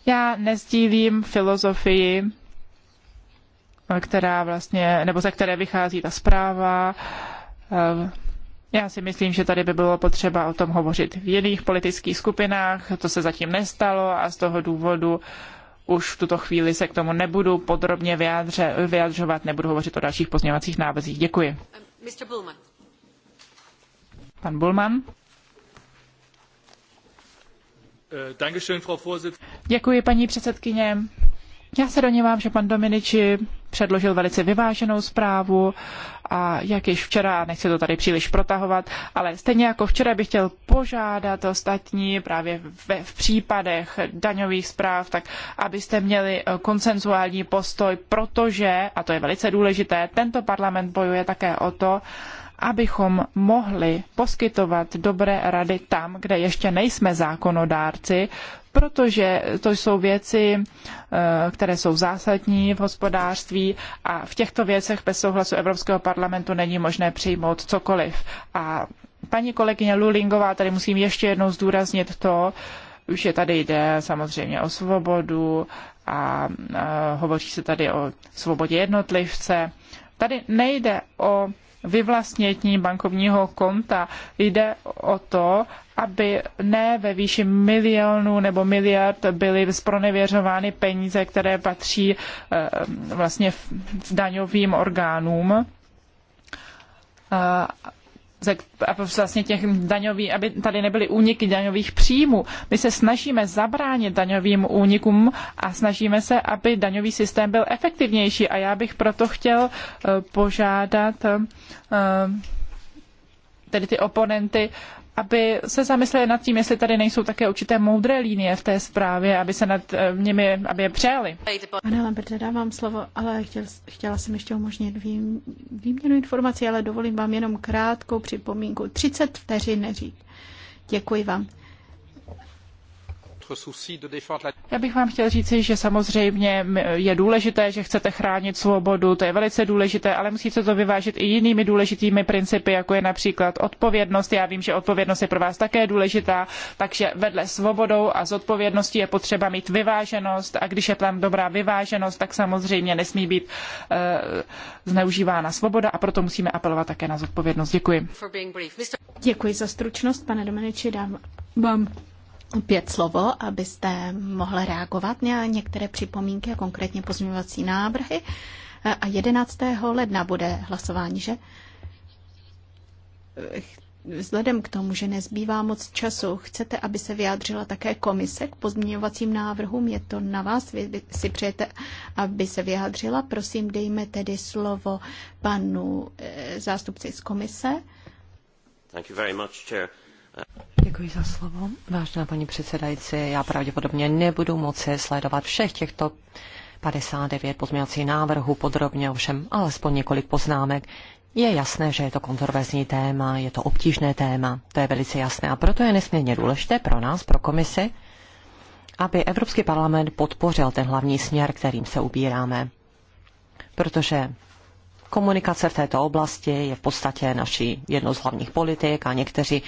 Já nezdílím filozofii, která vlastně, nebo ze které vychází ta zpráva. Já si myslím, že tady by bylo potřeba o tom hovořit v jiných politických skupinách. To se zatím nestalo a z toho důvodu už v tuto chvíli se k tomu nebudu podrobně vyjádře, vyjadřovat, nebudu hovořit o dalších pozměňovacích návrzích. Děkuji. Pan Bulman. Eh, Děkuji, paní předsedkyně. Já se domnívám, že pan Dominici předložil velice vyváženou zprávu a jak již včera, nechci to tady příliš protahovat, ale stejně jako včera bych chtěl požádat ostatní právě v, v případech daňových zpráv, tak abyste měli eh, konsenzuální postoj, protože, a to je velice důležité, tento parlament bojuje také o to, abychom mohli poskytovat dobré rady tam, kde ještě nejsme zákonodárci, protože to jsou věci, eh, které jsou zásadní v hospodářství a v těchto věcech bez souhlasu Evropského parlamentu není možné přijmout cokoliv. A paní kolegyně Lulingová, tady musím ještě jednou zdůraznit to, že tady jde samozřejmě o svobodu a eh, hovoří se tady o svobodě jednotlivce. Tady nejde o vyvlastnění bankovního konta. Jde o to, aby ne ve výši milionů nebo miliard byly zpronevěřovány peníze, které patří eh, vlastně daňovým orgánům eh, vlastně těch daňových, aby tady nebyly úniky daňových příjmů. My se snažíme zabránit daňovým únikům a snažíme se, aby daňový systém byl efektivnější. A já bych proto chtěl eh, požádat eh, tedy ty oponenty, aby se zamysleli nad tím, jestli tady nejsou také určité moudré linie v té zprávě, aby se nad eh, nimi, aby je přejali. Pane Lamberte, dávám slovo, ale chtěl, chtěla jsem ještě umožnit vým, výměnu informací, ale dovolím vám jenom krátkou připomínku. 30 vteřin neřík. Děkuji vám. Já bych vám chtěl říci, že samozřejmě je důležité, že chcete chránit svobodu, to je velice důležité, ale musíte to vyvážit i jinými důležitými principy, jako je například odpovědnost. Já vím, že odpovědnost je pro vás také důležitá, takže vedle svobodou a zodpovědností je potřeba mít vyváženost a když je tam dobrá vyváženost, tak samozřejmě nesmí být eh, zneužívána svoboda a proto musíme apelovat také na zodpovědnost. Děkuji. Děkuji za stručnost, pane Domeniči, dám vám opět slovo, abyste mohla reagovat na některé připomínky a konkrétně pozměňovací návrhy. E, a 11. ledna bude hlasování, že? E, vzhledem k tomu, že nezbývá moc času, chcete, aby se vyjádřila také komise k pozměňovacím návrhům? Je to na vás? Vy si přejete, aby se vyjádřila? Prosím, dejme tedy slovo panu e, zástupci z komise. Thank you very much, chair. Děkuji za slovo. Vážená paní předsedající, já pravděpodobně nebudu moci sledovat všech těchto 59 pozměňovacích návrhů podrobně, ovšem alespoň několik poznámek. Je jasné, že je to kontroverzní téma, je to obtížné téma, to je velice jasné a proto je nesmírně důležité pro nás, pro komisi, aby Evropský parlament podpořil ten hlavní směr, kterým se ubíráme. Protože komunikace v této oblasti je v podstatě naší jednou z hlavních politik a někteří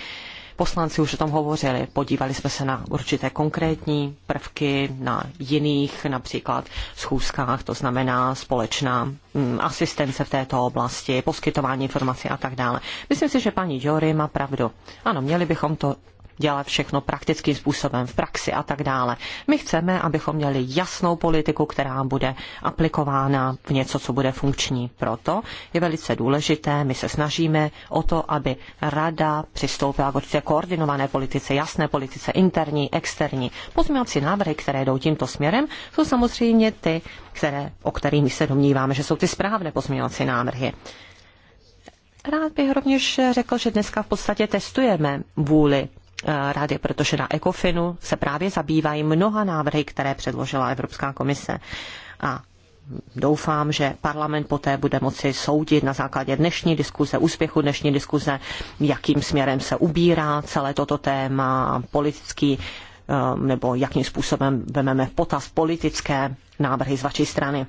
poslanci už o tom hovořili. Podívali jsme se na určité konkrétní prvky, na jiných například schůzkách, to znamená společná mm, asistence v této oblasti, poskytování informací a tak dále. Myslím si, že paní Jory má pravdu. Ano, měli bychom to dělat všechno praktickým způsobem v praxi a tak dále. My chceme, abychom měli jasnou politiku, která bude aplikována v něco, co bude funkční. Proto je velice důležité, my se snažíme o to, aby rada přistoupila k určitě koordinované politice, jasné politice, interní, externí. Pozměňovací návrhy, které jdou tímto směrem, jsou samozřejmě ty, které, o kterými se domníváme, že jsou ty správné pozměňovací návrhy. Rád bych rovněž řekl, že dneska v podstatě testujeme vůli Eh, rady, protože na ECOFINu se právě zabývají mnoha návrhy, které předložila Evropská komise. A doufám, že parlament poté bude moci soudit na základě dnešní diskuze, úspěchu dnešní diskuze, jakým směrem se ubírá celé toto téma, politický eh, nebo jakým způsobem vememe v potaz politické návrhy z vaší strany.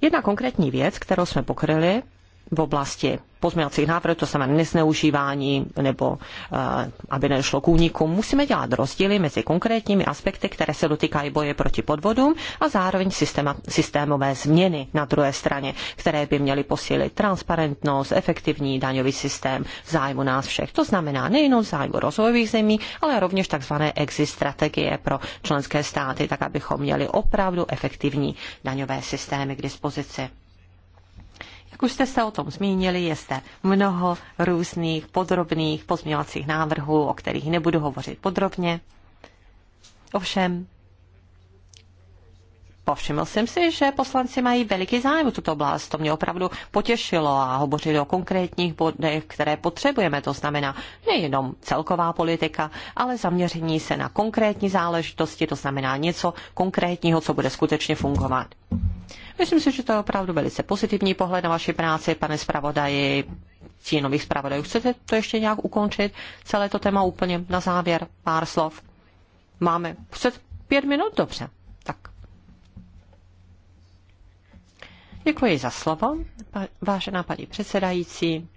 Jedna konkrétní věc, kterou jsme pokryli v oblasti pozměňovacích návrhů, to znamená nezneužívání nebo uh, aby nešlo k úniku, musíme dělat rozdíly mezi konkrétními aspekty, které se dotýkají boje proti podvodům a zároveň systéma, systémové změny na druhé straně, které by měly posílit transparentnost, efektivní daňový systém zájmu nás všech. To znamená nejenom zájmu rozvojových zemí, ale rovněž tzv. exit strategie pro členské státy, tak abychom měli opravdu efektivní daňové systémy k dispozici. Už jste se o tom zmínili, je zde mnoho různých podrobných pozměňovacích návrhů, o kterých nebudu hovořit podrobně. Ovšem, povšiml jsem si, že poslanci mají veliký zájem o tuto oblast. To mě opravdu potěšilo a hovořili o konkrétních bodech, které potřebujeme. To znamená nejenom celková politika, ale zaměření se na konkrétní záležitosti, to znamená něco konkrétního, co bude skutečně fungovat. Myslím si, že to je opravdu velice pozitivní pohled na vaši práci, pane zpravodaji, cínových zpravodajů. Chcete to ještě nějak ukončit, celé to téma úplně na závěr, pár slov? Máme před pět minut? Dobře, tak. Děkuji za slovo, vážená paní předsedající.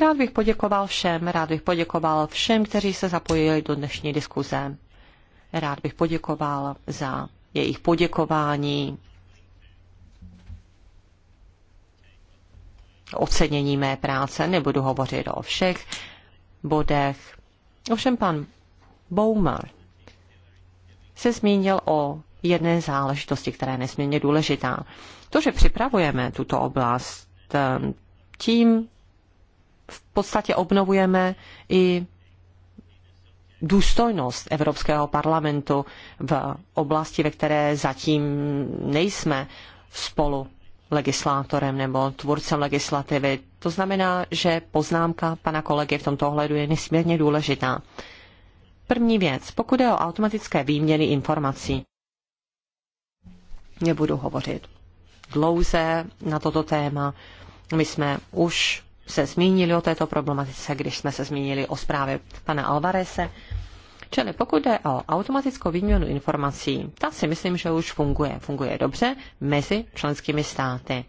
Rád bych poděkoval všem, rád bych poděkoval všem, kteří se zapojili do dnešní diskuze. Rád bych poděkoval za jejich poděkování, ocenění mé práce. Nebudu hovořit o všech bodech. Ovšem pan Boumar se zmínil o jedné záležitosti, která je nesmírně důležitá. To, že připravujeme tuto oblast, ehm, tím v podstatě obnovujeme i důstojnost Evropského parlamentu v oblasti, ve které zatím nejsme spolu legislátorem nebo tvůrcem legislativy. To znamená, že poznámka pana kolegy v tomto ohledu je nesmírně důležitá. První věc, pokud je o automatické výměny informací. Nebudu hovořit dlouze na toto téma. My jsme už se zmínili o této problematice, když jsme se zmínili o zprávě pana Alvarese Čili pokud jde o automatickou výměnu informací, ta si myslím, že už funguje. Funguje dobře mezi členskými státy.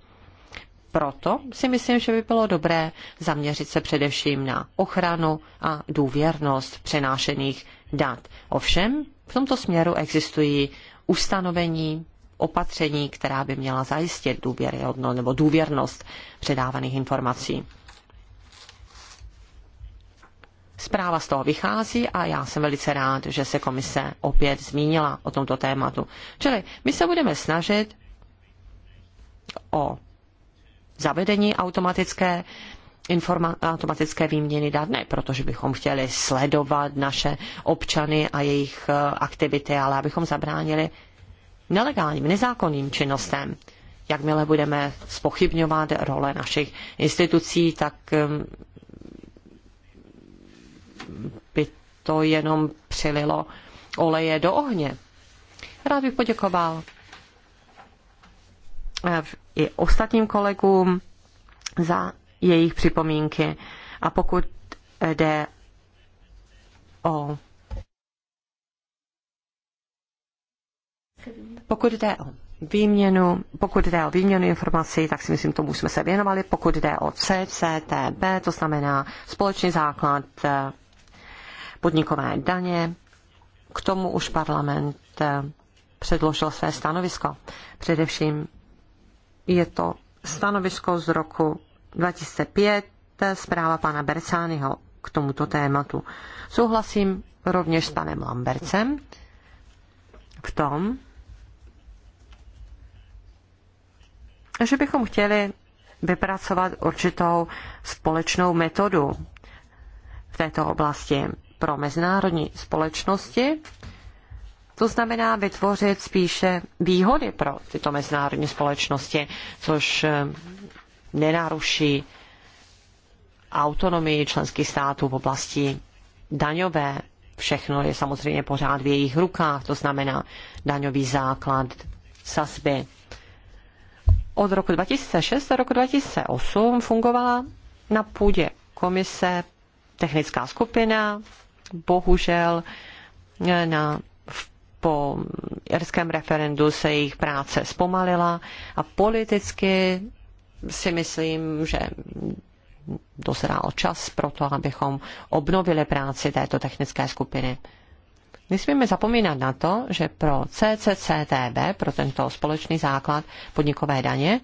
Proto si myslím, že by bylo dobré zaměřit se především na ochranu a důvěrnost přenášených dat. Ovšem, v tomto směru existují ustanovení, opatření, která by měla zajistit důvěryhodnost nebo důvěrnost předávaných informací. Zpráva z toho vychází a já jsem velice rád, že se komise opět zmínila o tomto tématu. Čili my se budeme snažit o zavedení automatické informa- automatické výměny dat, ne protože bychom chtěli sledovat naše občany a jejich eh, aktivity, ale abychom zabránili nelegálním, nezákonným činnostem. Jakmile budeme spochybňovat role našich institucí, tak eh, by to jenom přililo oleje do ohně. Rád bych poděkoval eh, i ostatním kolegům za jejich připomínky. A pokud jde o Pokud jde o výměnu, pokud jde o výměnu informací, tak si myslím, tomu jsme se věnovali. Pokud jde o CCTB, to znamená společný základ eh, podnikové daně. K tomu už parlament eh, předložil své stanovisko. Především je to stanovisko z roku 2005, eh, zpráva pana Bercányho k tomuto tématu. Souhlasím rovněž s panem Lambercem v tom, že bychom chtěli vypracovat určitou společnou metodu v této oblasti pro mezinárodní společnosti, to znamená vytvořit spíše výhody pro tyto mezinárodní společnosti, což eh, nenaruší autonomii členských států v oblasti daňové. Všechno je samozřejmě pořád v jejich rukách, to znamená daňový základ, sazby. Od roku 2006 do roku 2008 fungovala na půdě komise technická skupina, bohužel eh, na, po irském referendu se jejich práce zpomalila a politicky si myslím, že dozrál čas pro to, abychom obnovili práci této technické skupiny. Nesmíme zapomínat na to, že pro CCCTB, pro tento společný základ podnikové daně,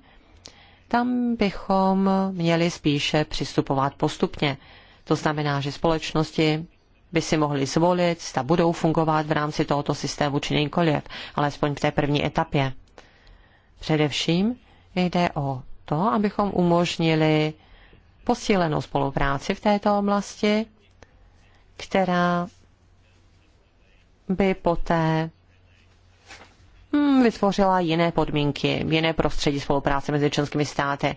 tam bychom měli spíše přistupovat postupně. To znamená, že společnosti by si mohli zvolit, zda budou fungovat v rámci tohoto systému či nikoliv, alespoň v té první etapě. Především jde o to, abychom umožnili posílenou spolupráci v této oblasti, která by poté hm, vytvořila jiné podmínky, jiné prostředí spolupráce mezi členskými státy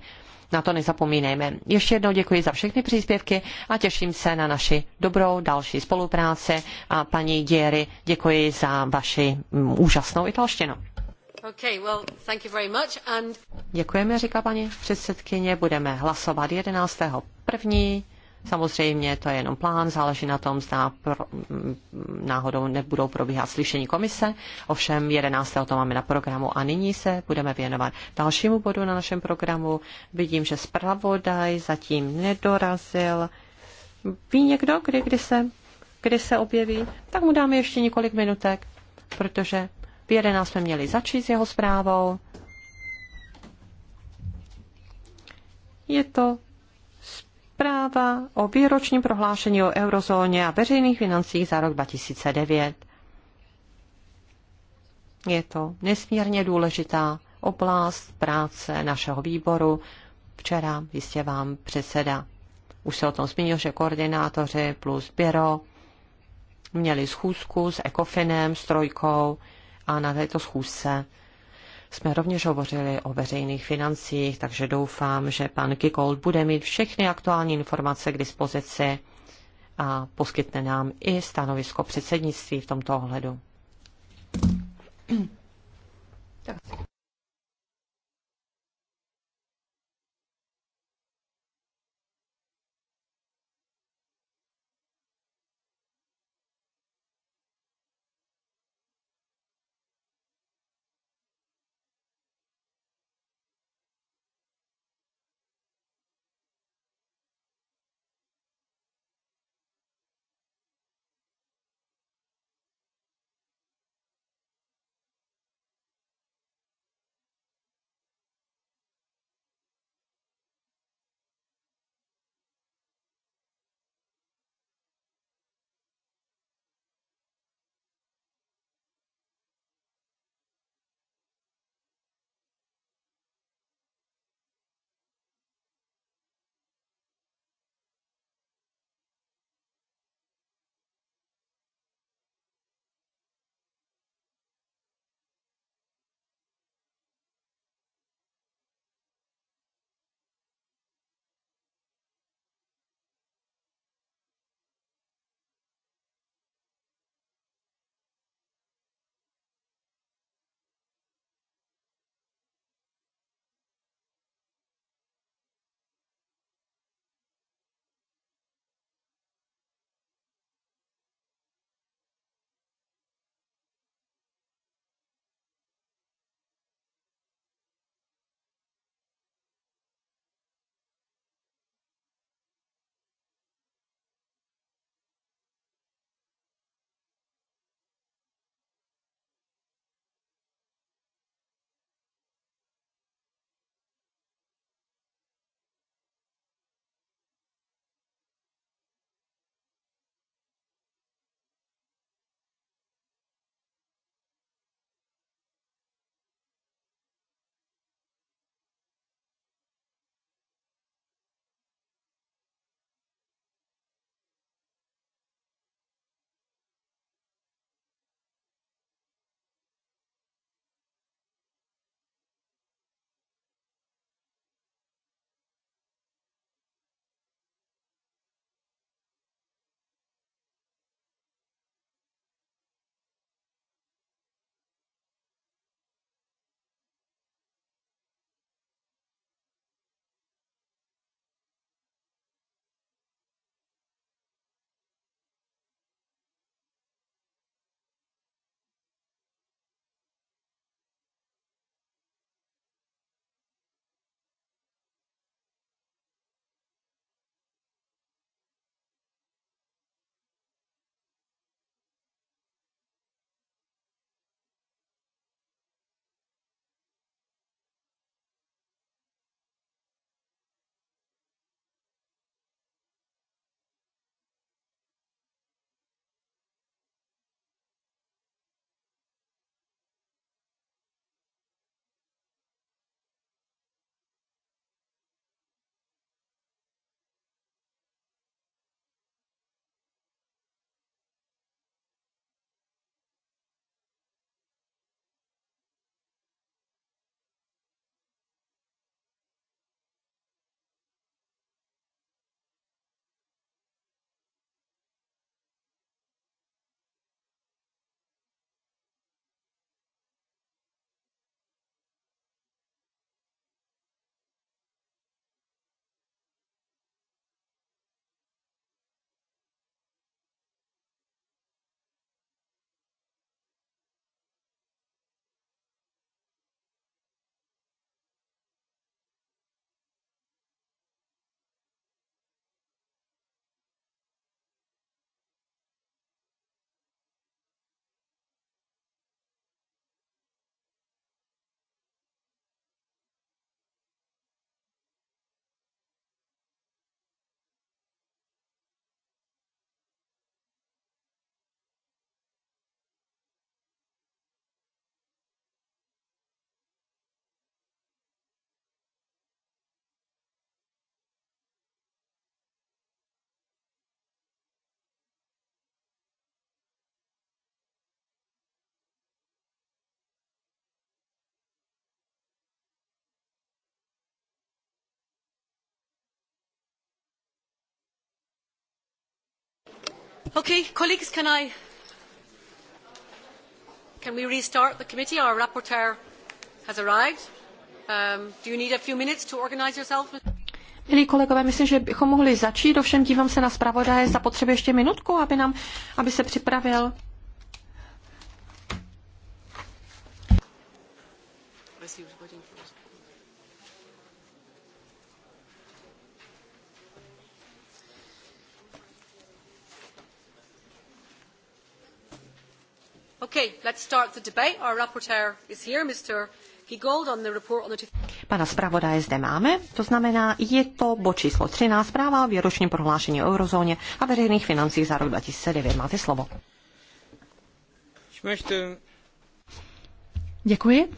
na to nezapomínejme. Ještě jednou děkuji za všechny příspěvky a těším se na naši dobrou další spolupráci a paní Děry děkuji za vaši mm, úžasnou italštinu. Okay, well, thank you very much and... Děkujeme, říká paní předsedkyně. Budeme hlasovat 11. první. Samozřejmě to je jenom plán, záleží na tom, zda pro, mm, náhodou nebudou probíhat slyšení komise. Ovšem 11. to máme na programu a nyní se budeme věnovat dalšímu bodu na našem programu. Vidím, že zpravodaj zatím nedorazil. Ví někdo, kdy, kdy, se, kdy se objeví? Tak mu dáme ještě několik minutek, protože v 11 jsme měli začít s jeho zprávou. Je to Zpráva o výročním prohlášení o eurozóně a veřejných financích za rok 2009. Je to nesmírně důležitá oblast práce našeho výboru. Včera jistě vám předseda už se o tom zmínil, že koordinátoři plus Biro měli schůzku s Ekofinem, s Trojkou a na této schůzce jsme rovněž hovořili o veřejných financích, takže doufám, že pan Kikold bude mít všechny aktuální informace k dispozici a poskytne nám i stanovisko předsednictví v tomto ohledu. Tak. Okay, colleagues, can I... Can we restart the committee? Our rapporteur has arrived. Um, do you need a few minutes to organize yourself? Milí kolegové, myslím, že bychom mohli začít, ovšem dívám se na zpravodaje, zapotřebuje ještě minutku, aby, nám, aby se připravil. I see waiting for us. Okay, let's start the debate. Our rapporteur is here, Mr. Pana zpravodaje zde máme, to znamená, je to bod číslo 13, zpráva o výročním prohlášení o eurozóně a veřejných financích za rok 2009. Máte slovo. Děkuji.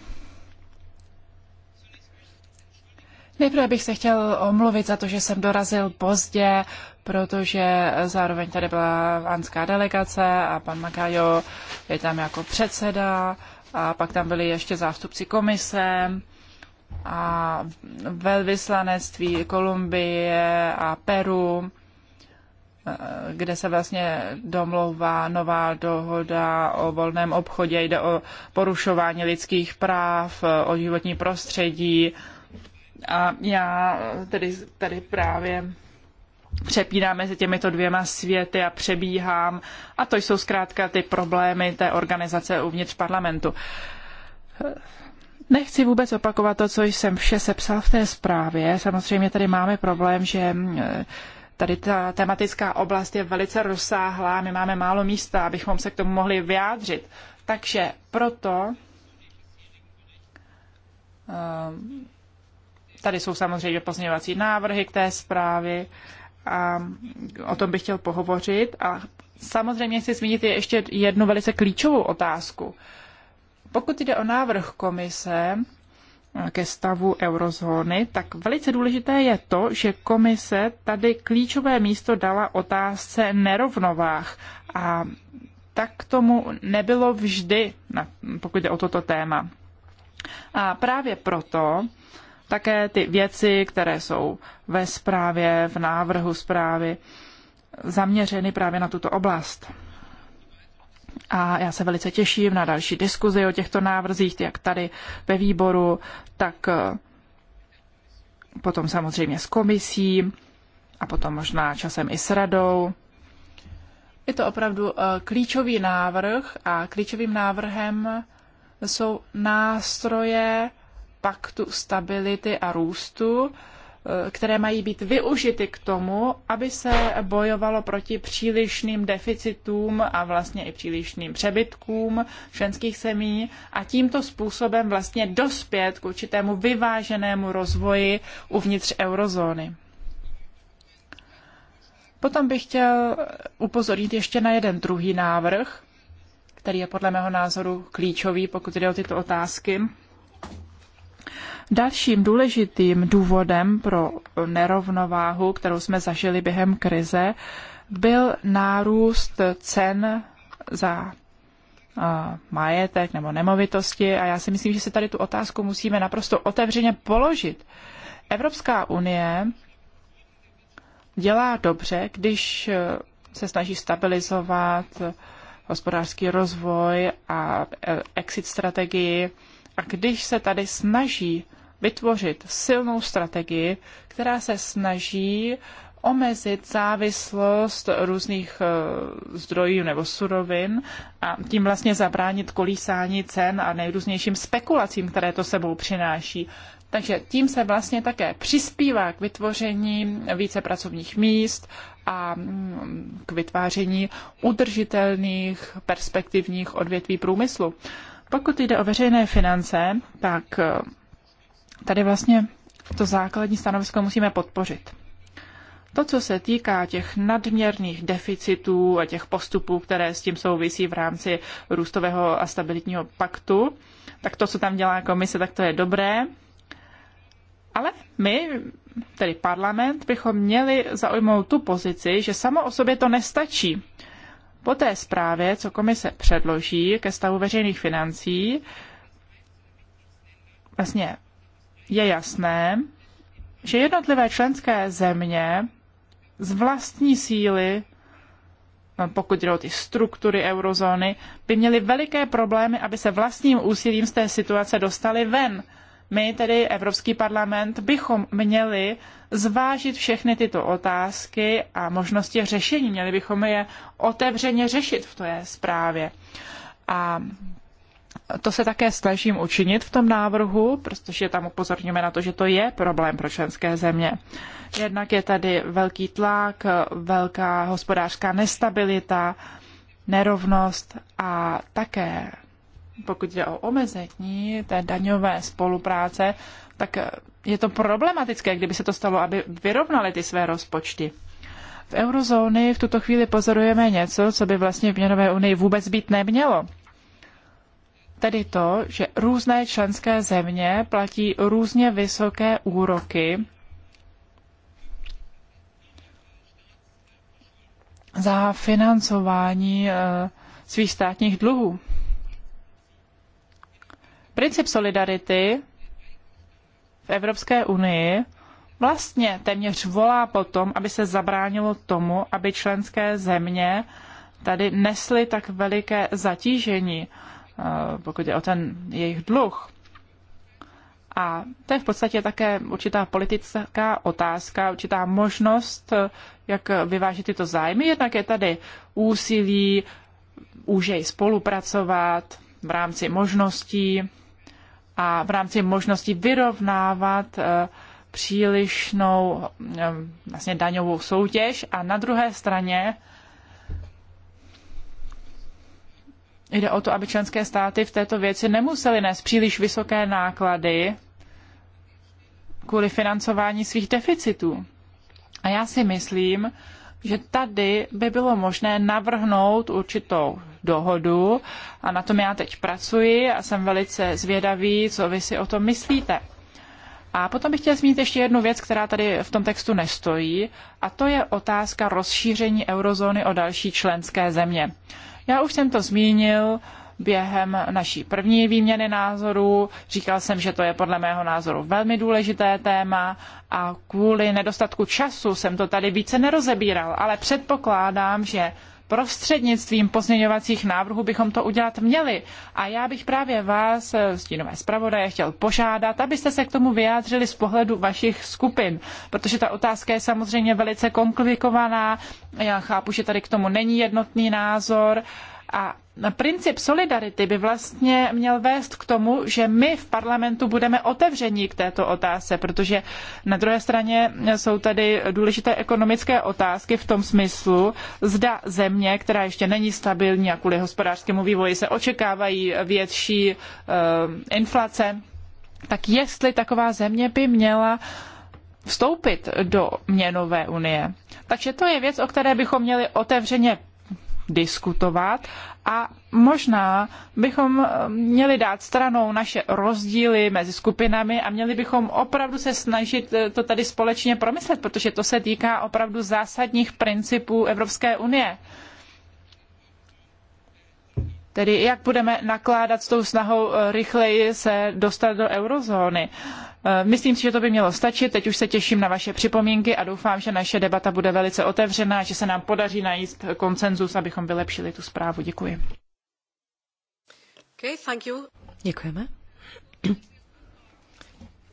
Nejprve bych se chtěl omluvit za to, že jsem dorazil pozdě, protože zároveň tady byla vánská delegace a pan Makajo je tam jako předseda a pak tam byli ještě zástupci komise a velvyslanectví Kolumbie a Peru, kde se vlastně domlouvá nová dohoda o volném obchodě, jde o porušování lidských práv, o životní prostředí, a já tedy tady právě přepínám mezi těmito dvěma světy a přebíhám. A to jsou zkrátka ty problémy té organizace uvnitř parlamentu. Nechci vůbec opakovat to, co jsem vše sepsal v té zprávě. Samozřejmě tady máme problém, že mm, tady ta tematická oblast je velice rozsáhlá, my máme málo místa, abychom se k tomu mohli vyjádřit. Takže proto ehm, Tady jsou samozřejmě pozměňovací návrhy k té zprávy a o tom bych chtěl pohovořit. A samozřejmě chci zmínit ještě jednu velice klíčovou otázku. Pokud jde o návrh komise ke stavu eurozóny, tak velice důležité je to, že komise tady klíčové místo dala otázce nerovnovách a tak tomu nebylo vždy, pokud jde o toto téma. A právě proto také ty věci, které jsou ve zprávě, v návrhu zprávy, zaměřeny právě na tuto oblast. A já se velice těším na další diskuzi o těchto návrzích, jak tady ve výboru, tak eh, potom samozřejmě s komisí a potom možná časem i s radou. Je to opravdu eh, klíčový návrh a klíčovým návrhem jsou nástroje, paktu stability a růstu, eh, které mají být využity k tomu, aby se bojovalo proti přílišným deficitům a vlastně i přílišným přebytkům členských zemí a tímto způsobem vlastně dospět k určitému vyváženému rozvoji uvnitř eurozóny. Potom bych chtěl upozornit ještě na jeden druhý návrh, který je podle mého názoru klíčový, pokud jde o tyto otázky. Dalším důležitým důvodem pro nerovnováhu, kterou jsme zažili během krize, byl nárůst cen za majetek nebo nemovitosti a já si myslím, že si tady tu otázku musíme naprosto otevřeně položit. Evropská unie dělá dobře, když se snaží stabilizovat hospodářský rozvoj a e, exit strategii a když se tady snaží vytvořit silnou strategii, která se snaží omezit závislost různých eh, zdrojů nebo surovin a tím vlastně zabránit kolísání cen a nejrůznějším spekulacím, které to sebou přináší. Takže tím se vlastně také přispívá k vytvoření více pracovních míst a mm, k vytváření udržitelných perspektivních odvětví průmyslu. Pokud jde o veřejné finance, tak eh, tady vlastně to základní stanovisko musíme podpořit. To, co se týká těch nadměrných deficitů a těch postupů, které s tím souvisí v rámci růstového a stabilitního paktu, tak to, co tam dělá komise, tak to je dobré. Ale my, tedy parlament, bychom měli zaujmout tu pozici, že samo o sobě to nestačí. Po té zprávě, co komise předloží ke stavu veřejných financí, vlastně je jasné, že jednotlivé členské země z vlastní síly, no, pokud jde o ty struktury eurozóny, by měly veliké problémy, aby se vlastním úsilím z té situace dostali ven my, tedy Evropský parlament, bychom měli zvážit všechny tyto otázky a možnosti řešení. Měli bychom je otevřeně řešit v té zprávě. A to se také snažím učinit v tom návrhu, protože tam upozorňujeme na to, že to je problém pro členské země. Jednak je tady velký tlak, velká hospodářská nestabilita, nerovnost a také pokud jde o omezení té daňové spolupráce, tak je to problematické, kdyby se to stalo, aby vyrovnali ty své rozpočty. V eurozóny v tuto chvíli pozorujeme něco, co by vlastně v měnové unii vůbec být nemělo. Tedy to, že různé členské země platí různě vysoké úroky za financování eh, svých státních dluhů. Princip solidarity v Evropské unii vlastně téměř volá po tom, aby se zabránilo tomu, aby členské země tady nesly tak veliké zatížení, eh, pokud je o ten jejich dluh. A to je v podstatě také určitá politická otázka, určitá možnost, jak vyvážit tyto zájmy. Jednak je tady úsilí úžej spolupracovat v rámci možností a v rámci možnosti vyrovnávat eh, přílišnou eh, vlastně daňovou soutěž a na druhé straně jde o to, aby členské státy v této věci nemusely nést příliš vysoké náklady kvůli financování svých deficitů. A já si myslím, že tady by bylo možné navrhnout určitou dohodu a na tom já teď pracuji a jsem velice zvědavý, co vy si o tom myslíte. A potom bych chtěl zmínit ještě jednu věc, která tady v tom textu nestojí, a to je otázka rozšíření eurozóny o další členské země. Já už jsem to zmínil během naší první výměny názorů. Říkal jsem, že to je podle mého názoru velmi důležité téma a kvůli nedostatku času jsem to tady více nerozebíral, ale předpokládám, že prostřednictvím pozměňovacích návrhů bychom to udělat měli. A já bych právě vás, eh, stínové zpravodaje, chtěl požádat, abyste se k tomu vyjádřili z pohledu vašich skupin, protože ta otázka je samozřejmě velice komplikovaná. Já chápu, že tady k tomu není jednotný názor. A princip solidarity by vlastně měl vést k tomu, že my v parlamentu budeme otevření k této otázce, protože na druhé straně jsou tady důležité ekonomické otázky v tom smyslu, zda země, která ještě není stabilní a kvůli hospodářskému vývoji se očekávají větší eh, inflace, tak jestli taková země by měla vstoupit do měnové unie. Takže to je věc, o které bychom měli otevřeně diskutovat a možná bychom eh, měli dát stranou naše rozdíly mezi skupinami a měli bychom opravdu se snažit eh, to tady společně promyslet, protože to se týká opravdu zásadních principů Evropské unie. Tedy jak budeme nakládat s tou snahou eh, rychleji se dostat do eurozóny. Eh, myslím si, že to by mělo stačit. Teď už se těším na vaše připomínky a doufám, že naše debata bude velice otevřená, že se nám podaří najít konsenzus, abychom vylepšili tu zprávu. Děkuji. Okay, thank you. Děkujeme.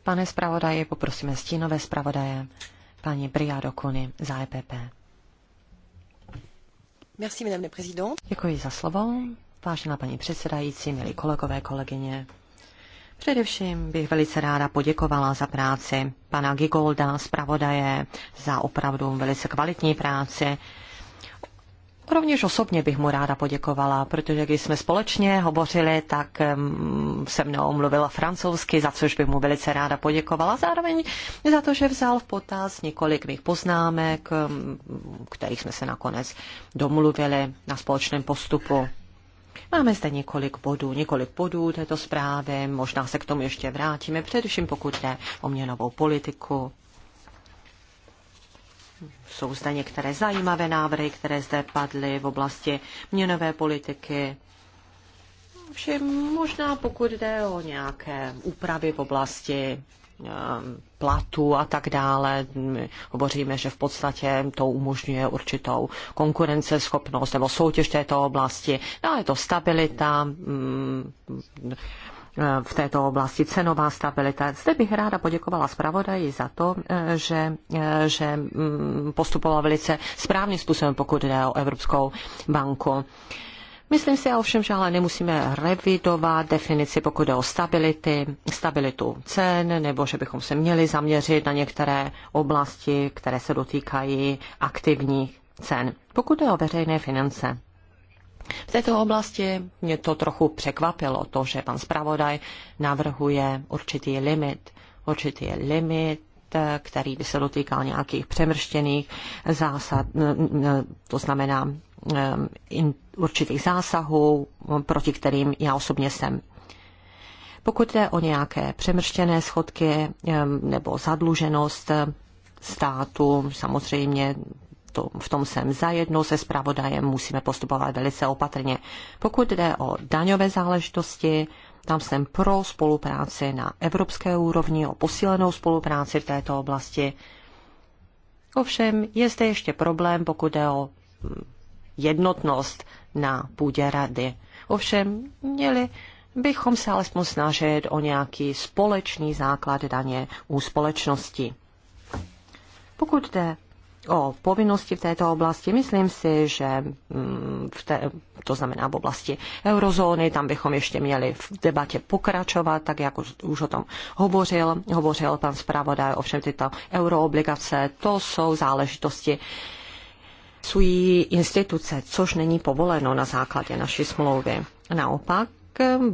Pane zpravodaji, poprosíme stínové zpravodaje, paní Briado Kuny za EPP. Merci, Děkuji za slovo. Vážená paní předsedající, milí kolegové, kolegyně, Především bych velice ráda poděkovala za práci pana Gigolda, zpravodaje, za opravdu velice kvalitní práci. Rovněž osobně bych mu ráda poděkovala, protože když jsme společně hovořili, tak se mnou mluvila francouzsky, za což bych mu velice ráda poděkovala. Zároveň za to, že vzal v potaz několik mých poznámek, kterých jsme se nakonec domluvili na společném postupu. Máme zde několik bodů, několik bodů této zprávy, možná se k tomu ještě vrátíme, především pokud jde o měnovou politiku. Jsou zde některé zajímavé návrhy, které zde padly v oblasti měnové politiky. Všem možná pokud jde o nějaké úpravy v oblasti platu a tak dále. Hovoříme, že v podstatě to umožňuje určitou konkurenceschopnost nebo soutěž této oblasti. No, je to stabilita, mm, v této oblasti cenová stabilita. Zde bych ráda poděkovala zpravodaji za to, že, že mm, postupovala velice správným způsobem, pokud jde o Evropskou banku. Myslím si ovšem, že ale nemusíme revidovat definici, pokud jde o stability, stabilitu cen, nebo že bychom se měli zaměřit na některé oblasti, které se dotýkají aktivních cen. Pokud jde o veřejné finance, v této oblasti mě to trochu překvapilo, to, že pan zpravodaj navrhuje určitý limit, určitý limit který by se dotýkal nějakých přemrštěných zásad, to znamená určitých zásahů, proti kterým já osobně jsem. Pokud jde o nějaké přemrštěné schodky nebo zadluženost státu, samozřejmě to, v tom jsem zajedno se zpravodajem, musíme postupovat velice opatrně. Pokud jde o daňové záležitosti, tam jsem pro spolupráci na evropské úrovni, o posílenou spolupráci v této oblasti. Ovšem je zde ještě problém, pokud jde o jednotnost na půdě rady. Ovšem, měli bychom se alespoň snažit o nějaký společný základ daně u společnosti. Pokud jde o povinnosti v této oblasti, myslím si, že mm, v té, to znamená v oblasti eurozóny, tam bychom ještě měli v debatě pokračovat, tak jak už, o tom hovořil, hovořil pan zpravodaj, ovšem tyto euroobligace, to jsou záležitosti, pracují instituce, což není povoleno na základě naší smlouvy. Naopak,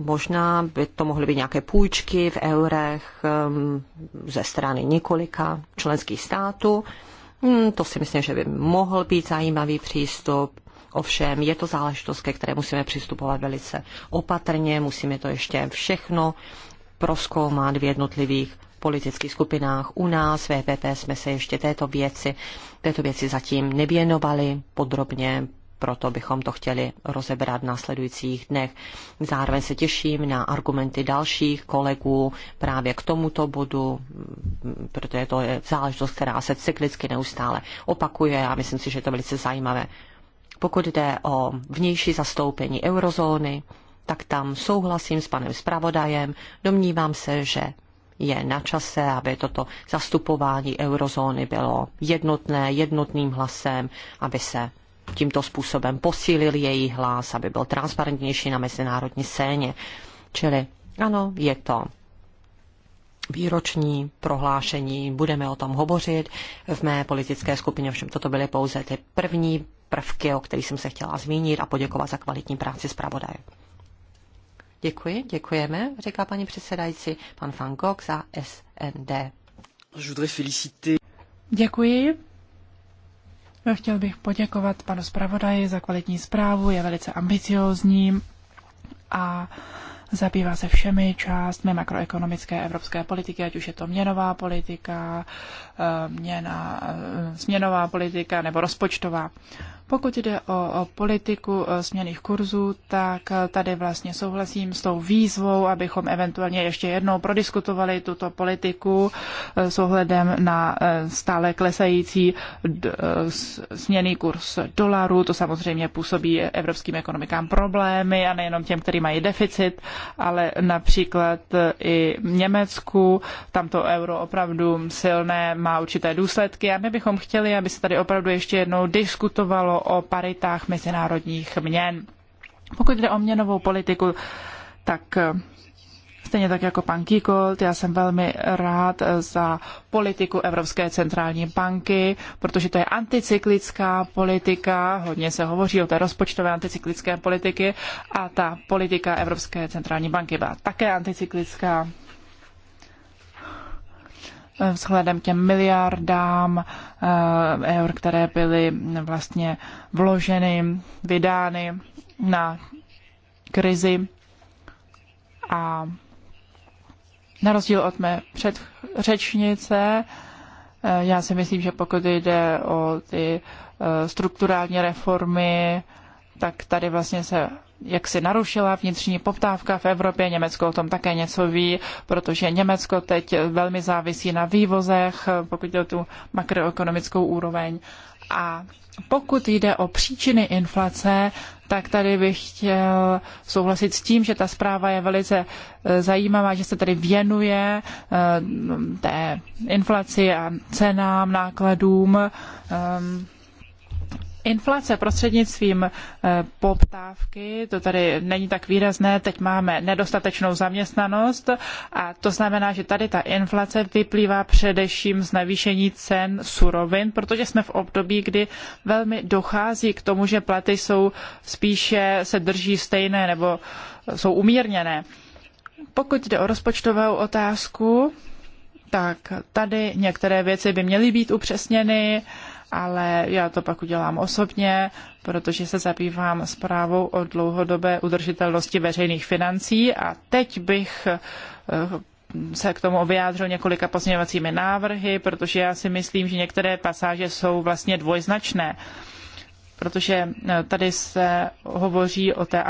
možná by to mohly být nějaké půjčky v eurech um, ze strany několika členských států. Hmm, to si myslím, že by mohl být zajímavý přístup. Ovšem, je to záležitost, ke které musíme přistupovat velice opatrně, musíme to ještě všechno proskoumat v jednotlivých politických skupinách. U nás v EPP jsme se ještě této věci, této věci zatím nevěnovali podrobně, proto bychom to chtěli rozebrat v následujících dnech. Zároveň se těším na argumenty dalších kolegů právě k tomuto bodu, protože to je záležitost, která se cyklicky neustále opakuje a myslím si, že je to velice zajímavé. Pokud jde o vnější zastoupení eurozóny, tak tam souhlasím s panem zpravodajem. Domnívám se, že je na čase, aby toto zastupování eurozóny bylo jednotné, jednotným hlasem, aby se tímto způsobem posílil její hlas, aby byl transparentnější na mezinárodní scéně. Čili ano, je to výroční prohlášení, budeme o tom hovořit. V mé politické skupině všem toto byly pouze ty první prvky, o kterých jsem se chtěla zmínit a poděkovat za kvalitní práci zpravodaje. Děkuji, děkujeme, říká paní předsedající, pan Van Gogh za SND. Děkuji. Chtěl bych poděkovat panu zpravodaji za kvalitní zprávu, je velice ambiciózní a zabývá se všemi částmi makroekonomické evropské politiky, ať už je to měnová politika, eh, měna, eh, směnová politika nebo rozpočtová. Pokud jde o, politiku směných kurzů, tak eh, tady vlastně souhlasím s tou výzvou, abychom eventuálně ještě jednou prodiskutovali tuto politiku eh, s ohledem na eh, stále klesající směný kurz dolaru. To samozřejmě působí evropským ekonomikám problémy a nejenom těm, který mají deficit, ale například i Německu. Tam to euro opravdu silné má určité důsledky a my bychom chtěli, aby se tady opravdu ještě jednou diskutovalo o paritách mezinárodních měn. Pokud jde o měnovou politiku, tak eh, Stejně tak jako pan Kikolt, já jsem velmi rád za politiku Evropské centrální banky, protože to je anticyklická politika, hodně se hovoří o té rozpočtové anticyklické politiky a ta politika Evropské centrální banky byla také anticyklická. Eh, vzhledem k těm miliardám eh, eur, které byly vlastně vloženy, vydány na krizi. A na rozdíl od mé předřečnice, eh, já si myslím, že pokud jde o ty strukturální reformy, tak tady vlastně se jak si narušila vnitřní poptávka v Evropě. Německo o tom také něco ví, protože Německo teď velmi závisí na vývozech, pokud jde o tu makroekonomickou úroveň. A pokud jde o příčiny inflace, tak tady bych chtěl souhlasit s tím, že ta zpráva je velice eh, zajímavá, že se tady věnuje eh, té inflaci a cenám, nákladům. Ehm, Inflace prostřednictvím eh, poptávky, to tady není tak výrazné, teď máme nedostatečnou zaměstnanost a to znamená, že tady ta inflace vyplývá především z navýšení cen surovin, protože jsme v období, kdy velmi dochází k tomu, že platy jsou spíše se drží stejné nebo jsou umírněné. Pokud jde o rozpočtovou otázku, tak tady některé věci by měly být upřesněny ale já to pak udělám osobně, protože se zabývám zprávou o dlouhodobé udržitelnosti veřejných financí a teď bych eh, se k tomu vyjádřil několika pozměňovacími návrhy, protože já si myslím, že některé pasáže jsou vlastně dvojznačné protože eh, tady se hovoří o té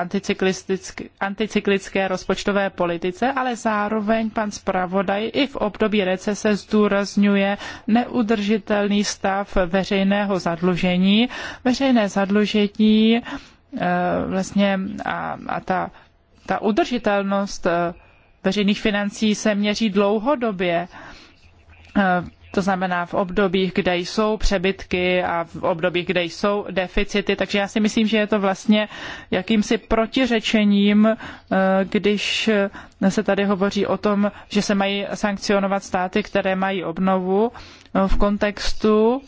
anticyklické rozpočtové politice, ale zároveň pan zpravodaj i v období recese zdůrazňuje neudržitelný stav veřejného zadlužení. Veřejné zadlužení eh, vlastně a, a ta, ta udržitelnost eh, veřejných financí se měří dlouhodobě to znamená v obdobích, kde jsou přebytky a v obdobích, kde jsou deficity. Takže já si myslím, že je to vlastně jakýmsi protiřečením, eh, když se tady hovoří o tom, že se mají sankcionovat státy, které mají obnovu eh, v kontextu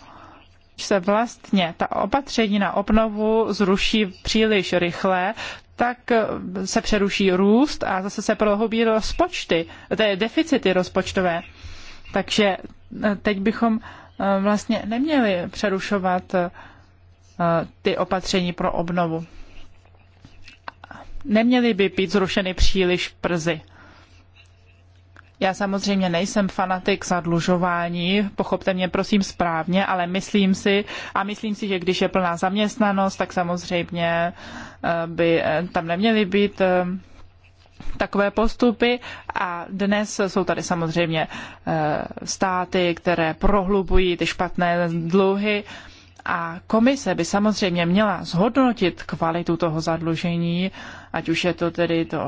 se vlastně ta opatření na obnovu zruší příliš rychle, tak eh, se přeruší růst a zase se prohloubí rozpočty, je deficity rozpočtové. Takže teď bychom eh, vlastně neměli přerušovat eh, ty opatření pro obnovu. Neměly by být zrušeny příliš przy. Já samozřejmě nejsem fanatik zadlužování, pochopte mě prosím správně, ale myslím si, a myslím si, že když je plná zaměstnanost, tak samozřejmě eh, by tam neměly být takové postupy a dnes jsou tady samozřejmě eh, státy, které prohlubují ty špatné dluhy a komise by samozřejmě měla zhodnotit kvalitu toho zadlužení ať už je to tedy to,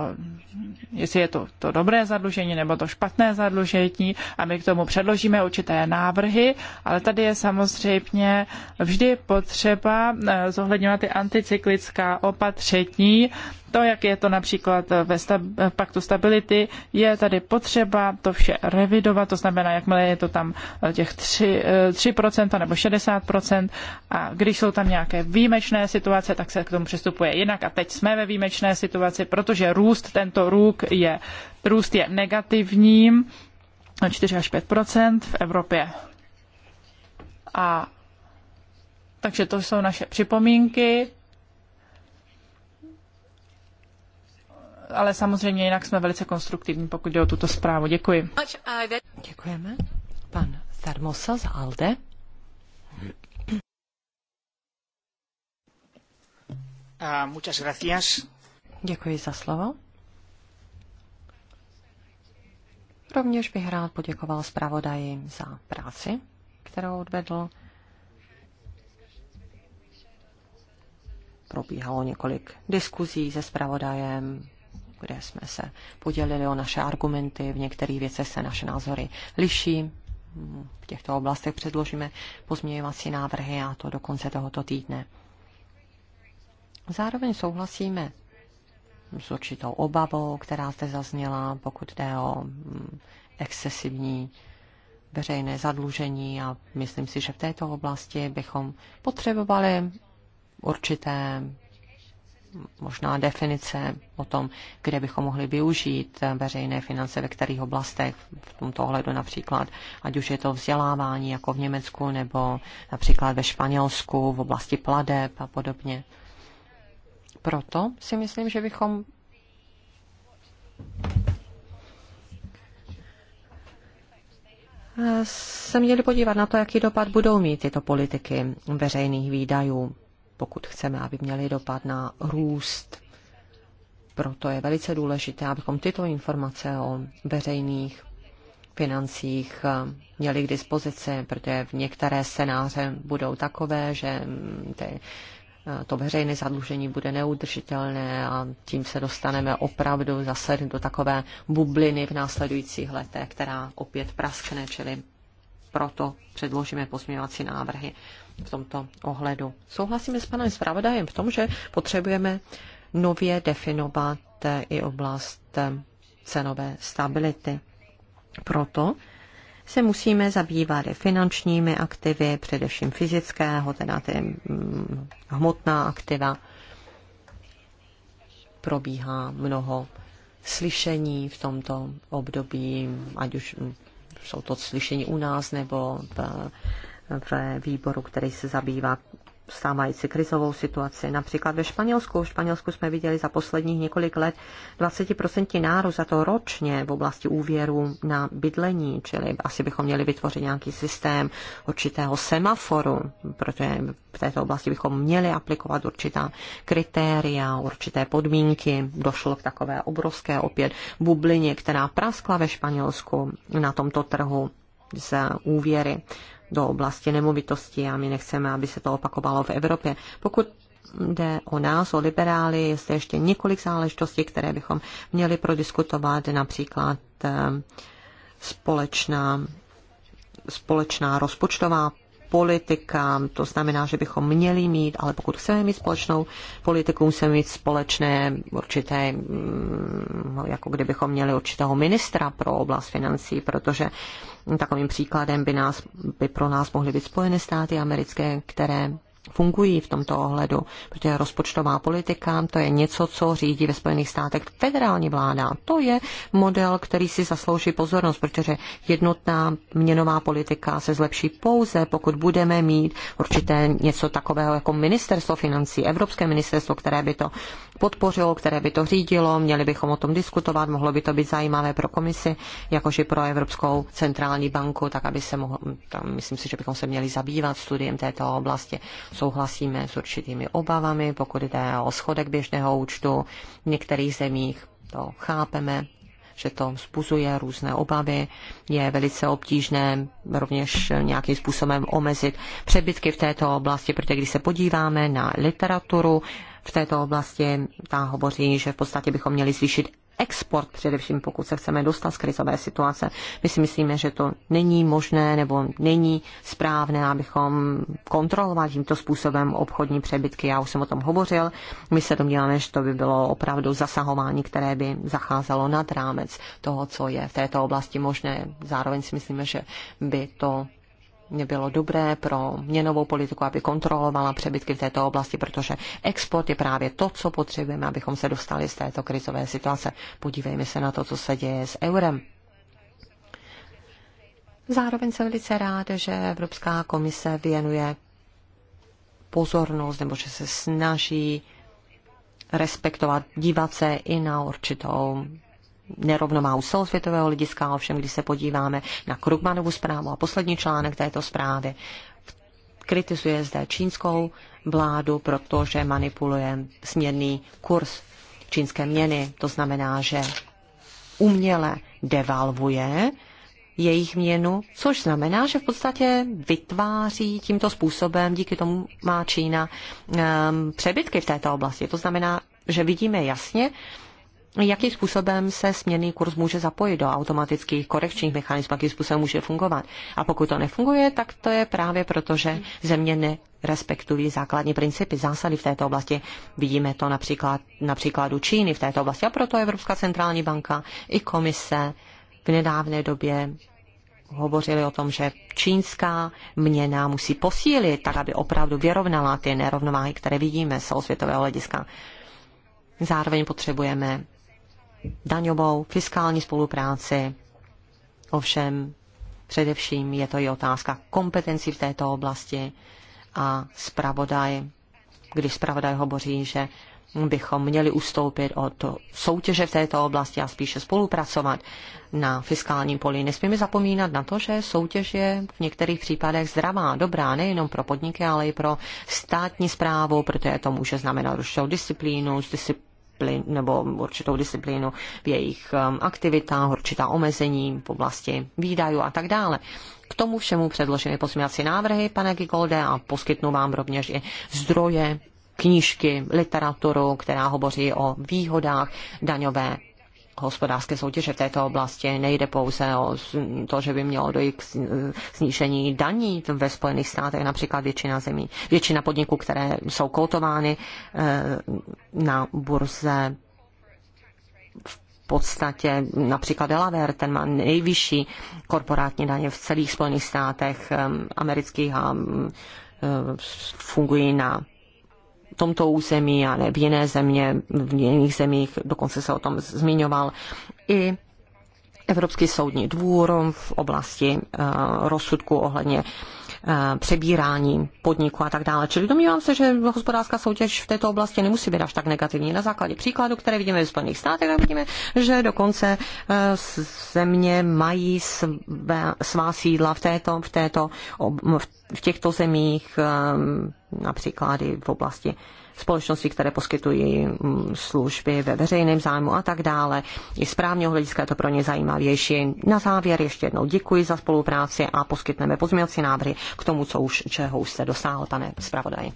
jestli je to, to dobré zadlužení nebo to špatné zadlužení a my k tomu předložíme určité návrhy, ale tady je samozřejmě vždy potřeba eh, zohledňovat ty anticyklická opatření, to, jak je to například ve stab- paktu stability, je tady potřeba to vše revidovat, to znamená, jakmile je to tam eh, těch 3, 3% eh, nebo 60%, a když jsou tam nějaké výjimečné situace, tak se k tomu přistupuje jinak. A teď jsme ve výjimečné současné situaci, protože růst, tento růk je, růst je negativním, 4 až 5 v Evropě. A takže to jsou naše připomínky. Ale samozřejmě jinak jsme velice konstruktivní, pokud jde o tuto zprávu. Děkuji. Děkujeme. Pan Sarmosa z ALDE. Uh, muchas gracias. Děkuji za slovo. Rovněž bych rád poděkoval zpravodaji za práci, kterou odvedl. Probíhalo několik diskuzí se zpravodajem, kde jsme se podělili o naše argumenty, v některých věcech se naše názory liší. V těchto oblastech předložíme pozměňovací návrhy a to do konce tohoto týdne. Zároveň souhlasíme s určitou obavou, která zde zazněla, pokud jde o mm, excesivní veřejné zadlužení a myslím si, že v této oblasti bychom potřebovali určité možná definice o tom, kde bychom mohli využít veřejné finance, ve kterých oblastech, v tomto ohledu například, ať už je to vzdělávání jako v Německu, nebo například ve Španělsku, v oblasti pladeb a podobně. Proto si myslím, že bychom se měli podívat na to, jaký dopad budou mít tyto politiky veřejných výdajů, pokud chceme, aby měly dopad na růst. Proto je velice důležité, abychom tyto informace o veřejných financích měli k dispozici, protože v některé scénáře budou takové, že ty to veřejné zadlužení bude neudržitelné a tím se dostaneme opravdu zase do takové bubliny v následujících letech, která opět praskne, čili proto předložíme pozměňovací návrhy v tomto ohledu. Souhlasíme s panem zpravodajem v tom, že potřebujeme nově definovat i oblast cenové stability. Proto se musíme zabývat i finančními aktivy, především fyzického, teda ty mm, hmotná aktiva. Probíhá mnoho slyšení v tomto období, ať už mm, jsou to slyšení u nás nebo v, v výboru, který se zabývá stávající krizovou situaci. Například ve Španělsku. V Španělsku jsme viděli za posledních několik let 20% nárůst za to ročně v oblasti úvěru na bydlení, čili asi bychom měli vytvořit nějaký systém určitého semaforu, protože v této oblasti bychom měli aplikovat určitá kritéria, určité podmínky. Došlo k takové obrovské opět bublině, která praskla ve Španělsku na tomto trhu z úvěry do oblasti nemovitosti a my nechceme, aby se to opakovalo v Evropě. Pokud jde o nás, o liberály, jestli ještě několik záležitostí, které bychom měli prodiskutovat, například eh, společná, společná rozpočtová politikám. To znamená, že bychom měli mít, ale pokud chceme mít společnou politiku, musíme mít společné určité, mm, no, jako kdybychom měli určitého ministra pro oblast financí, protože takovým příkladem by, nás, by pro nás mohly být Spojené státy americké, které fungují v tomto ohledu, protože rozpočtová politika to je něco, co řídí ve Spojených státech federální vláda. To je model, který si zaslouží pozornost, protože jednotná měnová politika se zlepší pouze, pokud budeme mít určité něco takového jako ministerstvo financí, Evropské ministerstvo, které by to podpořilo, které by to řídilo, měli bychom o tom diskutovat, mohlo by to být zajímavé pro komisi, jakož i pro Evropskou centrální banku, tak aby se mohlo, tam myslím si, že bychom se měli zabývat studiem této oblasti souhlasíme s určitými obavami, pokud jde o schodek běžného účtu. V některých zemích to chápeme, že to vzbuzuje různé obavy, je velice obtížné rovněž nějakým způsobem omezit přebytky v této oblasti, protože když se podíváme na literaturu v této oblasti, ta hovoří, že v podstatě bychom měli zvýšit export, především pokud se chceme dostat z krizové situace. My si myslíme, že to není možné nebo není správné, abychom kontrolovali tímto způsobem obchodní přebytky. Já už jsem o tom hovořil. My se domníváme, že to by bylo opravdu zasahování, které by zacházelo nad rámec toho, co je v této oblasti možné. Zároveň si myslíme, že by to bylo dobré pro měnovou politiku, aby kontrolovala přebytky v této oblasti, protože export je právě to, co potřebujeme, abychom se dostali z této krizové situace. Podívejme se na to, co se děje s eurem. Zároveň jsem velice rád, že Evropská komise věnuje pozornost nebo že se snaží respektovat, dívat se i na určitou nerovnováhu z celosvětového lidiska, ovšem když se podíváme na Krugmanovu zprávu a poslední článek této zprávy, kritizuje zde čínskou vládu, protože manipuluje směrný kurz čínské měny. To znamená, že uměle devalvuje jejich měnu, což znamená, že v podstatě vytváří tímto způsobem, díky tomu má Čína um, přebytky v této oblasti. To znamená, že vidíme jasně, jakým způsobem se směrný kurz může zapojit do automatických korekčních mechanismů, jakým způsobem může fungovat. A pokud to nefunguje, tak to je právě proto, že země nerespektují základní principy, zásady v této oblasti. Vidíme to například na příkladu Číny v této oblasti. A proto Evropská centrální banka i komise v nedávné době hovořili o tom, že čínská měna musí posílit, tak aby opravdu vyrovnala ty nerovnováhy, které vidíme z celosvětového hlediska. Zároveň potřebujeme daňovou, fiskální spolupráci. Ovšem, především je to i otázka kompetencí v této oblasti a zpravodaj, když zpravodaj hovoří, že bychom měli ustoupit od soutěže v této oblasti a spíše spolupracovat na fiskálním poli. Nesmíme zapomínat na to, že soutěž je v některých případech zdravá, dobrá, nejenom pro podniky, ale i pro státní zprávu, protože to může znamenat určitou disciplínu, discipl- disciplín, nebo určitou disciplínu v jejich um, aktivitách, určitá omezení v oblasti výdajů a tak dále. K tomu všemu předložíme pozměňovací návrhy, pane Gigolde, a poskytnu vám rovněž i zdroje, knížky, literaturu, která hovoří o výhodách daňové hospodářské soutěže v této oblasti. Nejde pouze o to, že by mělo dojít k snížení daní ve Spojených státech, například většina zemí, většina podniků, které jsou koutovány eh, na burze v podstatě například Delaware, ten má nejvyšší korporátní daně v celých Spojených státech eh, amerických a eh, fungují na tomto území, ne v jiné země, v jiných zemích, dokonce se o tom zmiňoval i Evropský soudní dvůr v oblasti eh, rozsudku ohledně Eh, přebírání podniku a tak dále. Čili domnívám se, že hospodářská soutěž v této oblasti nemusí být až tak negativní. Na základě příkladu, které vidíme ve Spojených státech, tak vidíme, že dokonce eh, země mají svá sídla v, této, v, této, v těchto zemích, eh, například i v oblasti společností, které poskytují mm, služby ve veřejném zájmu a tak dále. I z právního hlediska je to pro ně zajímavější. Na závěr ještě jednou děkuji za spolupráci a poskytneme pozměňovací návrhy k tomu, co už, čeho už jste dosáhl, pane zpravodaji.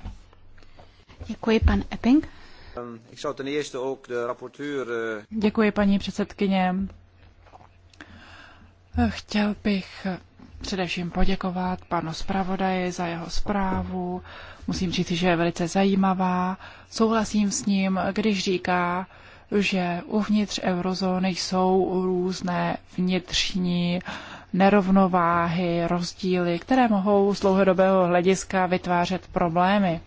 Děkuji, pan Epping. Ehm, eh, děkuji, paní předsedkyně. Chtěl bych především poděkovat panu zpravodaji za jeho zprávu. Musím říct, že je velice zajímavá. Souhlasím s ním, když říká, že uvnitř eurozóny jsou různé vnitřní nerovnováhy, rozdíly, které mohou z dlouhodobého hlediska vytvářet problémy.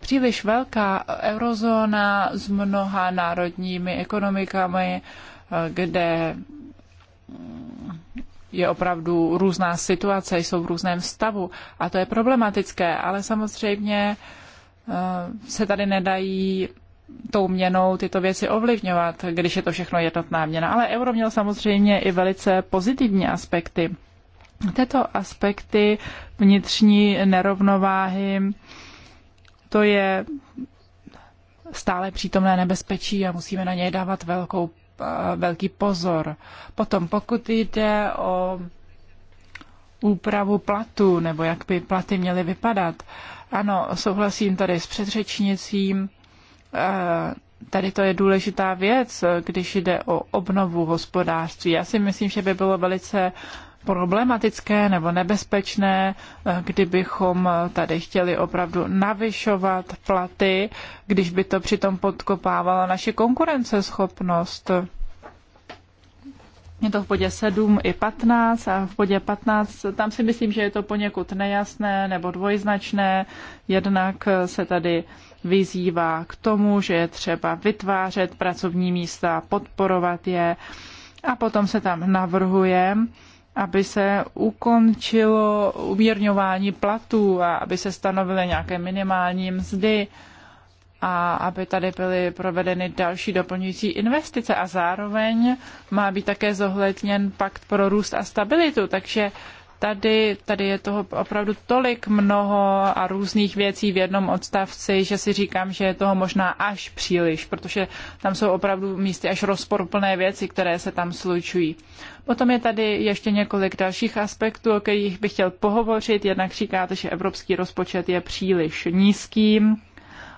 Příliš velká eurozóna s mnoha národními ekonomikami, kde je opravdu různá situace, jsou v různém stavu a to je problematické, ale samozřejmě eh, se tady nedají tou měnou tyto věci ovlivňovat, když je to všechno jednotná měna. Ale euro měl samozřejmě i velice pozitivní aspekty. Tyto aspekty vnitřní nerovnováhy, to je stále přítomné nebezpečí a musíme na něj dávat velkou velký pozor. Potom, pokud jde o úpravu platu, nebo jak by platy měly vypadat, ano, souhlasím tady s předřečnicím. E, tady to je důležitá věc, když jde o obnovu hospodářství. Já si myslím, že by bylo velice problematické nebo nebezpečné, eh, kdybychom eh, tady chtěli opravdu navyšovat platy, když by to přitom podkopávalo naši konkurenceschopnost. Je to v bodě 7 i 15 a v bodě 15 tam si myslím, že je to poněkud nejasné nebo dvojznačné. Jednak eh, se tady vyzývá k tomu, že je třeba vytvářet pracovní místa, podporovat je a potom se tam navrhuje, aby se ukončilo umírňování platů a aby se stanovily nějaké minimální mzdy a aby tady byly provedeny další doplňující investice a zároveň má být také zohledněn pakt pro růst a stabilitu. Takže tady, tady je toho opravdu tolik mnoho a různých věcí v jednom odstavci, že si říkám, že je toho možná až příliš, protože tam jsou opravdu místy až rozporuplné věci, které se tam slučují. Potom je tady ještě několik dalších aspektů, o kterých bych chtěl pohovořit. Jednak říkáte, že evropský rozpočet je příliš nízký.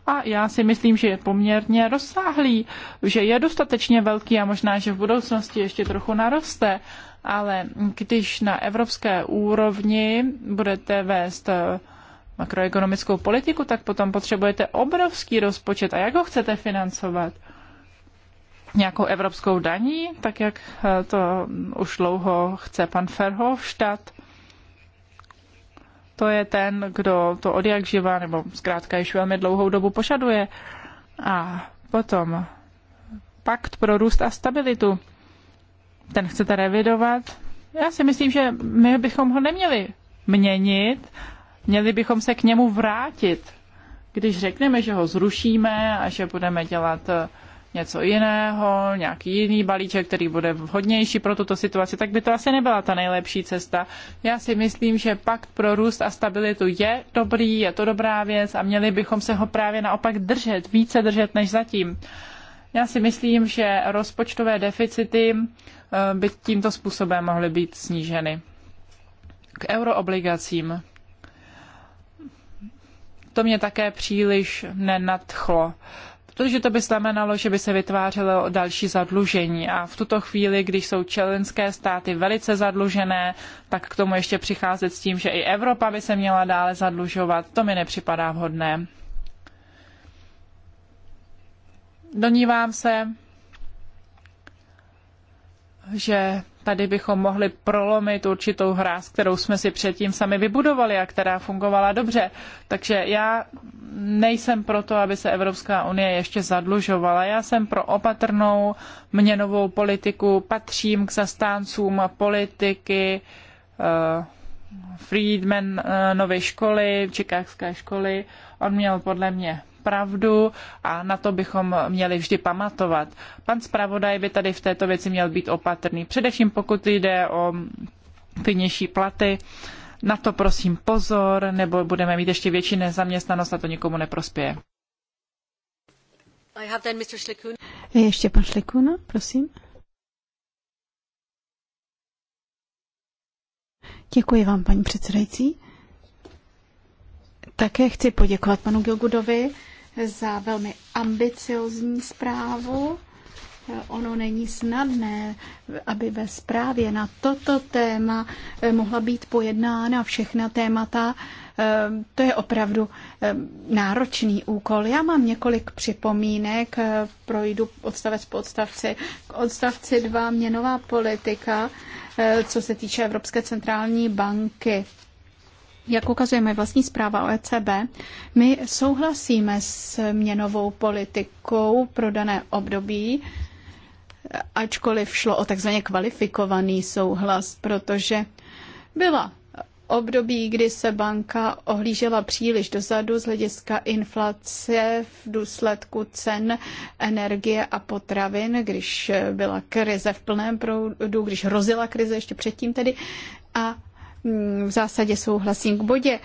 A já si myslím, že je poměrně rozsáhlý, že je dostatečně velký a možná, že v budoucnosti ještě trochu naroste ale když na evropské úrovni budete vést eh, makroekonomickou politiku, tak potom potřebujete obrovský rozpočet. A jak ho chcete financovat? Nějakou evropskou daní, tak jak eh, to už dlouho chce pan Ferhofstadt? To je ten, kdo to odjak živá, nebo zkrátka již velmi dlouhou dobu požaduje. A potom pakt pro růst a stabilitu ten chcete revidovat. Já si myslím, že my bychom ho neměli měnit, měli bychom se k němu vrátit. Když řekneme, že ho zrušíme a že budeme dělat eh, něco jiného, nějaký jiný balíček, který bude vhodnější pro tuto situaci, tak by to asi nebyla ta nejlepší cesta. Já si myslím, že pakt pro růst a stabilitu je dobrý, je to dobrá věc a měli bychom se ho právě naopak držet, více držet než zatím. Já si myslím, že rozpočtové deficity eh, by tímto způsobem mohly být sníženy. K euroobligacím. To mě také příliš nenadchlo protože to by znamenalo, že by se vytvářelo další zadlužení. A v tuto chvíli, když jsou členské státy velice zadlužené, tak k tomu ještě přicházet s tím, že i Evropa by se měla dále zadlužovat, to mi nepřipadá vhodné. Donívám se, že tady bychom mohli prolomit určitou hráz, kterou jsme si předtím sami vybudovali a která fungovala dobře. Takže já nejsem pro to, aby se Evropská unie ještě zadlužovala. Já jsem pro opatrnou měnovou politiku, patřím k zastáncům politiky uh, Friedmanovi školy, Čikářské školy. On měl podle mě pravdu a na to bychom měli vždy pamatovat. Pan zpravodaj by tady v této věci měl být opatrný, především pokud jde o ty nižší platy. Na to prosím pozor, nebo budeme mít ještě větší nezaměstnanost a to nikomu neprospěje. I have then Mr. Ještě pan Šlikuna, prosím. Děkuji vám, paní předsedající. Také chci poděkovat panu Gilgudovi za velmi ambiciozní zprávu. Ono není snadné, aby ve zprávě na toto téma eh, mohla být pojednána všechna témata. Eh, to je opravdu eh, náročný úkol. Já mám několik připomínek, projdu odstavec po odstavci. K odstavci 2 měnová politika, co se týče Evropské centrální banky jak ukazuje moje vlastní zpráva o ECB, my souhlasíme s měnovou politikou pro dané období, ačkoliv šlo o takzvaně kvalifikovaný souhlas, protože byla období, kdy se banka ohlížela příliš dozadu z hlediska inflace v důsledku cen energie a potravin, když byla krize v plném proudu, když hrozila krize ještě předtím tedy. A Mm, v zásadě souhlasím k bodě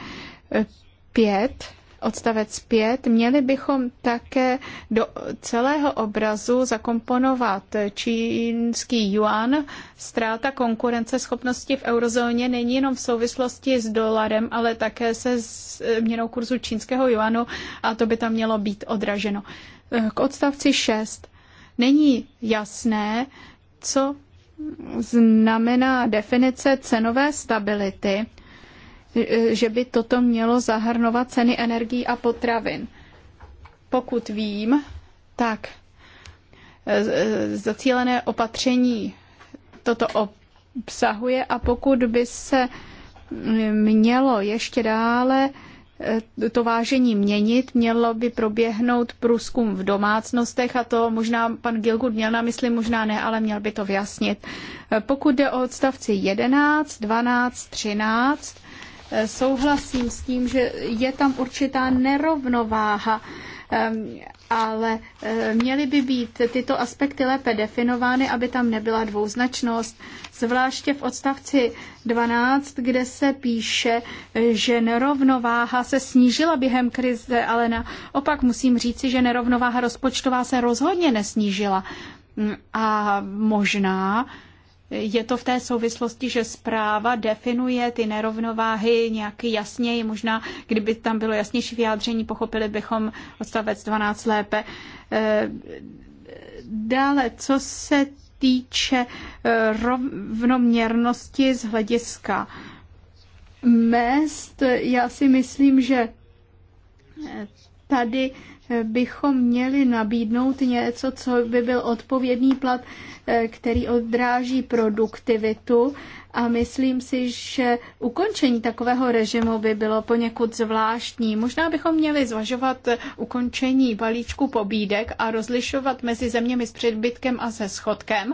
5, e, odstavec 5, měli bychom také do celého obrazu zakomponovat čínský yuan. Ztráta konkurenceschopnosti v eurozóně není jenom v souvislosti s dolarem, ale také se změnou e, kurzu čínského yuanu a to by tam mělo být odraženo. E, k odstavci 6. Není jasné, co znamená definice cenové stability, že by toto mělo zahrnovat ceny energií a potravin. Pokud vím, tak e, e, zacílené opatření toto obsahuje a pokud by se mělo ještě dále Eh, to vážení měnit. Mělo by proběhnout průzkum v domácnostech a to možná pan Gilgud měl na mysli, možná ne, ale měl by to vyjasnit. Eh, pokud jde o odstavci 11, 12, 13, souhlasím s tím, že je tam určitá nerovnováha ale e, měly by být tyto aspekty lépe definovány, aby tam nebyla dvouznačnost, zvláště v odstavci 12, kde se píše, že nerovnováha se snížila během krize, ale naopak musím říci, že nerovnováha rozpočtová se rozhodně nesnížila. Mm, a možná je to v té souvislosti, že zpráva definuje ty nerovnováhy nějak jasněji. Možná, kdyby tam bylo jasnější vyjádření, pochopili bychom odstavec 12 lépe. Eh, dále, co se týče eh, rovnoměrnosti z hlediska mest, já si myslím, že eh, tady bychom měli nabídnout něco, co by byl odpovědný plat, eh, který odráží produktivitu a myslím si, že ukončení takového režimu by bylo poněkud zvláštní. Možná bychom měli zvažovat eh, ukončení balíčku pobídek a rozlišovat mezi zeměmi s předbytkem a se schodkem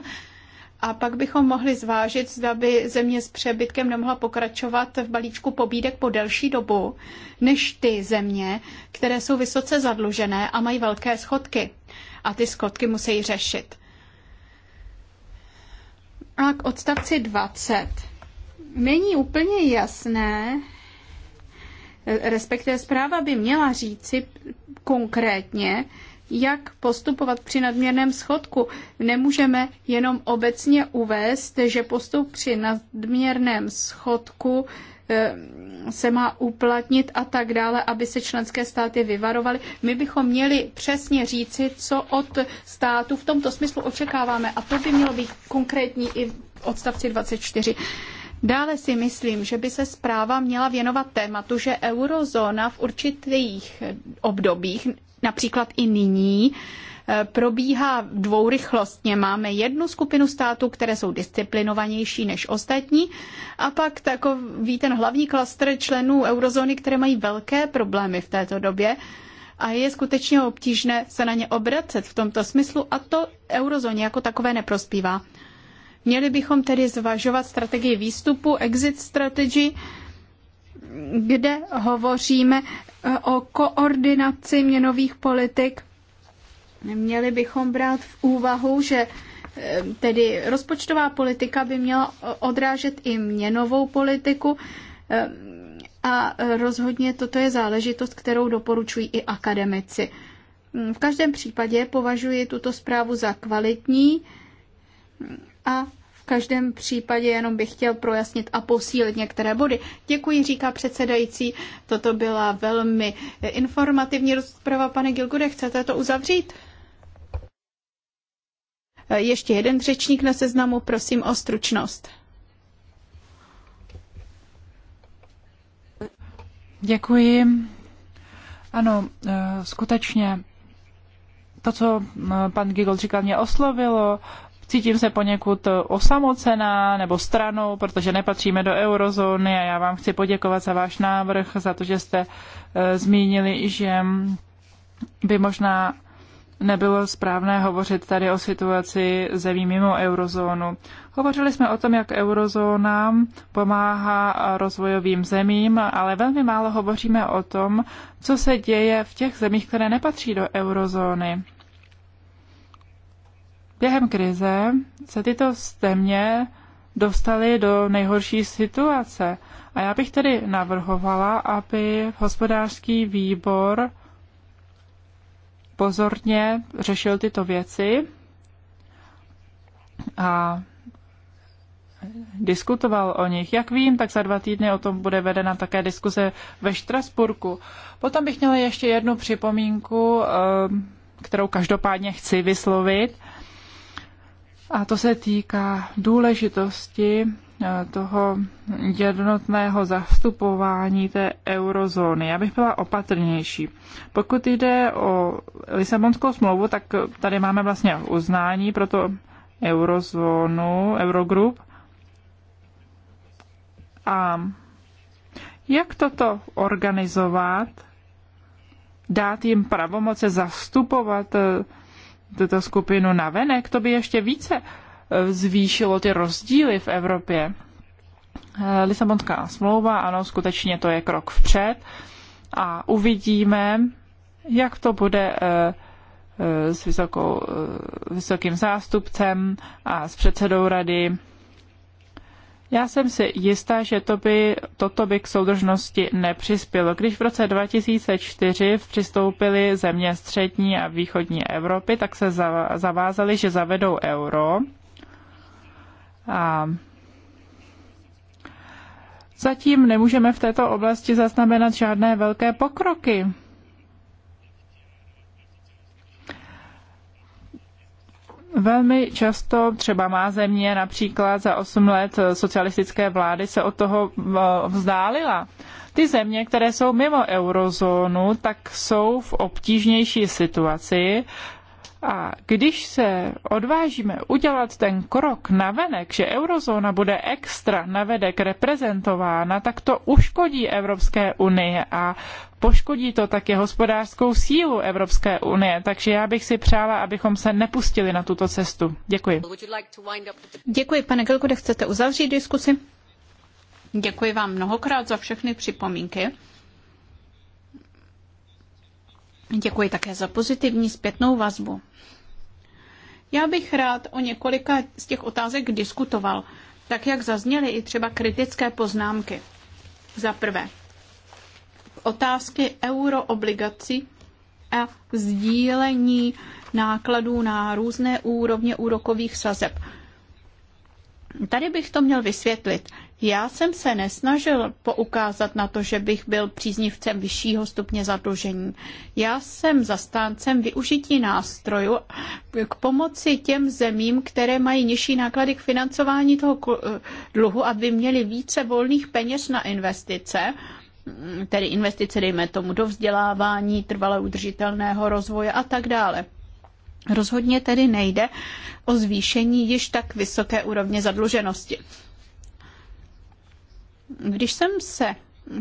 a pak bychom mohli zvážit, zda by země s přebytkem nemohla pokračovat v balíčku pobídek po delší dobu než ty země, které jsou vysoce zadlužené a mají velké schodky. A ty schodky musí řešit. A k odstavci 20. Není úplně jasné, respektive zpráva by měla říci konkrétně, jak postupovat při nadměrném schodku. Nemůžeme jenom obecně uvést, že postup při nadměrném schodku eh, se má uplatnit a tak dále, aby se členské státy vyvarovaly. My bychom měli přesně říci, co od státu v tomto smyslu očekáváme a to by mělo být konkrétní i v odstavci 24. Dále si myslím, že by se zpráva měla věnovat tématu, že eurozóna v určitých obdobích Například i nyní eh, probíhá dvourychlostně. Máme jednu skupinu států, které jsou disciplinovanější než ostatní a pak takový ten hlavní klastr členů eurozóny, které mají velké problémy v této době a je skutečně obtížné se na ně obracet v tomto smyslu a to eurozóně jako takové neprospívá. Měli bychom tedy zvažovat strategii výstupu, exit strategy, kde hovoříme eh, o koordinaci měnových politik. Měli bychom brát v úvahu, že eh, tedy rozpočtová politika by měla odrážet i měnovou politiku eh, a rozhodně toto je záležitost, kterou doporučují i akademici. V každém případě považuji tuto zprávu za kvalitní a v každém případě jenom bych chtěl projasnit a posílit některé body. Děkuji, říká předsedající. Toto byla velmi informativní rozprava. Pane Gilgude, chcete to uzavřít? Ještě jeden řečník na seznamu, prosím o stručnost. Děkuji. Ano, eh, skutečně to, co eh, pan Gigol říkal, mě oslovilo. Cítím se poněkud osamocená nebo stranou, protože nepatříme do eurozóny a já vám chci poděkovat za váš návrh, za to, že jste eh, zmínili, že by možná nebylo správné hovořit tady o situaci zemí mimo eurozónu. Hovořili jsme o tom, jak eurozóna pomáhá rozvojovým zemím, ale velmi málo hovoříme o tom, co se děje v těch zemích, které nepatří do eurozóny. Během krize se tyto země dostaly do nejhorší situace. A já bych tedy navrhovala, aby hospodářský výbor pozorně řešil tyto věci a diskutoval o nich. Jak vím, tak za dva týdny o tom bude vedena také diskuze ve Štrasburku. Potom bych měla ještě jednu připomínku, eh, kterou každopádně chci vyslovit. A to se týká důležitosti eh, toho jednotného zastupování té eurozóny. Já bych byla opatrnější. Pokud jde o Lisabonskou smlouvu, tak tady máme vlastně uznání pro to eurozónu, Eurogroup. A jak toto organizovat? Dát jim pravomoce zastupovat eh, tuto skupinu na venek, to by ještě více e, zvýšilo ty rozdíly v Evropě. E, Lisabonská smlouva, ano, skutečně to je krok vpřed a uvidíme, jak to bude e, s vysokou, vysokým zástupcem a s předsedou rady já jsem si jistá, že to by, toto by k soudržnosti nepřispělo. Když v roce 2004 přistoupily země střední a východní Evropy, tak se zavázali, že zavedou euro. A zatím nemůžeme v této oblasti zaznamenat žádné velké pokroky. Velmi často třeba má země například za 8 let socialistické vlády se od toho eh, vzdálila. Ty země, které jsou mimo eurozónu, tak jsou v obtížnější situaci a když se odvážíme udělat ten krok navenek, že eurozóna bude extra navedek reprezentována, tak to uškodí Evropské unie a poškodí to také hospodářskou sílu Evropské unie. Takže já bych si přála, abychom se nepustili na tuto cestu. Děkuji. Děkuji, pane Gelgude, chcete uzavřít diskusi? Děkuji vám mnohokrát za všechny připomínky. Děkuji také za pozitivní zpětnou vazbu. Já bych rád o několika z těch otázek diskutoval, tak jak zazněly i třeba kritické poznámky. Za prvé, otázky euroobligací a sdílení nákladů na různé úrovně úrokových sazeb. Tady bych to měl vysvětlit. Já jsem se nesnažil poukázat na to, že bych byl příznivcem vyššího stupně zadlužení. Já jsem zastáncem využití nástrojů k pomoci těm zemím, které mají nižší náklady k financování toho dluhu, aby měli více volných peněz na investice tedy investice, dejme tomu, do vzdělávání, trvale udržitelného rozvoje a tak dále. Rozhodně tedy nejde o zvýšení již tak vysoké úrovně zadluženosti. Když jsem se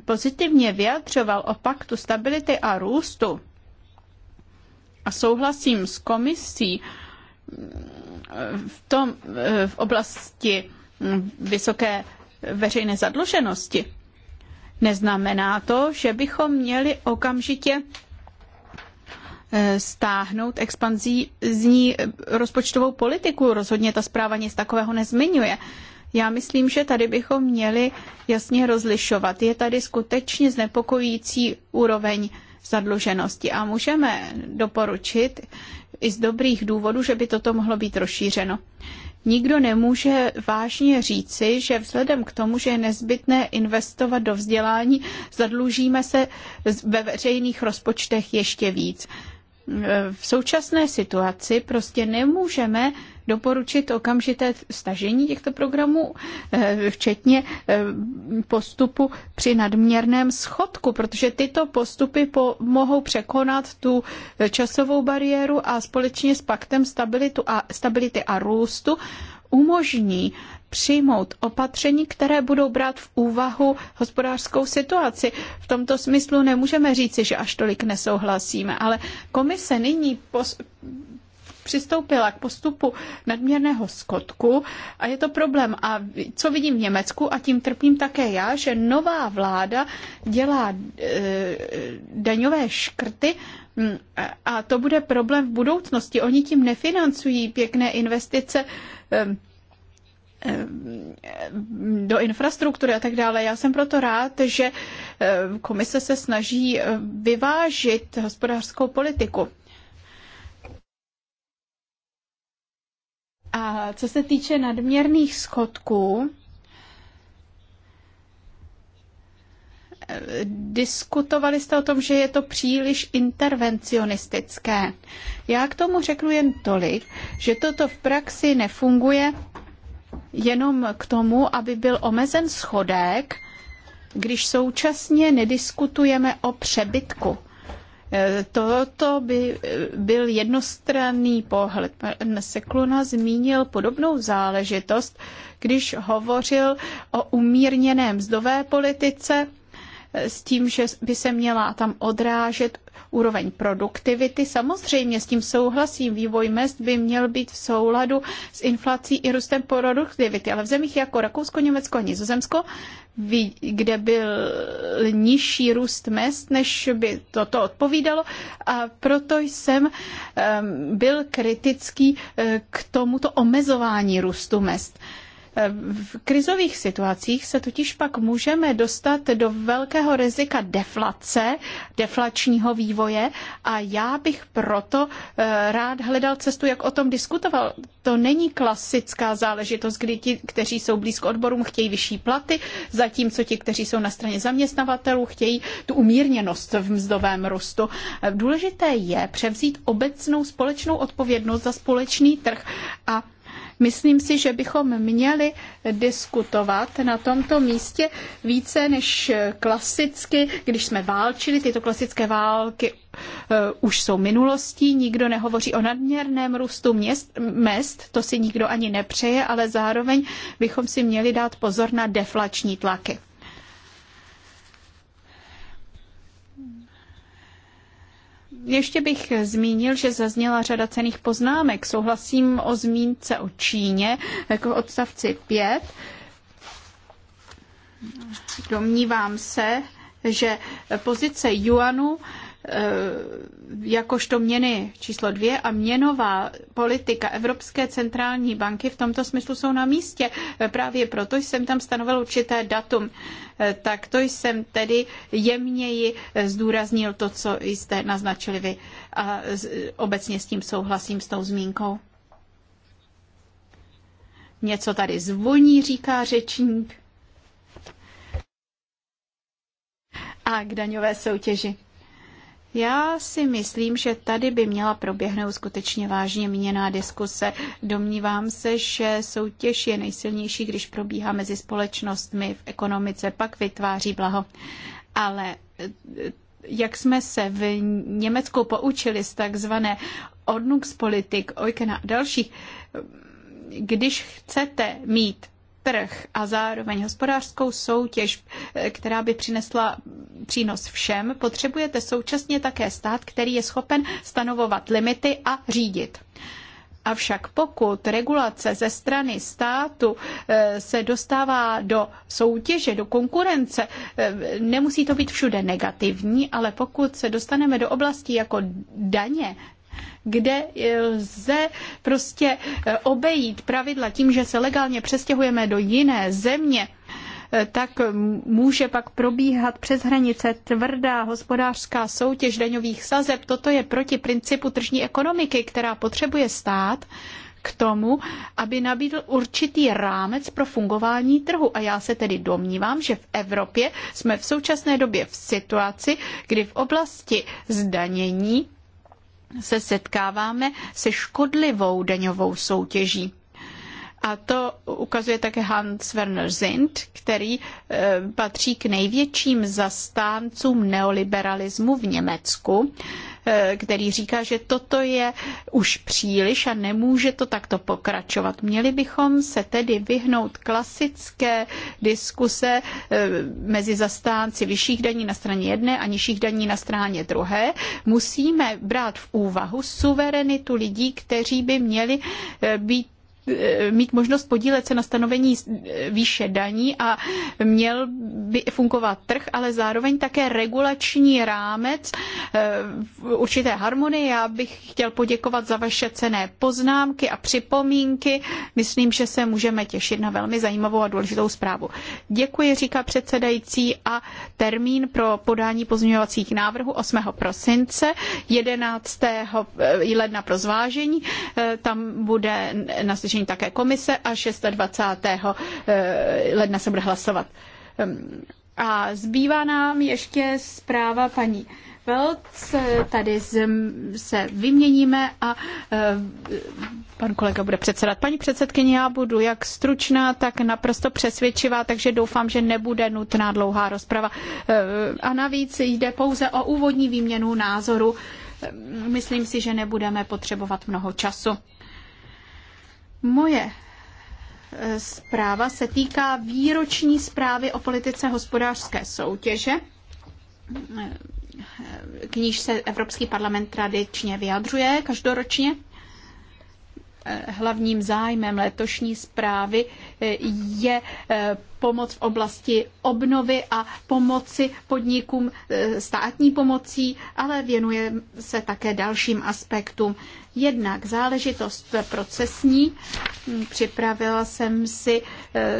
pozitivně vyjadřoval o paktu stability a růstu a souhlasím s komisí v, tom, v oblasti vysoké veřejné zadluženosti, neznamená to, že bychom měli okamžitě eh, stáhnout expanzí z ní eh, rozpočtovou politiku. Rozhodně ta zpráva nic takového nezmiňuje. Já myslím, že tady bychom měli jasně rozlišovat. Je tady skutečně znepokojící úroveň zadluženosti a můžeme doporučit i z dobrých důvodů, že by toto mohlo být rozšířeno. Nikdo nemůže vážně říci, že vzhledem k tomu, že je nezbytné investovat do vzdělání, zadlužíme se ve veřejných rozpočtech ještě víc. V současné situaci prostě nemůžeme doporučit okamžité stažení těchto programů, eh, včetně eh, postupu při nadměrném schodku, protože tyto postupy mohou překonat tu eh, časovou bariéru a společně s paktem stabilitu a, stability a růstu umožní přijmout opatření, které budou brát v úvahu hospodářskou situaci. V tomto smyslu nemůžeme říci, že až tolik nesouhlasíme, ale komise nyní pos- přistoupila k postupu nadměrného skotku a je to problém. A co vidím v Německu, a tím trpím také já, že nová vláda dělá e, daňové škrty hm, a to bude problém v budoucnosti. Oni tím nefinancují pěkné investice. E, do infrastruktury a tak dále. Já jsem proto rád, že komise se snaží vyvážit hospodářskou politiku. A co se týče nadměrných schodků, diskutovali jste o tom, že je to příliš intervencionistické. Já k tomu řeknu jen tolik, že toto v praxi nefunguje jenom k tomu, aby byl omezen schodek, když současně nediskutujeme o přebytku. Toto by byl jednostranný pohled. Pan Sekluna zmínil podobnou záležitost, když hovořil o umírněné mzdové politice s tím, že by se měla tam odrážet úroveň produktivity. Samozřejmě s tím souhlasím, vývoj mest by měl být v souladu s inflací i růstem produktivity, ale v zemích jako Rakousko, Německo a Nizozemsko, kde byl nižší růst mest, než by toto odpovídalo a proto jsem byl kritický eh, k tomuto omezování růstu mest. V krizových situacích se totiž pak můžeme dostat do velkého rizika deflace, deflačního vývoje a já bych proto eh, rád hledal cestu, jak o tom diskutoval. To není klasická záležitost, kdy ti, kteří jsou blízko odborům, chtějí vyšší platy, zatímco ti, kteří jsou na straně zaměstnavatelů, chtějí tu umírněnost v mzdovém růstu. Eh, důležité je převzít obecnou společnou odpovědnost za společný trh a Myslím si, že bychom měli diskutovat na tomto místě více než klasicky, když jsme válčili, tyto klasické války eh, už jsou minulostí, nikdo nehovoří o nadměrném růstu měst, mest, to si nikdo ani nepřeje, ale zároveň bychom si měli dát pozor na deflační tlaky. Ještě bych zmínil, že zazněla řada cených poznámek. Souhlasím o zmínce o Číně, jako v odstavci 5. Domnívám se, že pozice Juanu Eh, jakožto měny číslo dvě a měnová politika Evropské centrální banky v tomto smyslu jsou na místě. Eh, právě proto jsem tam stanovil určité datum. Eh, tak to jsem tedy jemněji zdůraznil to, co jste naznačili vy. A obecně s tím souhlasím s tou zmínkou. Něco tady zvoní, říká řečník. A k daňové soutěži. Já si myslím, že tady by měla proběhnout skutečně vážně míněná diskuse. Domnívám se, že soutěž je nejsilnější, když probíhá mezi společnostmi v ekonomice, pak vytváří blaho. Ale eh, jak jsme se v Německu poučili z takzvané odnux politik, a dalších, eh, když chcete mít trh a zároveň hospodářskou soutěž, eh, která by přinesla přínos všem, potřebujete současně také stát, který je schopen stanovovat limity a řídit. Avšak pokud regulace ze strany státu eh, se dostává do soutěže, do konkurence, eh, nemusí to být všude negativní, ale pokud se dostaneme do oblasti jako daně kde eh, lze prostě eh, obejít pravidla tím, že se legálně přestěhujeme do jiné země, eh, tak může pak probíhat přes hranice tvrdá hospodářská soutěž daňových sazeb. Toto je proti principu tržní ekonomiky, která potřebuje stát k tomu, aby nabídl určitý rámec pro fungování trhu. A já se tedy domnívám, že v Evropě jsme v současné době v situaci, kdy v oblasti zdanění se setkáváme se škodlivou daňovou soutěží. A to ukazuje také Hans Werner Zint, který eh, patří k největším zastáncům neoliberalismu v Německu Eh, který říká, že toto je už příliš a nemůže to takto pokračovat. Měli bychom se tedy vyhnout klasické diskuse eh, mezi zastánci vyšších daní na straně jedné a nižších daní na straně druhé. Musíme brát v úvahu suverenitu lidí, kteří by měli eh, být Eh, mít možnost podílet se na stanovení výše daní a měl by fungovat trh, ale zároveň také regulační rámec eh, určité harmonie. Já bych chtěl poděkovat za vaše cené poznámky a připomínky. Myslím, že se můžeme těšit na velmi zajímavou a důležitou zprávu. Děkuji, říká předsedající, a termín pro podání pozměňovacích návrhů 8. prosince, 11. Eh, ledna pro zvážení. Tam bude naslyšení doporučení také komise a 26. Eh, ledna se bude hlasovat. Ehm, a zbývá nám ještě zpráva paní Velc. Tady se vyměníme a eh, pan kolega bude předsedat. Paní předsedkyně, já budu jak stručná, tak naprosto přesvědčivá, takže doufám, že nebude nutná dlouhá rozprava. Eh, a navíc jde pouze o úvodní výměnu názoru. Ehm, myslím si, že nebudeme potřebovat mnoho času. Moje e, zpráva se týká výroční zprávy o politice hospodářské soutěže, e, k níž se Evropský parlament tradičně vyjadřuje každoročně hlavním zájmem letošní zprávy eh, je eh, pomoc v oblasti obnovy a pomoci podnikům eh, státní pomocí, ale věnuje se také dalším aspektům. Jednak záležitost procesní. Připravila jsem si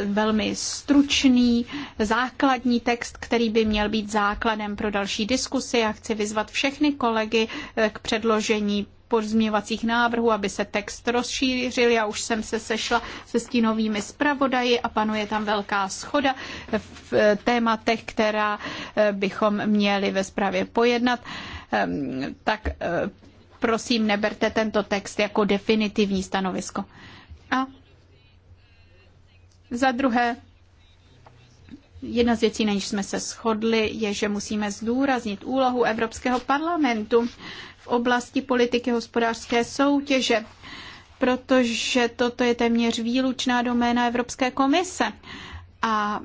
velmi stručný základní text, který by měl být základem pro další diskusy. Já chci vyzvat všechny kolegy k předložení pozměňovacích návrhů, aby se text rozšířil. Já už jsem se sešla se stínovými zpravodaji a panuje tam velká schoda v tématech, která eh, bychom měli ve zprávě pojednat. Ehm, tak eh, prosím, neberte tento text jako definitivní stanovisko. A za druhé, Jedna z věcí, na níž jsme se shodli, je, že musíme zdůraznit úlohu Evropského parlamentu v oblasti politiky hospodářské soutěže, protože toto je téměř výlučná doména Evropské komise. A e,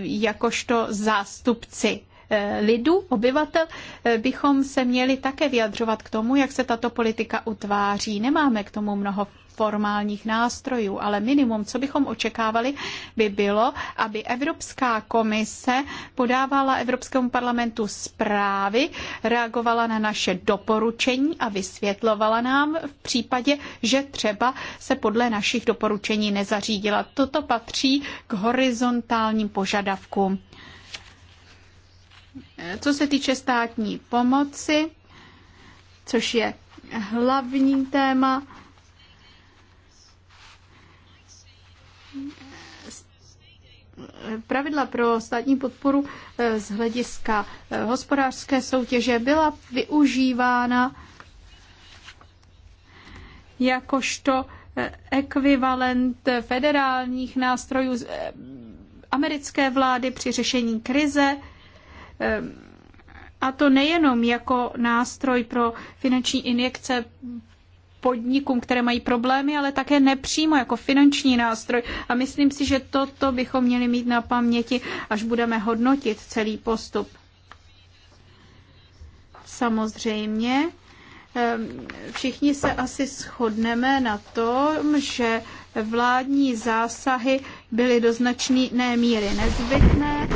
jakožto zástupci e, lidu, obyvatel, e, bychom se měli také vyjadřovat k tomu, jak se tato politika utváří. Nemáme k tomu mnoho formálních nástrojů, ale minimum, co bychom očekávali, by bylo, aby Evropská komise podávala Evropskému parlamentu zprávy, reagovala na naše doporučení a vysvětlovala nám v případě, že třeba se podle našich doporučení nezařídila. Toto patří k horizontálním požadavkům. Co se týče státní pomoci, což je hlavní téma, pravidla pro státní podporu eh, z hlediska eh, hospodářské soutěže byla využívána jakožto eh, ekvivalent federálních nástrojů americké vlády při řešení krize, a to nejenom jako nástroj pro finanční injekce podnikům, které mají problémy, ale také nepřímo jako finanční nástroj. A myslím si, že toto bychom měli mít na paměti, až budeme hodnotit celý postup. Samozřejmě, všichni se asi shodneme na tom, že vládní zásahy byly do značné míry nezbytné,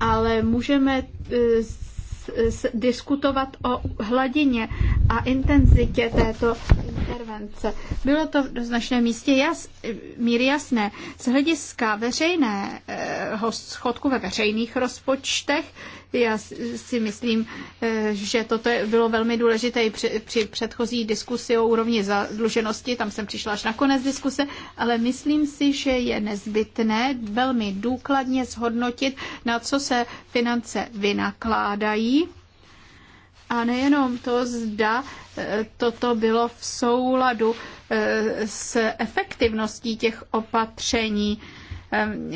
ale můžeme e, diskutovat o hladině a intenzitě této intervence. Bylo to do značné místě jas, míry jasné. Z hlediska veřejného schodku ve veřejných rozpočtech já si myslím, eh, že toto bylo velmi důležité i při, při předchozí diskusi o úrovni zadluženosti, tam jsem přišla až na konec diskuse, ale myslím si, že je nezbytné velmi důkladně zhodnotit, na co se finance vynakládají a nejenom to, zda eh, toto bylo v souladu eh, s efektivností těch opatření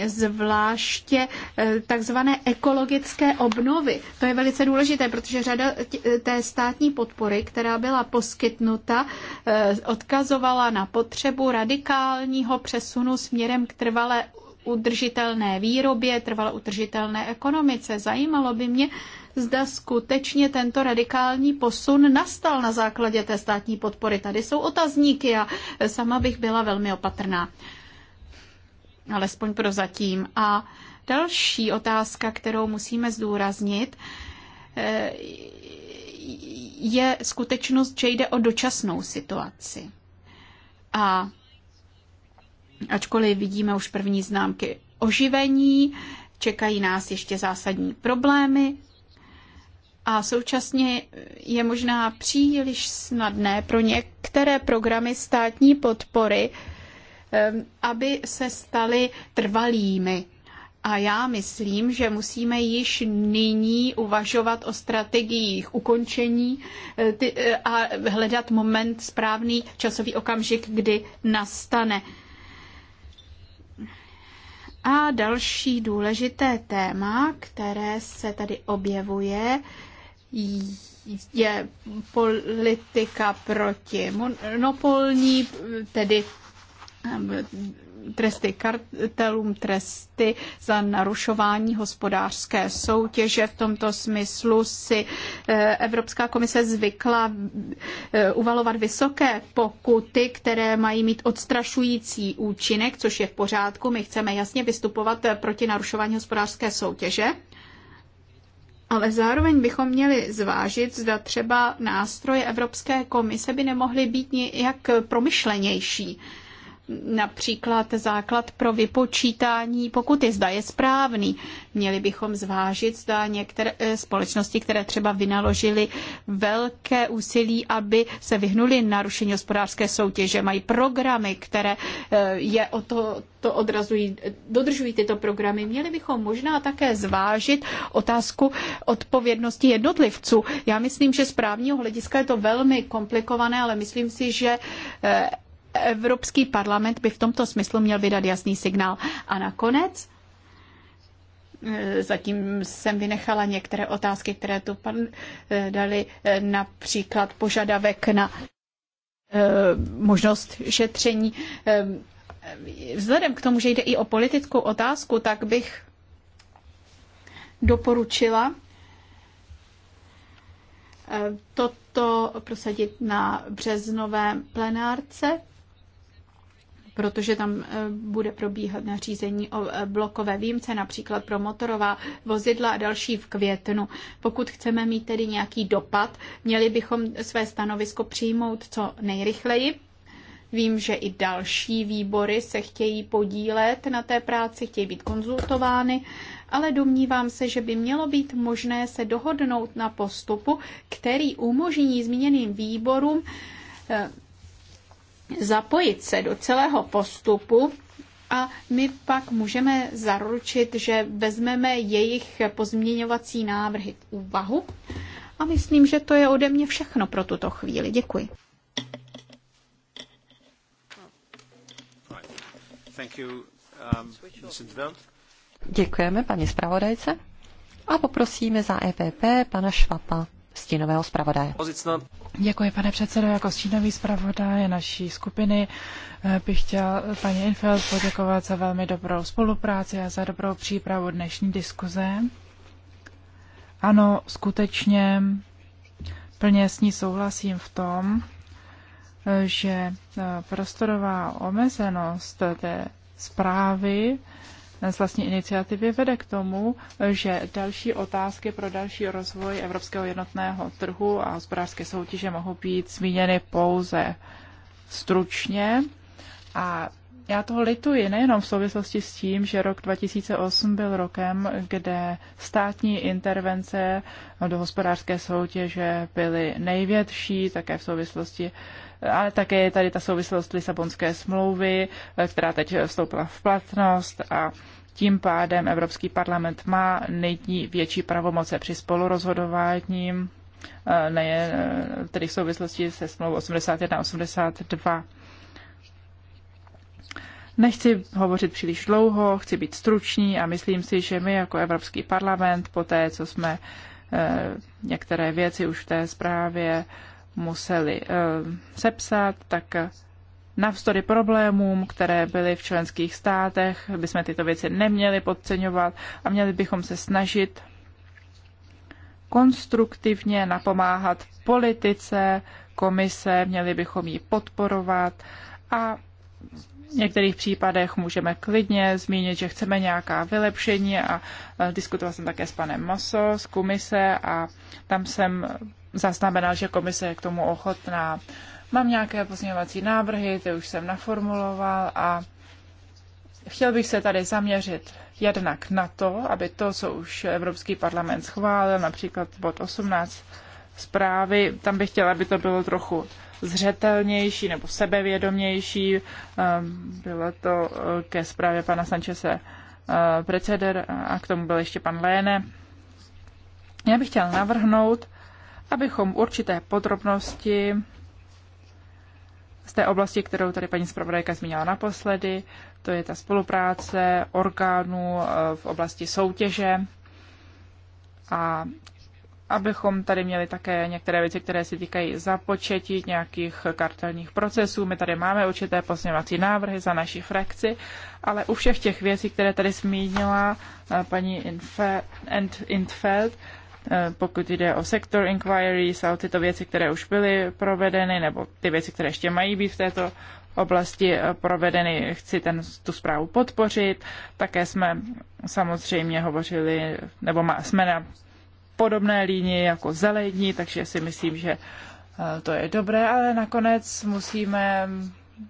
zvláště e, takzvané ekologické obnovy. To je velice důležité, protože řada té státní podpory, která byla poskytnuta, e, odkazovala na potřebu radikálního přesunu směrem k trvalé udržitelné výrobě, trvalé udržitelné ekonomice. Zajímalo by mě, zda skutečně tento radikální posun nastal na základě té státní podpory. Tady jsou otazníky a sama bych byla velmi opatrná alespoň pro zatím. A další otázka, kterou musíme zdůraznit, eh, je skutečnost, že jde o dočasnou situaci. A ačkoliv vidíme už první známky oživení, čekají nás ještě zásadní problémy a současně je možná příliš snadné pro některé programy státní podpory Ehm, aby se staly trvalými. A já myslím, že musíme již nyní uvažovat o strategiích ukončení e, e, a hledat moment správný časový okamžik, kdy nastane. A další důležité téma, které se tady objevuje, je politika proti monopolní, tedy tresty kartelům, tresty za narušování hospodářské soutěže. V tomto smyslu si eh, Evropská komise zvykla eh, uvalovat vysoké pokuty, které mají mít odstrašující účinek, což je v pořádku. My chceme jasně vystupovat eh, proti narušování hospodářské soutěže. Ale zároveň bychom měli zvážit, zda třeba nástroje Evropské komise by nemohly být nějak promyšlenější například základ pro vypočítání pokuty, zda je správný. Měli bychom zvážit, zda některé eh, společnosti, které třeba vynaložily velké úsilí, aby se vyhnuli narušení hospodářské soutěže, mají programy, které eh, je o to, to odrazují, dodržují tyto programy. Měli bychom možná také zvážit otázku odpovědnosti jednotlivců. Já myslím, že z právního hlediska je to velmi komplikované, ale myslím si, že eh, Evropský parlament by v tomto smyslu měl vydat jasný signál. A nakonec, e, zatím jsem vynechala některé otázky, které tu e, dali, e, například požadavek na možnost šetření. Vzhledem k tomu, že jde i o politickou otázku, tak bych doporučila toto prosadit na březnovém plenárce protože tam eh, bude probíhat nařízení o eh, blokové výjimce, například pro motorová vozidla a další v květnu. Pokud chceme mít tedy nějaký dopad, měli bychom své stanovisko přijmout co nejrychleji. Vím, že i další výbory se chtějí podílet na té práci, chtějí být konzultovány, ale domnívám se, že by mělo být možné se dohodnout na postupu, který umožní zmíněným výborům eh, zapojit se do celého postupu a my pak můžeme zaručit, že vezmeme jejich pozměňovací návrhy v úvahu. A myslím, že to je ode mě všechno pro tuto chvíli. Děkuji. Um, Děkujeme paní zpravodajce a poprosíme za EPP pana Švapa stínového zpravodaje. Děkuji, pane předsedo. Jako stínový zpravodaj naší skupiny eh, bych chtěl paní Infeld poděkovat za velmi dobrou spolupráci a za dobrou přípravu dnešní diskuze. Ano, skutečně plně s ní souhlasím v tom, eh, že eh, prostorová omezenost té zprávy Eh, z vlastní iniciativy vede k tomu, že další otázky pro další rozvoj evropského jednotného trhu a hospodářské soutěže mohou být zmíněny pouze stručně a já toho lituji nejenom v souvislosti s tím, že rok 2008 byl rokem, kde státní intervence do hospodářské soutěže byly největší, také v souvislosti ale také je tady ta souvislost Lisabonské smlouvy, která teď vstoupila v platnost a tím pádem Evropský parlament má největší větší pravomoce při spolurozhodování, eh, nejen eh, tedy v souvislosti se smlouvou 81 82. Nechci hovořit příliš dlouho, chci být stručný a myslím si, že my jako Evropský parlament, po té, co jsme eh, některé věci už v té zprávě museli eh, sepsat, tak Navzdory problémům, které byly v členských státech, bychom tyto věci neměli podceňovat a měli bychom se snažit konstruktivně napomáhat politice, komise, měli bychom ji podporovat a v některých případech můžeme klidně zmínit, že chceme nějaká vylepšení a diskutoval jsem také s panem Moso z komise a tam jsem zaznamenal, že komise je k tomu ochotná. Mám nějaké pozměňovací návrhy, ty už jsem naformuloval a chtěl bych se tady zaměřit jednak na to, aby to, co už Evropský parlament schválil, například bod 18 zprávy, tam bych chtěla, aby to bylo trochu zřetelnější nebo sebevědomější. Eh, bylo to eh, ke zprávě pana Sančese eh, preceder a k tomu byl ještě pan Léne. Já bych chtěl navrhnout, abychom určité podrobnosti z té oblasti, kterou tady paní zpravodajka zmínila naposledy, to je ta spolupráce orgánů v oblasti soutěže a abychom tady měli také některé věci, které se týkají započetí nějakých kartelních procesů. My tady máme určité posměvací návrhy za naši frakci, ale u všech těch věcí, které tady zmínila eh, paní Intfeld, eh, pokud jde o sector inquiries a o tyto věci, které už byly provedeny, nebo ty věci, které ještě mají být v této oblasti eh, provedeny, chci ten, tu zprávu podpořit. Také jsme samozřejmě hovořili, nebo má, jsme na podobné línii jako zelení, takže si myslím, že eh, to je dobré, ale nakonec musíme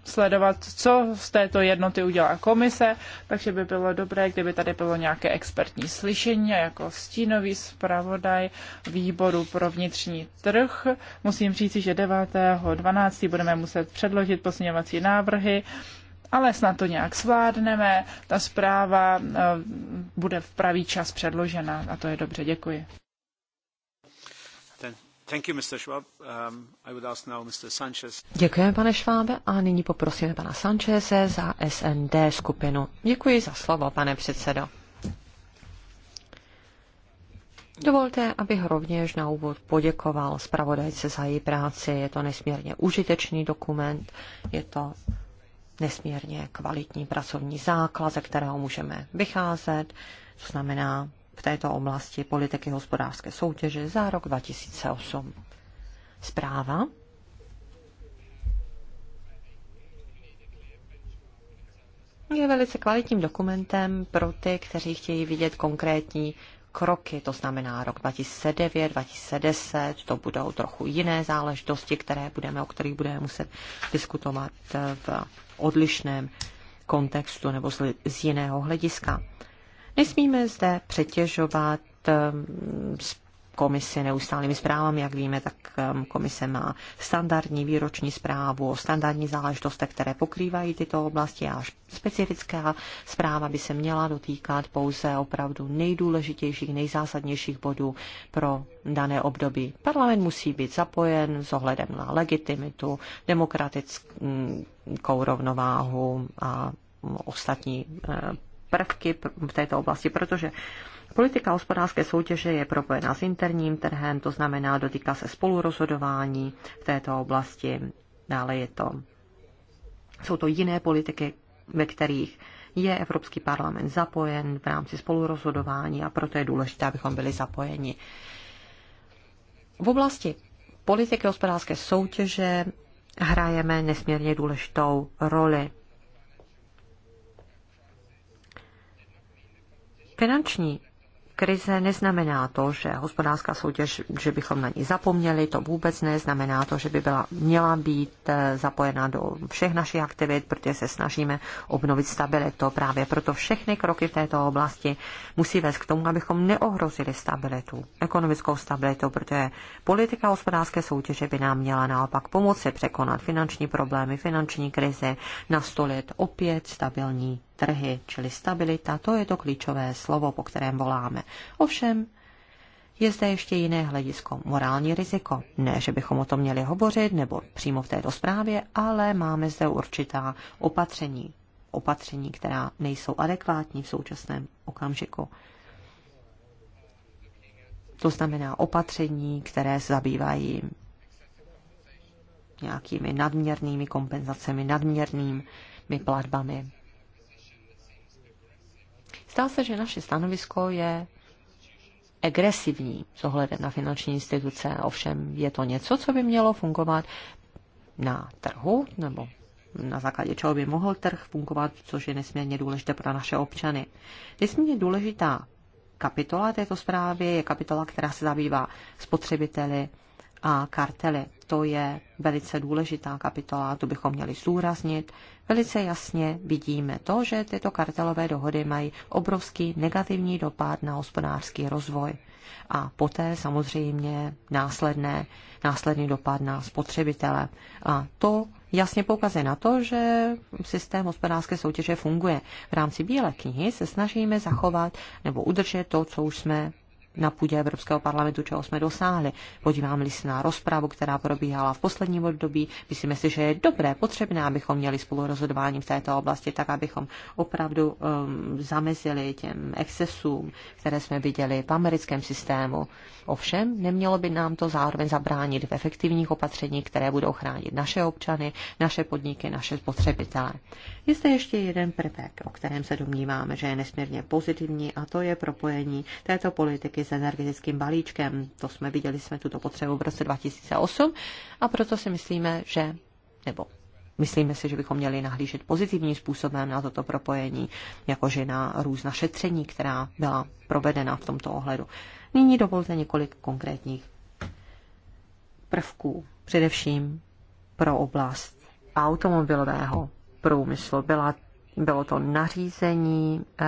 sledovat, co z této jednoty udělá komise, takže by bylo dobré, kdyby tady bylo nějaké expertní slyšení a jako stínový zpravodaj výboru pro vnitřní trh. Musím říct, že 9.12. budeme muset předložit posměvací návrhy, ale snad to nějak zvládneme. Ta zpráva eh, bude v pravý čas předložena a to je dobře. Děkuji. Um, Děkujeme, pane Švábe, a nyní poprosíme pana Sancheze za SND skupinu. Děkuji za slovo, pane předsedo. Dovolte, abych rovněž na úvod poděkoval zpravodajce za její práci. Je to nesmírně užitečný dokument, je to nesmírně kvalitní pracovní základ, ze kterého můžeme vycházet. To znamená, v této oblasti politiky hospodářské soutěže za rok 2008. Zpráva je velice kvalitním dokumentem pro ty, kteří chtějí vidět konkrétní kroky, to znamená rok 2009, 2010, to budou trochu jiné záležitosti, které budeme, o kterých budeme muset diskutovat v odlišném kontextu nebo z, z jiného hlediska. Nesmíme zde přetěžovat ehm, komisi neustálými zprávami, jak víme, tak ehm, komise má standardní výroční zprávu o standardní záležitostech, které pokrývají tyto oblasti a specifická zpráva by se měla dotýkat pouze opravdu nejdůležitějších, nejzásadnějších bodů pro dané období. Parlament musí být zapojen s ohledem na legitimitu, demokratickou rovnováhu a ostatní ehm, prvky v této oblasti, protože politika hospodářské soutěže je propojená s interním trhem, to znamená, dotýká se spolurozhodování v této oblasti. Dále je to, jsou to jiné politiky, ve kterých je Evropský parlament zapojen v rámci spolurozhodování a proto je důležité, abychom byli zapojeni. V oblasti politiky hospodářské soutěže hrajeme nesmírně důležitou roli. Finanční krize neznamená to, že hospodářská soutěž, že bychom na ní zapomněli, to vůbec neznamená to, že by byla, měla být eh, zapojena do všech našich aktivit, protože se snažíme obnovit stabilitu. Právě proto všechny kroky v této oblasti musí vést k tomu, abychom neohrozili stabilitu, ekonomickou stabilitu, protože politika hospodářské soutěže by nám měla naopak pomoci překonat finanční problémy, finanční krize, nastolit opět stabilní trhy, čili stabilita, to je to klíčové slovo, po kterém voláme. Ovšem, je zde ještě jiné hledisko, morální riziko. Ne, že bychom o tom měli hovořit nebo přímo v této zprávě, ale máme zde určitá opatření. Opatření, která nejsou adekvátní v současném okamžiku. To znamená opatření, které zabývají nějakými nadměrnými kompenzacemi, nadměrnými platbami. Zdá se, že naše stanovisko je agresivní s ohledem na finanční instituce. Ovšem je to něco, co by mělo fungovat na trhu, nebo na základě čeho by mohl trh fungovat, což je nesmírně důležité pro naše občany. Nesmírně důležitá kapitola této zprávy je kapitola, která se zabývá spotřebiteli, a kartely. To je velice důležitá kapitola, tu bychom měli zúraznit. Velice jasně vidíme to, že tyto kartelové dohody mají obrovský negativní dopad na hospodářský rozvoj a poté samozřejmě následné, následný dopad na spotřebitele. A to jasně poukazuje na to, že systém hospodářské soutěže funguje. V rámci Bílé knihy se snažíme zachovat nebo udržet to, co už jsme na půdě Evropského parlamentu, čeho jsme dosáhli. Podíváme-li se na rozpravu, která probíhala v posledním období, myslíme si, že je dobré, potřebné, abychom měli spolurozhodování v této oblasti, tak abychom opravdu um, zamezili těm excesům, které jsme viděli v americkém systému. Ovšem, nemělo by nám to zároveň zabránit v efektivních opatření, které budou chránit naše občany, naše podniky, naše spotřebitele. Je zde ještě jeden prvek, o kterém se domníváme, že je nesmírně pozitivní, a to je propojení této politiky s energetickým balíčkem. To jsme viděli, jsme tuto potřebu v roce 2008 a proto si myslíme, že, nebo Myslíme si, že bychom měli nahlížet pozitivním způsobem na toto propojení, jakože na různá šetření, která byla provedena v tomto ohledu. Nyní dovolte několik konkrétních prvků, především pro oblast automobilového průmyslu. Byla bylo to nařízení eh,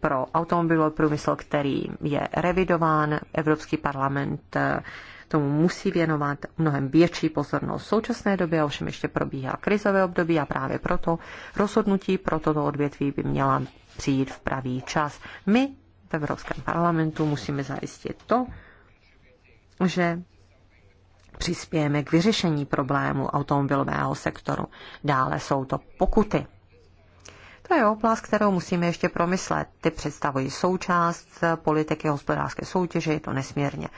pro automobilový průmysl, který je revidován. Evropský parlament eh, tomu musí věnovat mnohem větší pozornost. V současné době ovšem ještě probíhá krizové období a právě proto rozhodnutí pro toto odvětví by měla přijít v pravý čas. My v Evropském parlamentu musíme zajistit to, že přispějeme k vyřešení problému automobilového sektoru. Dále jsou to pokuty. To je oblast, kterou musíme ještě promyslet. Ty představují součást politiky hospodářské soutěže, je to nesmírně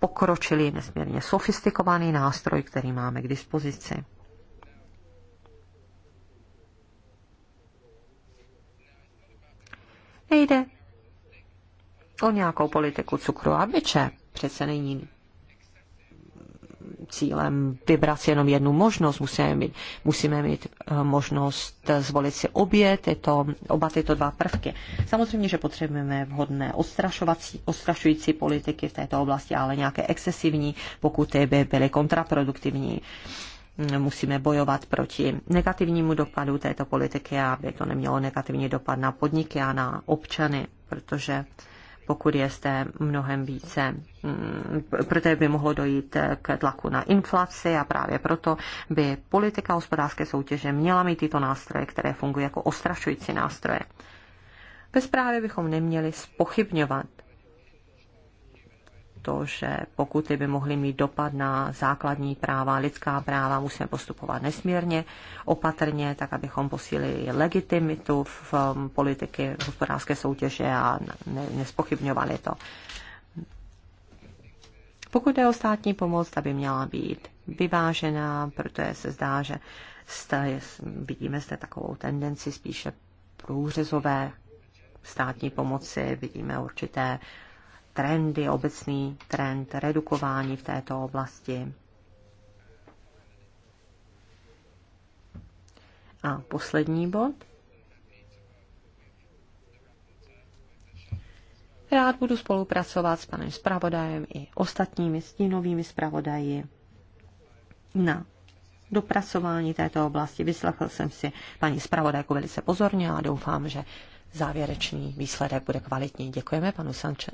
pokročilý, nesmírně sofistikovaný nástroj, který máme k dispozici. Nejde o nějakou politiku cukru a byče, přece není cílem vybrat si jenom jednu možnost. Musíme mít, musíme mít eh, možnost zvolit si obě tyto, oba tyto dva prvky. Samozřejmě, že potřebujeme vhodné ostrašovací, ostrašující politiky v této oblasti, ale nějaké excesivní pokuty by byly kontraproduktivní musíme bojovat proti negativnímu dopadu této politiky, aby to nemělo negativní dopad na podniky a na občany, protože pokud je zde mnohem více, mm, proto by mohlo dojít k tlaku na inflaci a právě proto by politika hospodářské soutěže měla mít tyto nástroje, které fungují jako ostrašující nástroje. Ve zprávě bychom neměli spochybňovat to, že pokuty by mohly mít dopad na základní práva, lidská práva, musíme postupovat nesmírně opatrně, tak abychom posílili legitimitu v um, politiky hospodářské soutěže a ne, nespochybňovali to. Pokud je o státní pomoc, ta by měla být vyvážená, protože se zdá, že jste, vidíme zde takovou tendenci spíše průřezové státní pomoci, vidíme určité uh, trendy, obecný trend redukování v této oblasti. A poslední bod. Rád budu spolupracovat s panem zpravodajem i ostatními stínovými zpravodaji na dopracování této oblasti. Vyslechl jsem si paní zpravodajku velice pozorně a doufám, že závěrečný výsledek bude kvalitní. Děkujeme panu Sanče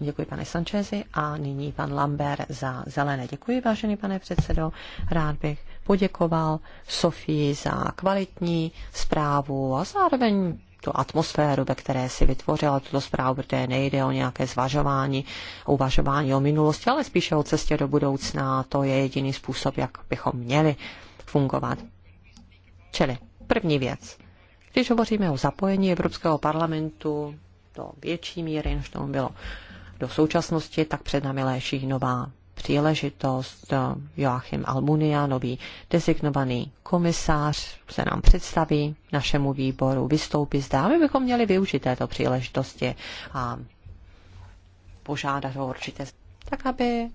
Děkuji pane Sanchezi a nyní pan Lambert za zelené. Děkuji, vážený pane předsedo. Rád bych poděkoval Sofii za kvalitní zprávu a zároveň tu atmosféru, ve které si vytvořila tuto zprávu, protože nejde o nějaké zvažování, uvažování o minulosti, ale spíše o cestě do budoucna. To je jediný způsob, jak bychom měli fungovat. Čili první věc. Když hovoříme o zapojení Evropského parlamentu do větší míry, než tomu bylo do současnosti, tak před námi léží nová příležitost. Joachim Almunia, nový designovaný komisář, se nám představí našemu výboru, vystoupí zde a my bychom měli využít této příležitosti a požádat o určité tak aby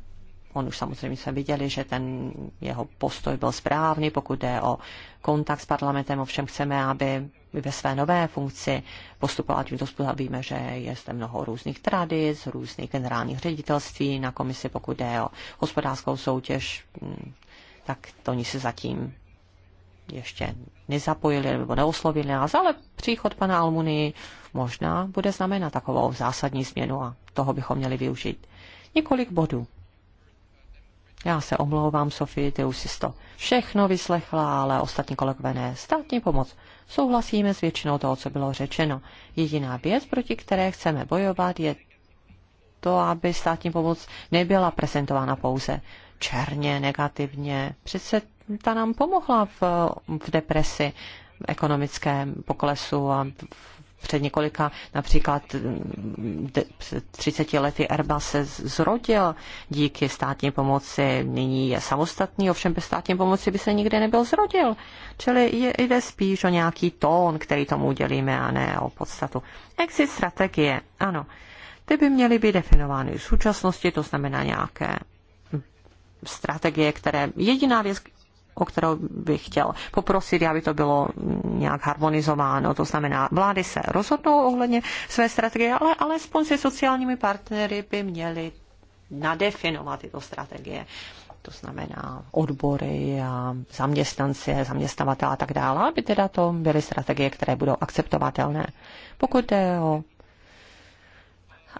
On už samozřejmě jsme viděli, že ten jeho postoj byl správný, pokud jde o kontakt s parlamentem, ovšem chceme, aby ve své nové funkci postupoval tímto způsobem. Víme, že je zde mnoho různých tradic, různých generálních ředitelství na komisi, pokud jde o hospodářskou soutěž, hm, tak to oni se zatím ještě nezapojili nebo neoslovili nás, ale příchod pana Almuny možná bude znamenat takovou zásadní změnu a toho bychom měli využít. Několik bodů já se omlouvám, Sofie, ty už jsi to všechno vyslechla, ale ostatní kolegové ne. Státní pomoc. Souhlasíme s většinou toho, co bylo řečeno. Jediná věc, proti které chceme bojovat, je to, aby státní pomoc nebyla prezentována pouze černě, negativně. Přece ta nám pomohla v, v depresi, v ekonomickém poklesu a před několika, například 30 mm, lety Airbus se zrodil díky státní pomoci, nyní je samostatný, ovšem bez státní pomoci by se nikdy nebyl zrodil. Čili je, jde spíš o nějaký tón, který tomu udělíme, a ne o podstatu. Exit strategie, ano. Ty by měly být definovány v současnosti, to znamená nějaké hm, strategie, které jediná věc, o kterou bych chtěl poprosit, aby to bylo nějak harmonizováno. To znamená, vlády se rozhodnou ohledně své strategie, ale alespoň se sociálními partnery by měly nadefinovat tyto strategie to znamená odbory a zaměstnanci, zaměstnavatele a tak dále, aby teda to byly strategie, které budou akceptovatelné. Pokud jde o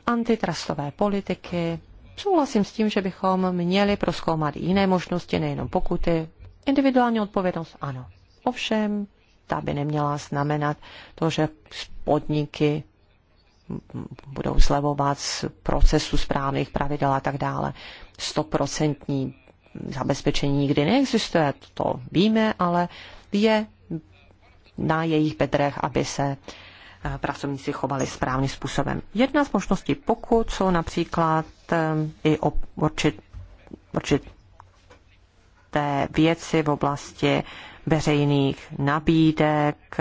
antitrustové politiky, souhlasím s tím, že bychom měli proskoumat jiné možnosti, nejenom pokuty, Individuální odpovědnost, ano. Ovšem, ta by neměla znamenat to, že podniky budou zlevovat z procesu správných pravidel a tak dále. Stoprocentní zabezpečení nikdy neexistuje, to víme, ale je na jejich bedrech, aby se eh, pracovníci chovali správným způsobem. Jedna z možností pokud jsou například eh, i určit, určit té věci v oblasti veřejných nabídek,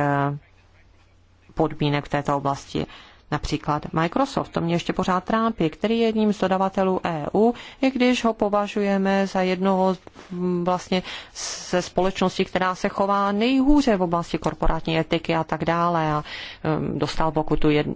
podmínek v této oblasti. Například Microsoft, to mě ještě pořád trápí, který je jedním z dodavatelů EU, i když ho považujeme za jednoho mm, vlastně ze společnosti, která se chová nejhůře v oblasti korporátní etiky a tak dále a um, dostal pokutu jed,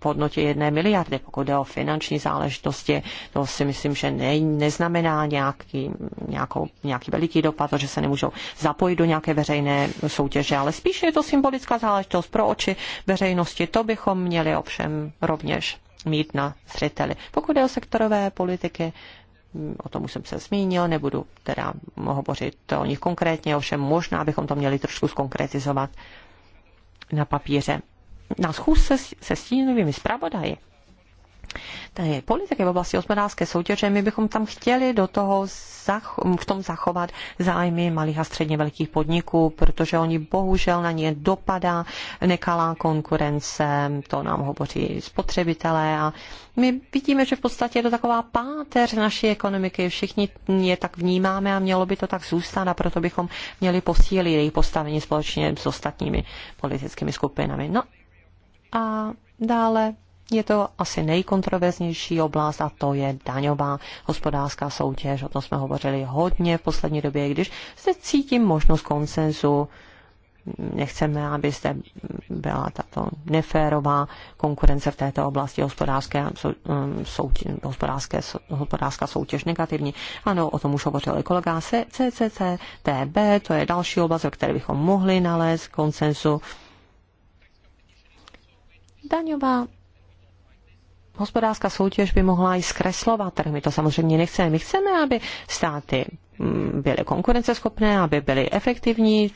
v hodnotě jedné miliardy, pokud jde o finanční záležitosti. To si myslím, že ne, neznamená nějaký, nějakou, nějaký veliký dopad, to, že se nemůžou zapojit do nějaké veřejné soutěže, ale spíše je to symbolická záležitost pro oči veřejnosti. To bychom měli ovšem ovšem rovněž mít na zřeteli. Pokud je o sektorové politiky, o tom už jsem se zmínil, nebudu teda hovořit o nich konkrétně, ovšem možná bychom to měli trošku zkonkretizovat na papíře. Na schůzce se, se stínovými zpravodaji Tedy politiky v oblasti hospodářské soutěže, my bychom tam chtěli do toho v tom zachovat zájmy malých a středně velkých podniků, protože oni bohužel na ně dopadá nekalá konkurence, to nám hovoří spotřebitelé a my vidíme, že v podstatě je to taková páteř naší ekonomiky, všichni je tak vnímáme a mělo by to tak zůstat a proto bychom měli posílit jejich postavení společně s ostatními politickými skupinami. No a dále je to asi nejkontroverznější oblast a to je daňová hospodářská soutěž. O tom jsme hovořili hodně v poslední době, když se cítím možnost konsenzu. Nechceme, aby zde byla tato neférová konkurence v této oblasti hospodářské, um, soutěž, hospodářské, hospodářská soutěž negativní. Ano, o tom už hovořil kolega CCCTB, to je další oblast, o které bychom mohli nalézt konsenzu. Daňová hospodářská soutěž by mohla i zkreslovat trh. My to samozřejmě nechceme. My chceme, aby státy mm, byly konkurenceschopné, aby byly efektivní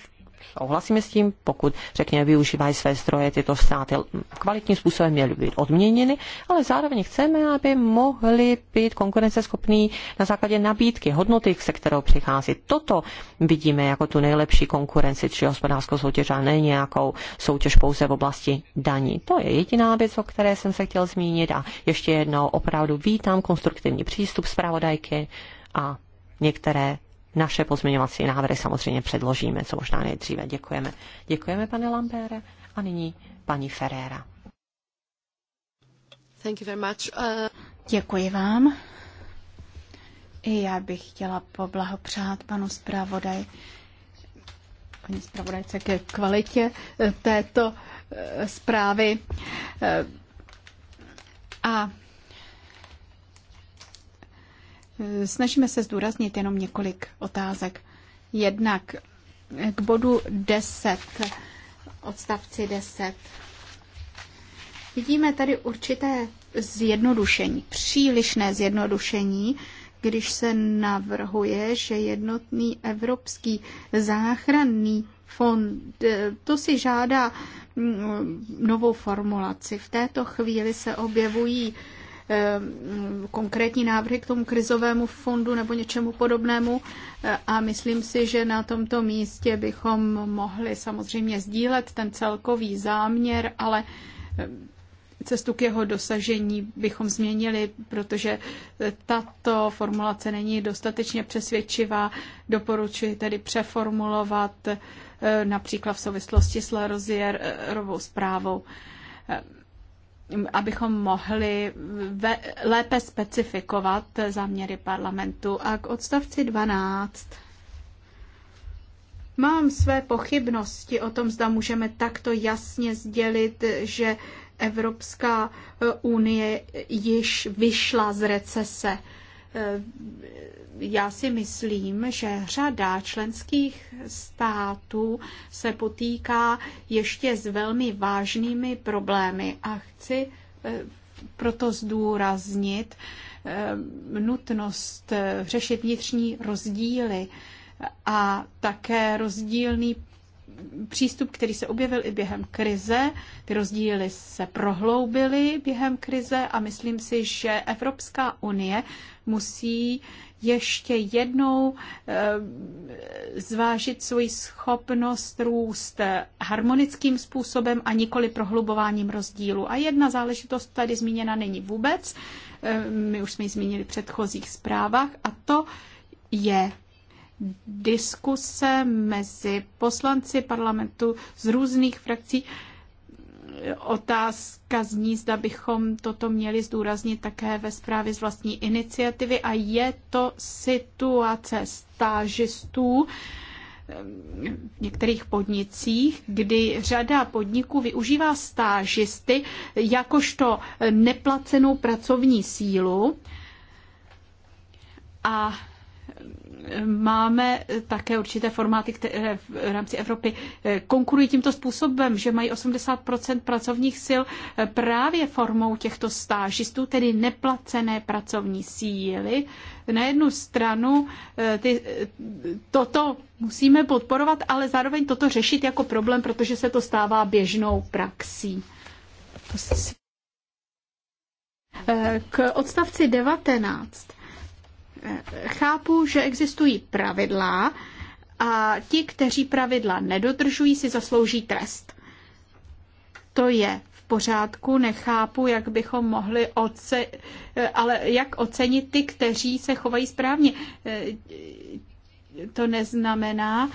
souhlasíme s tím, pokud, řekněme, využívají své zdroje tyto státy kvalitním způsobem, měly být odměněny, ale zároveň chceme, aby mohly být konkurenceschopní na základě nabídky, hodnoty, se kterou přichází. Toto vidíme jako tu nejlepší konkurenci či hospodářskou soutěž a ne nějakou soutěž pouze v oblasti daní. To je jediná věc, o které jsem se chtěl zmínit a ještě jednou opravdu vítám konstruktivní přístup zpravodajky a některé naše pozměňovací návrhy samozřejmě předložíme, co možná nejdříve. Děkujeme. Děkujeme, pane Lambere. A nyní paní Ferrera. Thank you very much. Uh... Děkuji vám. I já bych chtěla poblahopřát panu zpravodaj, paní zpravodajce ke kvalitě eh, této eh, zprávy. Eh, a Snažíme se zdůraznit jenom několik otázek. Jednak k bodu 10, odstavci 10. Vidíme tady určité zjednodušení, přílišné zjednodušení, když se navrhuje, že jednotný evropský záchranný fond, eh, to si žádá mm, novou formulaci. V této chvíli se objevují Eh, konkrétní návrhy k tomu krizovému fondu nebo něčemu podobnému. Eh, a myslím si, že na tomto místě bychom mohli samozřejmě sdílet ten celkový záměr, ale eh, cestu k jeho dosažení bychom změnili, protože tato formulace není dostatečně přesvědčivá. Doporučuji tedy přeformulovat například v souvislosti s Lerozierovou zprávou abychom mohli ve, lépe specifikovat záměry parlamentu. A k odstavci 12 mám své pochybnosti o tom, zda můžeme takto jasně sdělit, že Evropská unie již vyšla z recese Eh, já si myslím, že řada členských států se potýká ještě s velmi vážnými problémy a chci eh, proto zdůraznit eh, nutnost řešit vnitřní rozdíly a také rozdílný přístup, který se objevil i během krize. Ty rozdíly se prohloubily během krize a myslím si, že Evropská unie musí ještě jednou eh, zvážit svoji schopnost růst harmonickým způsobem a nikoli prohlubováním rozdílu. A jedna záležitost tady zmíněna není vůbec, eh, my už jsme ji zmínili v předchozích zprávách, a to je diskuse mezi poslanci parlamentu z různých frakcí. Otázka zní, zda bychom toto měli zdůraznit také ve zprávě z vlastní iniciativy a je to situace stážistů, v některých podnicích, kdy řada podniků využívá stážisty jakožto neplacenou pracovní sílu a máme také určité formáty, které v rámci Evropy eh, konkurují tímto způsobem, že mají 80 pracovních sil eh, právě formou těchto stážistů, tedy neplacené pracovní síly. Na jednu stranu eh, ty, toto musíme podporovat, ale zároveň toto řešit jako problém, protože se to stává běžnou praxí. K odstavci 19 Chápu, že existují pravidla a ti, kteří pravidla nedodržují, si zaslouží trest. To je v pořádku, nechápu, jak bychom mohli oce- ale jak ocenit ty, kteří se chovají správně to neznamená,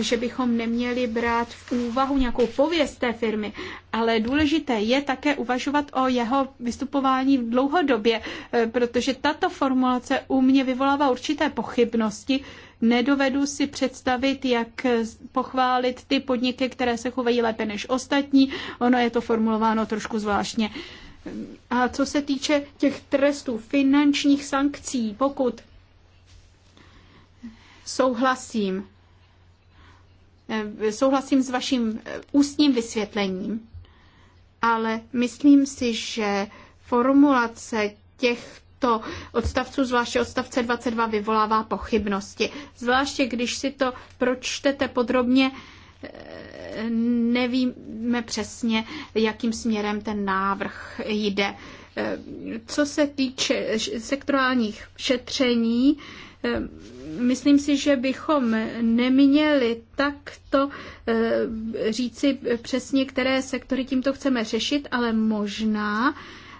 že bychom neměli brát v úvahu nějakou pověst té firmy, ale důležité je také uvažovat o jeho vystupování v dlouhodobě, eh, protože tato formulace u mě vyvolává určité pochybnosti. Nedovedu si představit, jak pochválit ty podniky, které se chovají lépe než ostatní. Ono je to formulováno trošku zvláštně. A co se týče těch trestů, finančních sankcí, pokud Souhlasím. Eh, souhlasím s vaším eh, ústním vysvětlením, ale myslím si, že formulace těchto odstavců, zvláště odstavce 22, vyvolává pochybnosti. Zvláště když si to pročtete podrobně, eh, nevíme přesně, jakým směrem ten návrh jde. Co se týče sektorálních šetření, Eh, myslím si, že bychom neměli takto eh, říci přesně, které sektory tímto chceme řešit, ale možná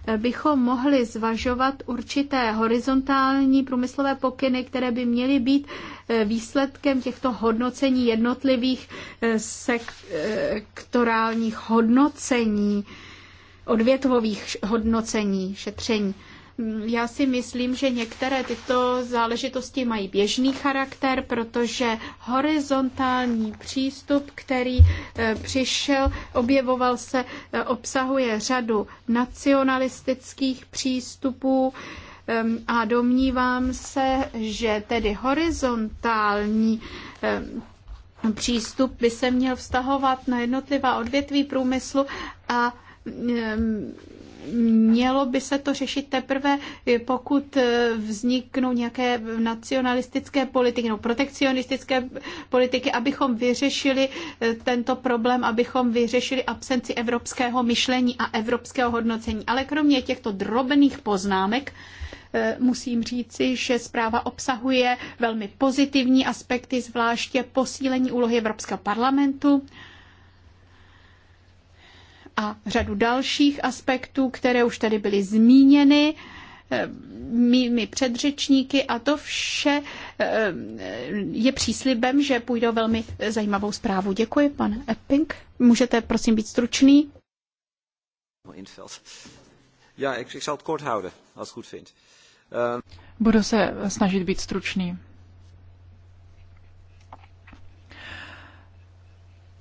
eh, bychom mohli zvažovat určité horizontální průmyslové pokyny, které by měly být výsledkem těchto hodnocení jednotlivých sektorálních hodnocení, odvětvových hodnocení, šetření. Já si myslím, že některé tyto záležitosti mají běžný charakter, protože horizontální přístup, který eh, přišel, objevoval se, eh, obsahuje řadu nacionalistických přístupů ehm, a domnívám se, že tedy horizontální ehm, přístup by se měl vztahovat na jednotlivá odvětví průmyslu a ehm, mělo by se to řešit teprve, eh, pokud eh, vzniknou nějaké nacionalistické politiky nebo protekcionistické politiky, abychom vyřešili eh, tento problém, abychom vyřešili absenci evropského myšlení a evropského hodnocení. Ale kromě těchto drobných poznámek, musím říci, že zpráva obsahuje velmi pozitivní aspekty, zvláště posílení úlohy Evropského parlamentu a řadu dalších aspektů, které už tady byly zmíněny eh, mými předřečníky a to vše eh, je příslibem, že půjde o velmi zajímavou zprávu. Děkuji, pan Epping. Můžete prosím být stručný? Eh, Budu se snažit být stručný.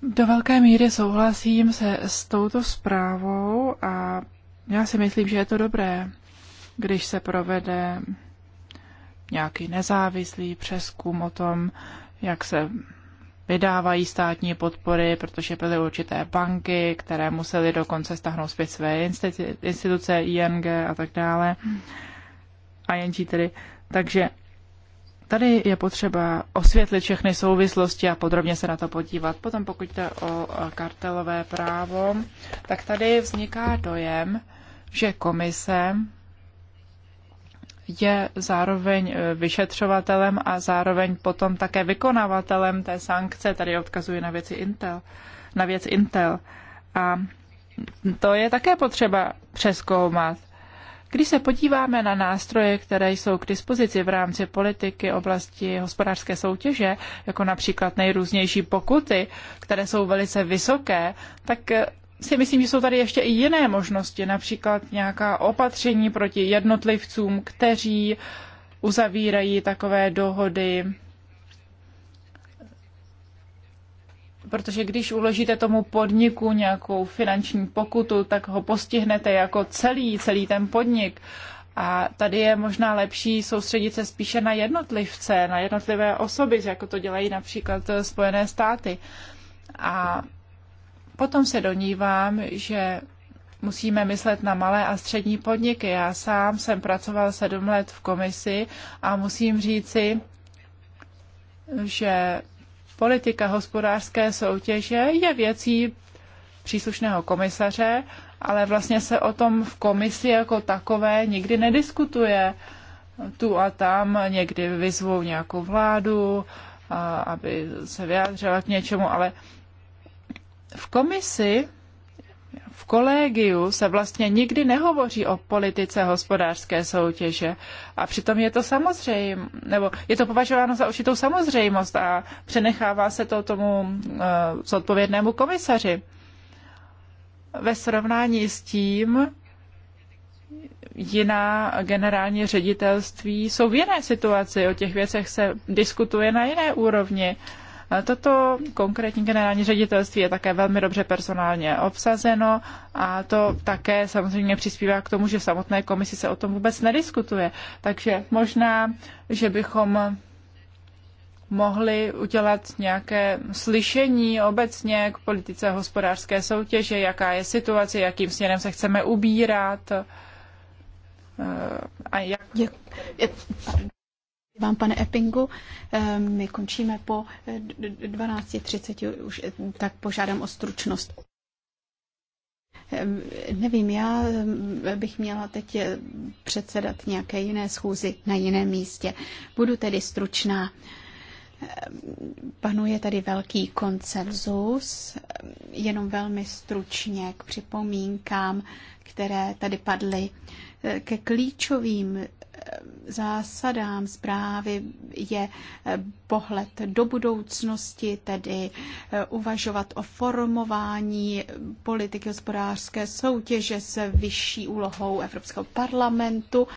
Do velké míry souhlasím se s touto zprávou a já si myslím, že je to dobré, když se provede nějaký nezávislý přeskum o tom, jak se vydávají státní podpory, protože byly určité banky, které musely dokonce stáhnout zpět své instituce, ING a tak dále. A jenčí tedy. Takže Tady je potřeba osvětlit všechny souvislosti a podrobně se na to podívat. Potom pokud jde o kartelové právo, tak tady vzniká dojem, že komise je zároveň e, vyšetřovatelem a zároveň potom také vykonavatelem té sankce. Tady odkazuji na, věci Intel, na věc Intel. A to je také potřeba přeskoumat. Když se podíváme na nástroje, které jsou k dispozici v rámci politiky oblasti hospodářské soutěže, jako například nejrůznější pokuty, které jsou velice vysoké, tak eh, si myslím, že jsou tady ještě i jiné možnosti, například nějaká opatření proti jednotlivcům, kteří uzavírají takové dohody Protože když uložíte tomu podniku nějakou finanční pokutu, tak ho postihnete jako celý, celý ten podnik. A tady je možná lepší soustředit se spíše na jednotlivce, na jednotlivé osoby, jako to dělají například Spojené státy. A potom se donívám, že musíme myslet na malé a střední podniky. Já sám jsem pracoval sedm let v komisi a musím říci, že Politika hospodářské soutěže je věcí příslušného komisaře, ale vlastně se o tom v komisi jako takové nikdy nediskutuje. Tu a tam někdy vyzvou nějakou vládu, aby se vyjádřila k něčemu, ale v komisi kolegiu se vlastně nikdy nehovoří o politice hospodářské soutěže a přitom je to samozřejm, nebo je to považováno za určitou samozřejmost a přenechává se to tomu uh, zodpovědnému komisaři. Ve srovnání s tím, jiná generální ředitelství jsou v jiné situaci, o těch věcech se diskutuje na jiné úrovni. Uh, Toto konkrétní generální ředitelství je také velmi dobře personálně obsazeno a to také samozřejmě přispívá k tomu, že samotné komisi se o tom vůbec nediskutuje. Takže možná, že bychom mohli udělat nějaké slyšení obecně k politice hospodářské soutěže, jaká je situace, jakým směrem se chceme ubírat. Eh, a jak vám, pane Eppingu. Eh, my končíme po 12.30, eh, už, eh, tak požádám o stručnost. Nevím, já bych měla teď předsedat nějaké jiné schůzi na jiném místě. Budu tedy stručná. Panuje tady velký koncenzus, jenom velmi stručně k připomínkám, které tady padly ke klíčovým zásadám zprávy je eh, pohled do budoucnosti, tedy eh, uvažovat o formování politiky hospodářské soutěže s vyšší úlohou Evropského parlamentu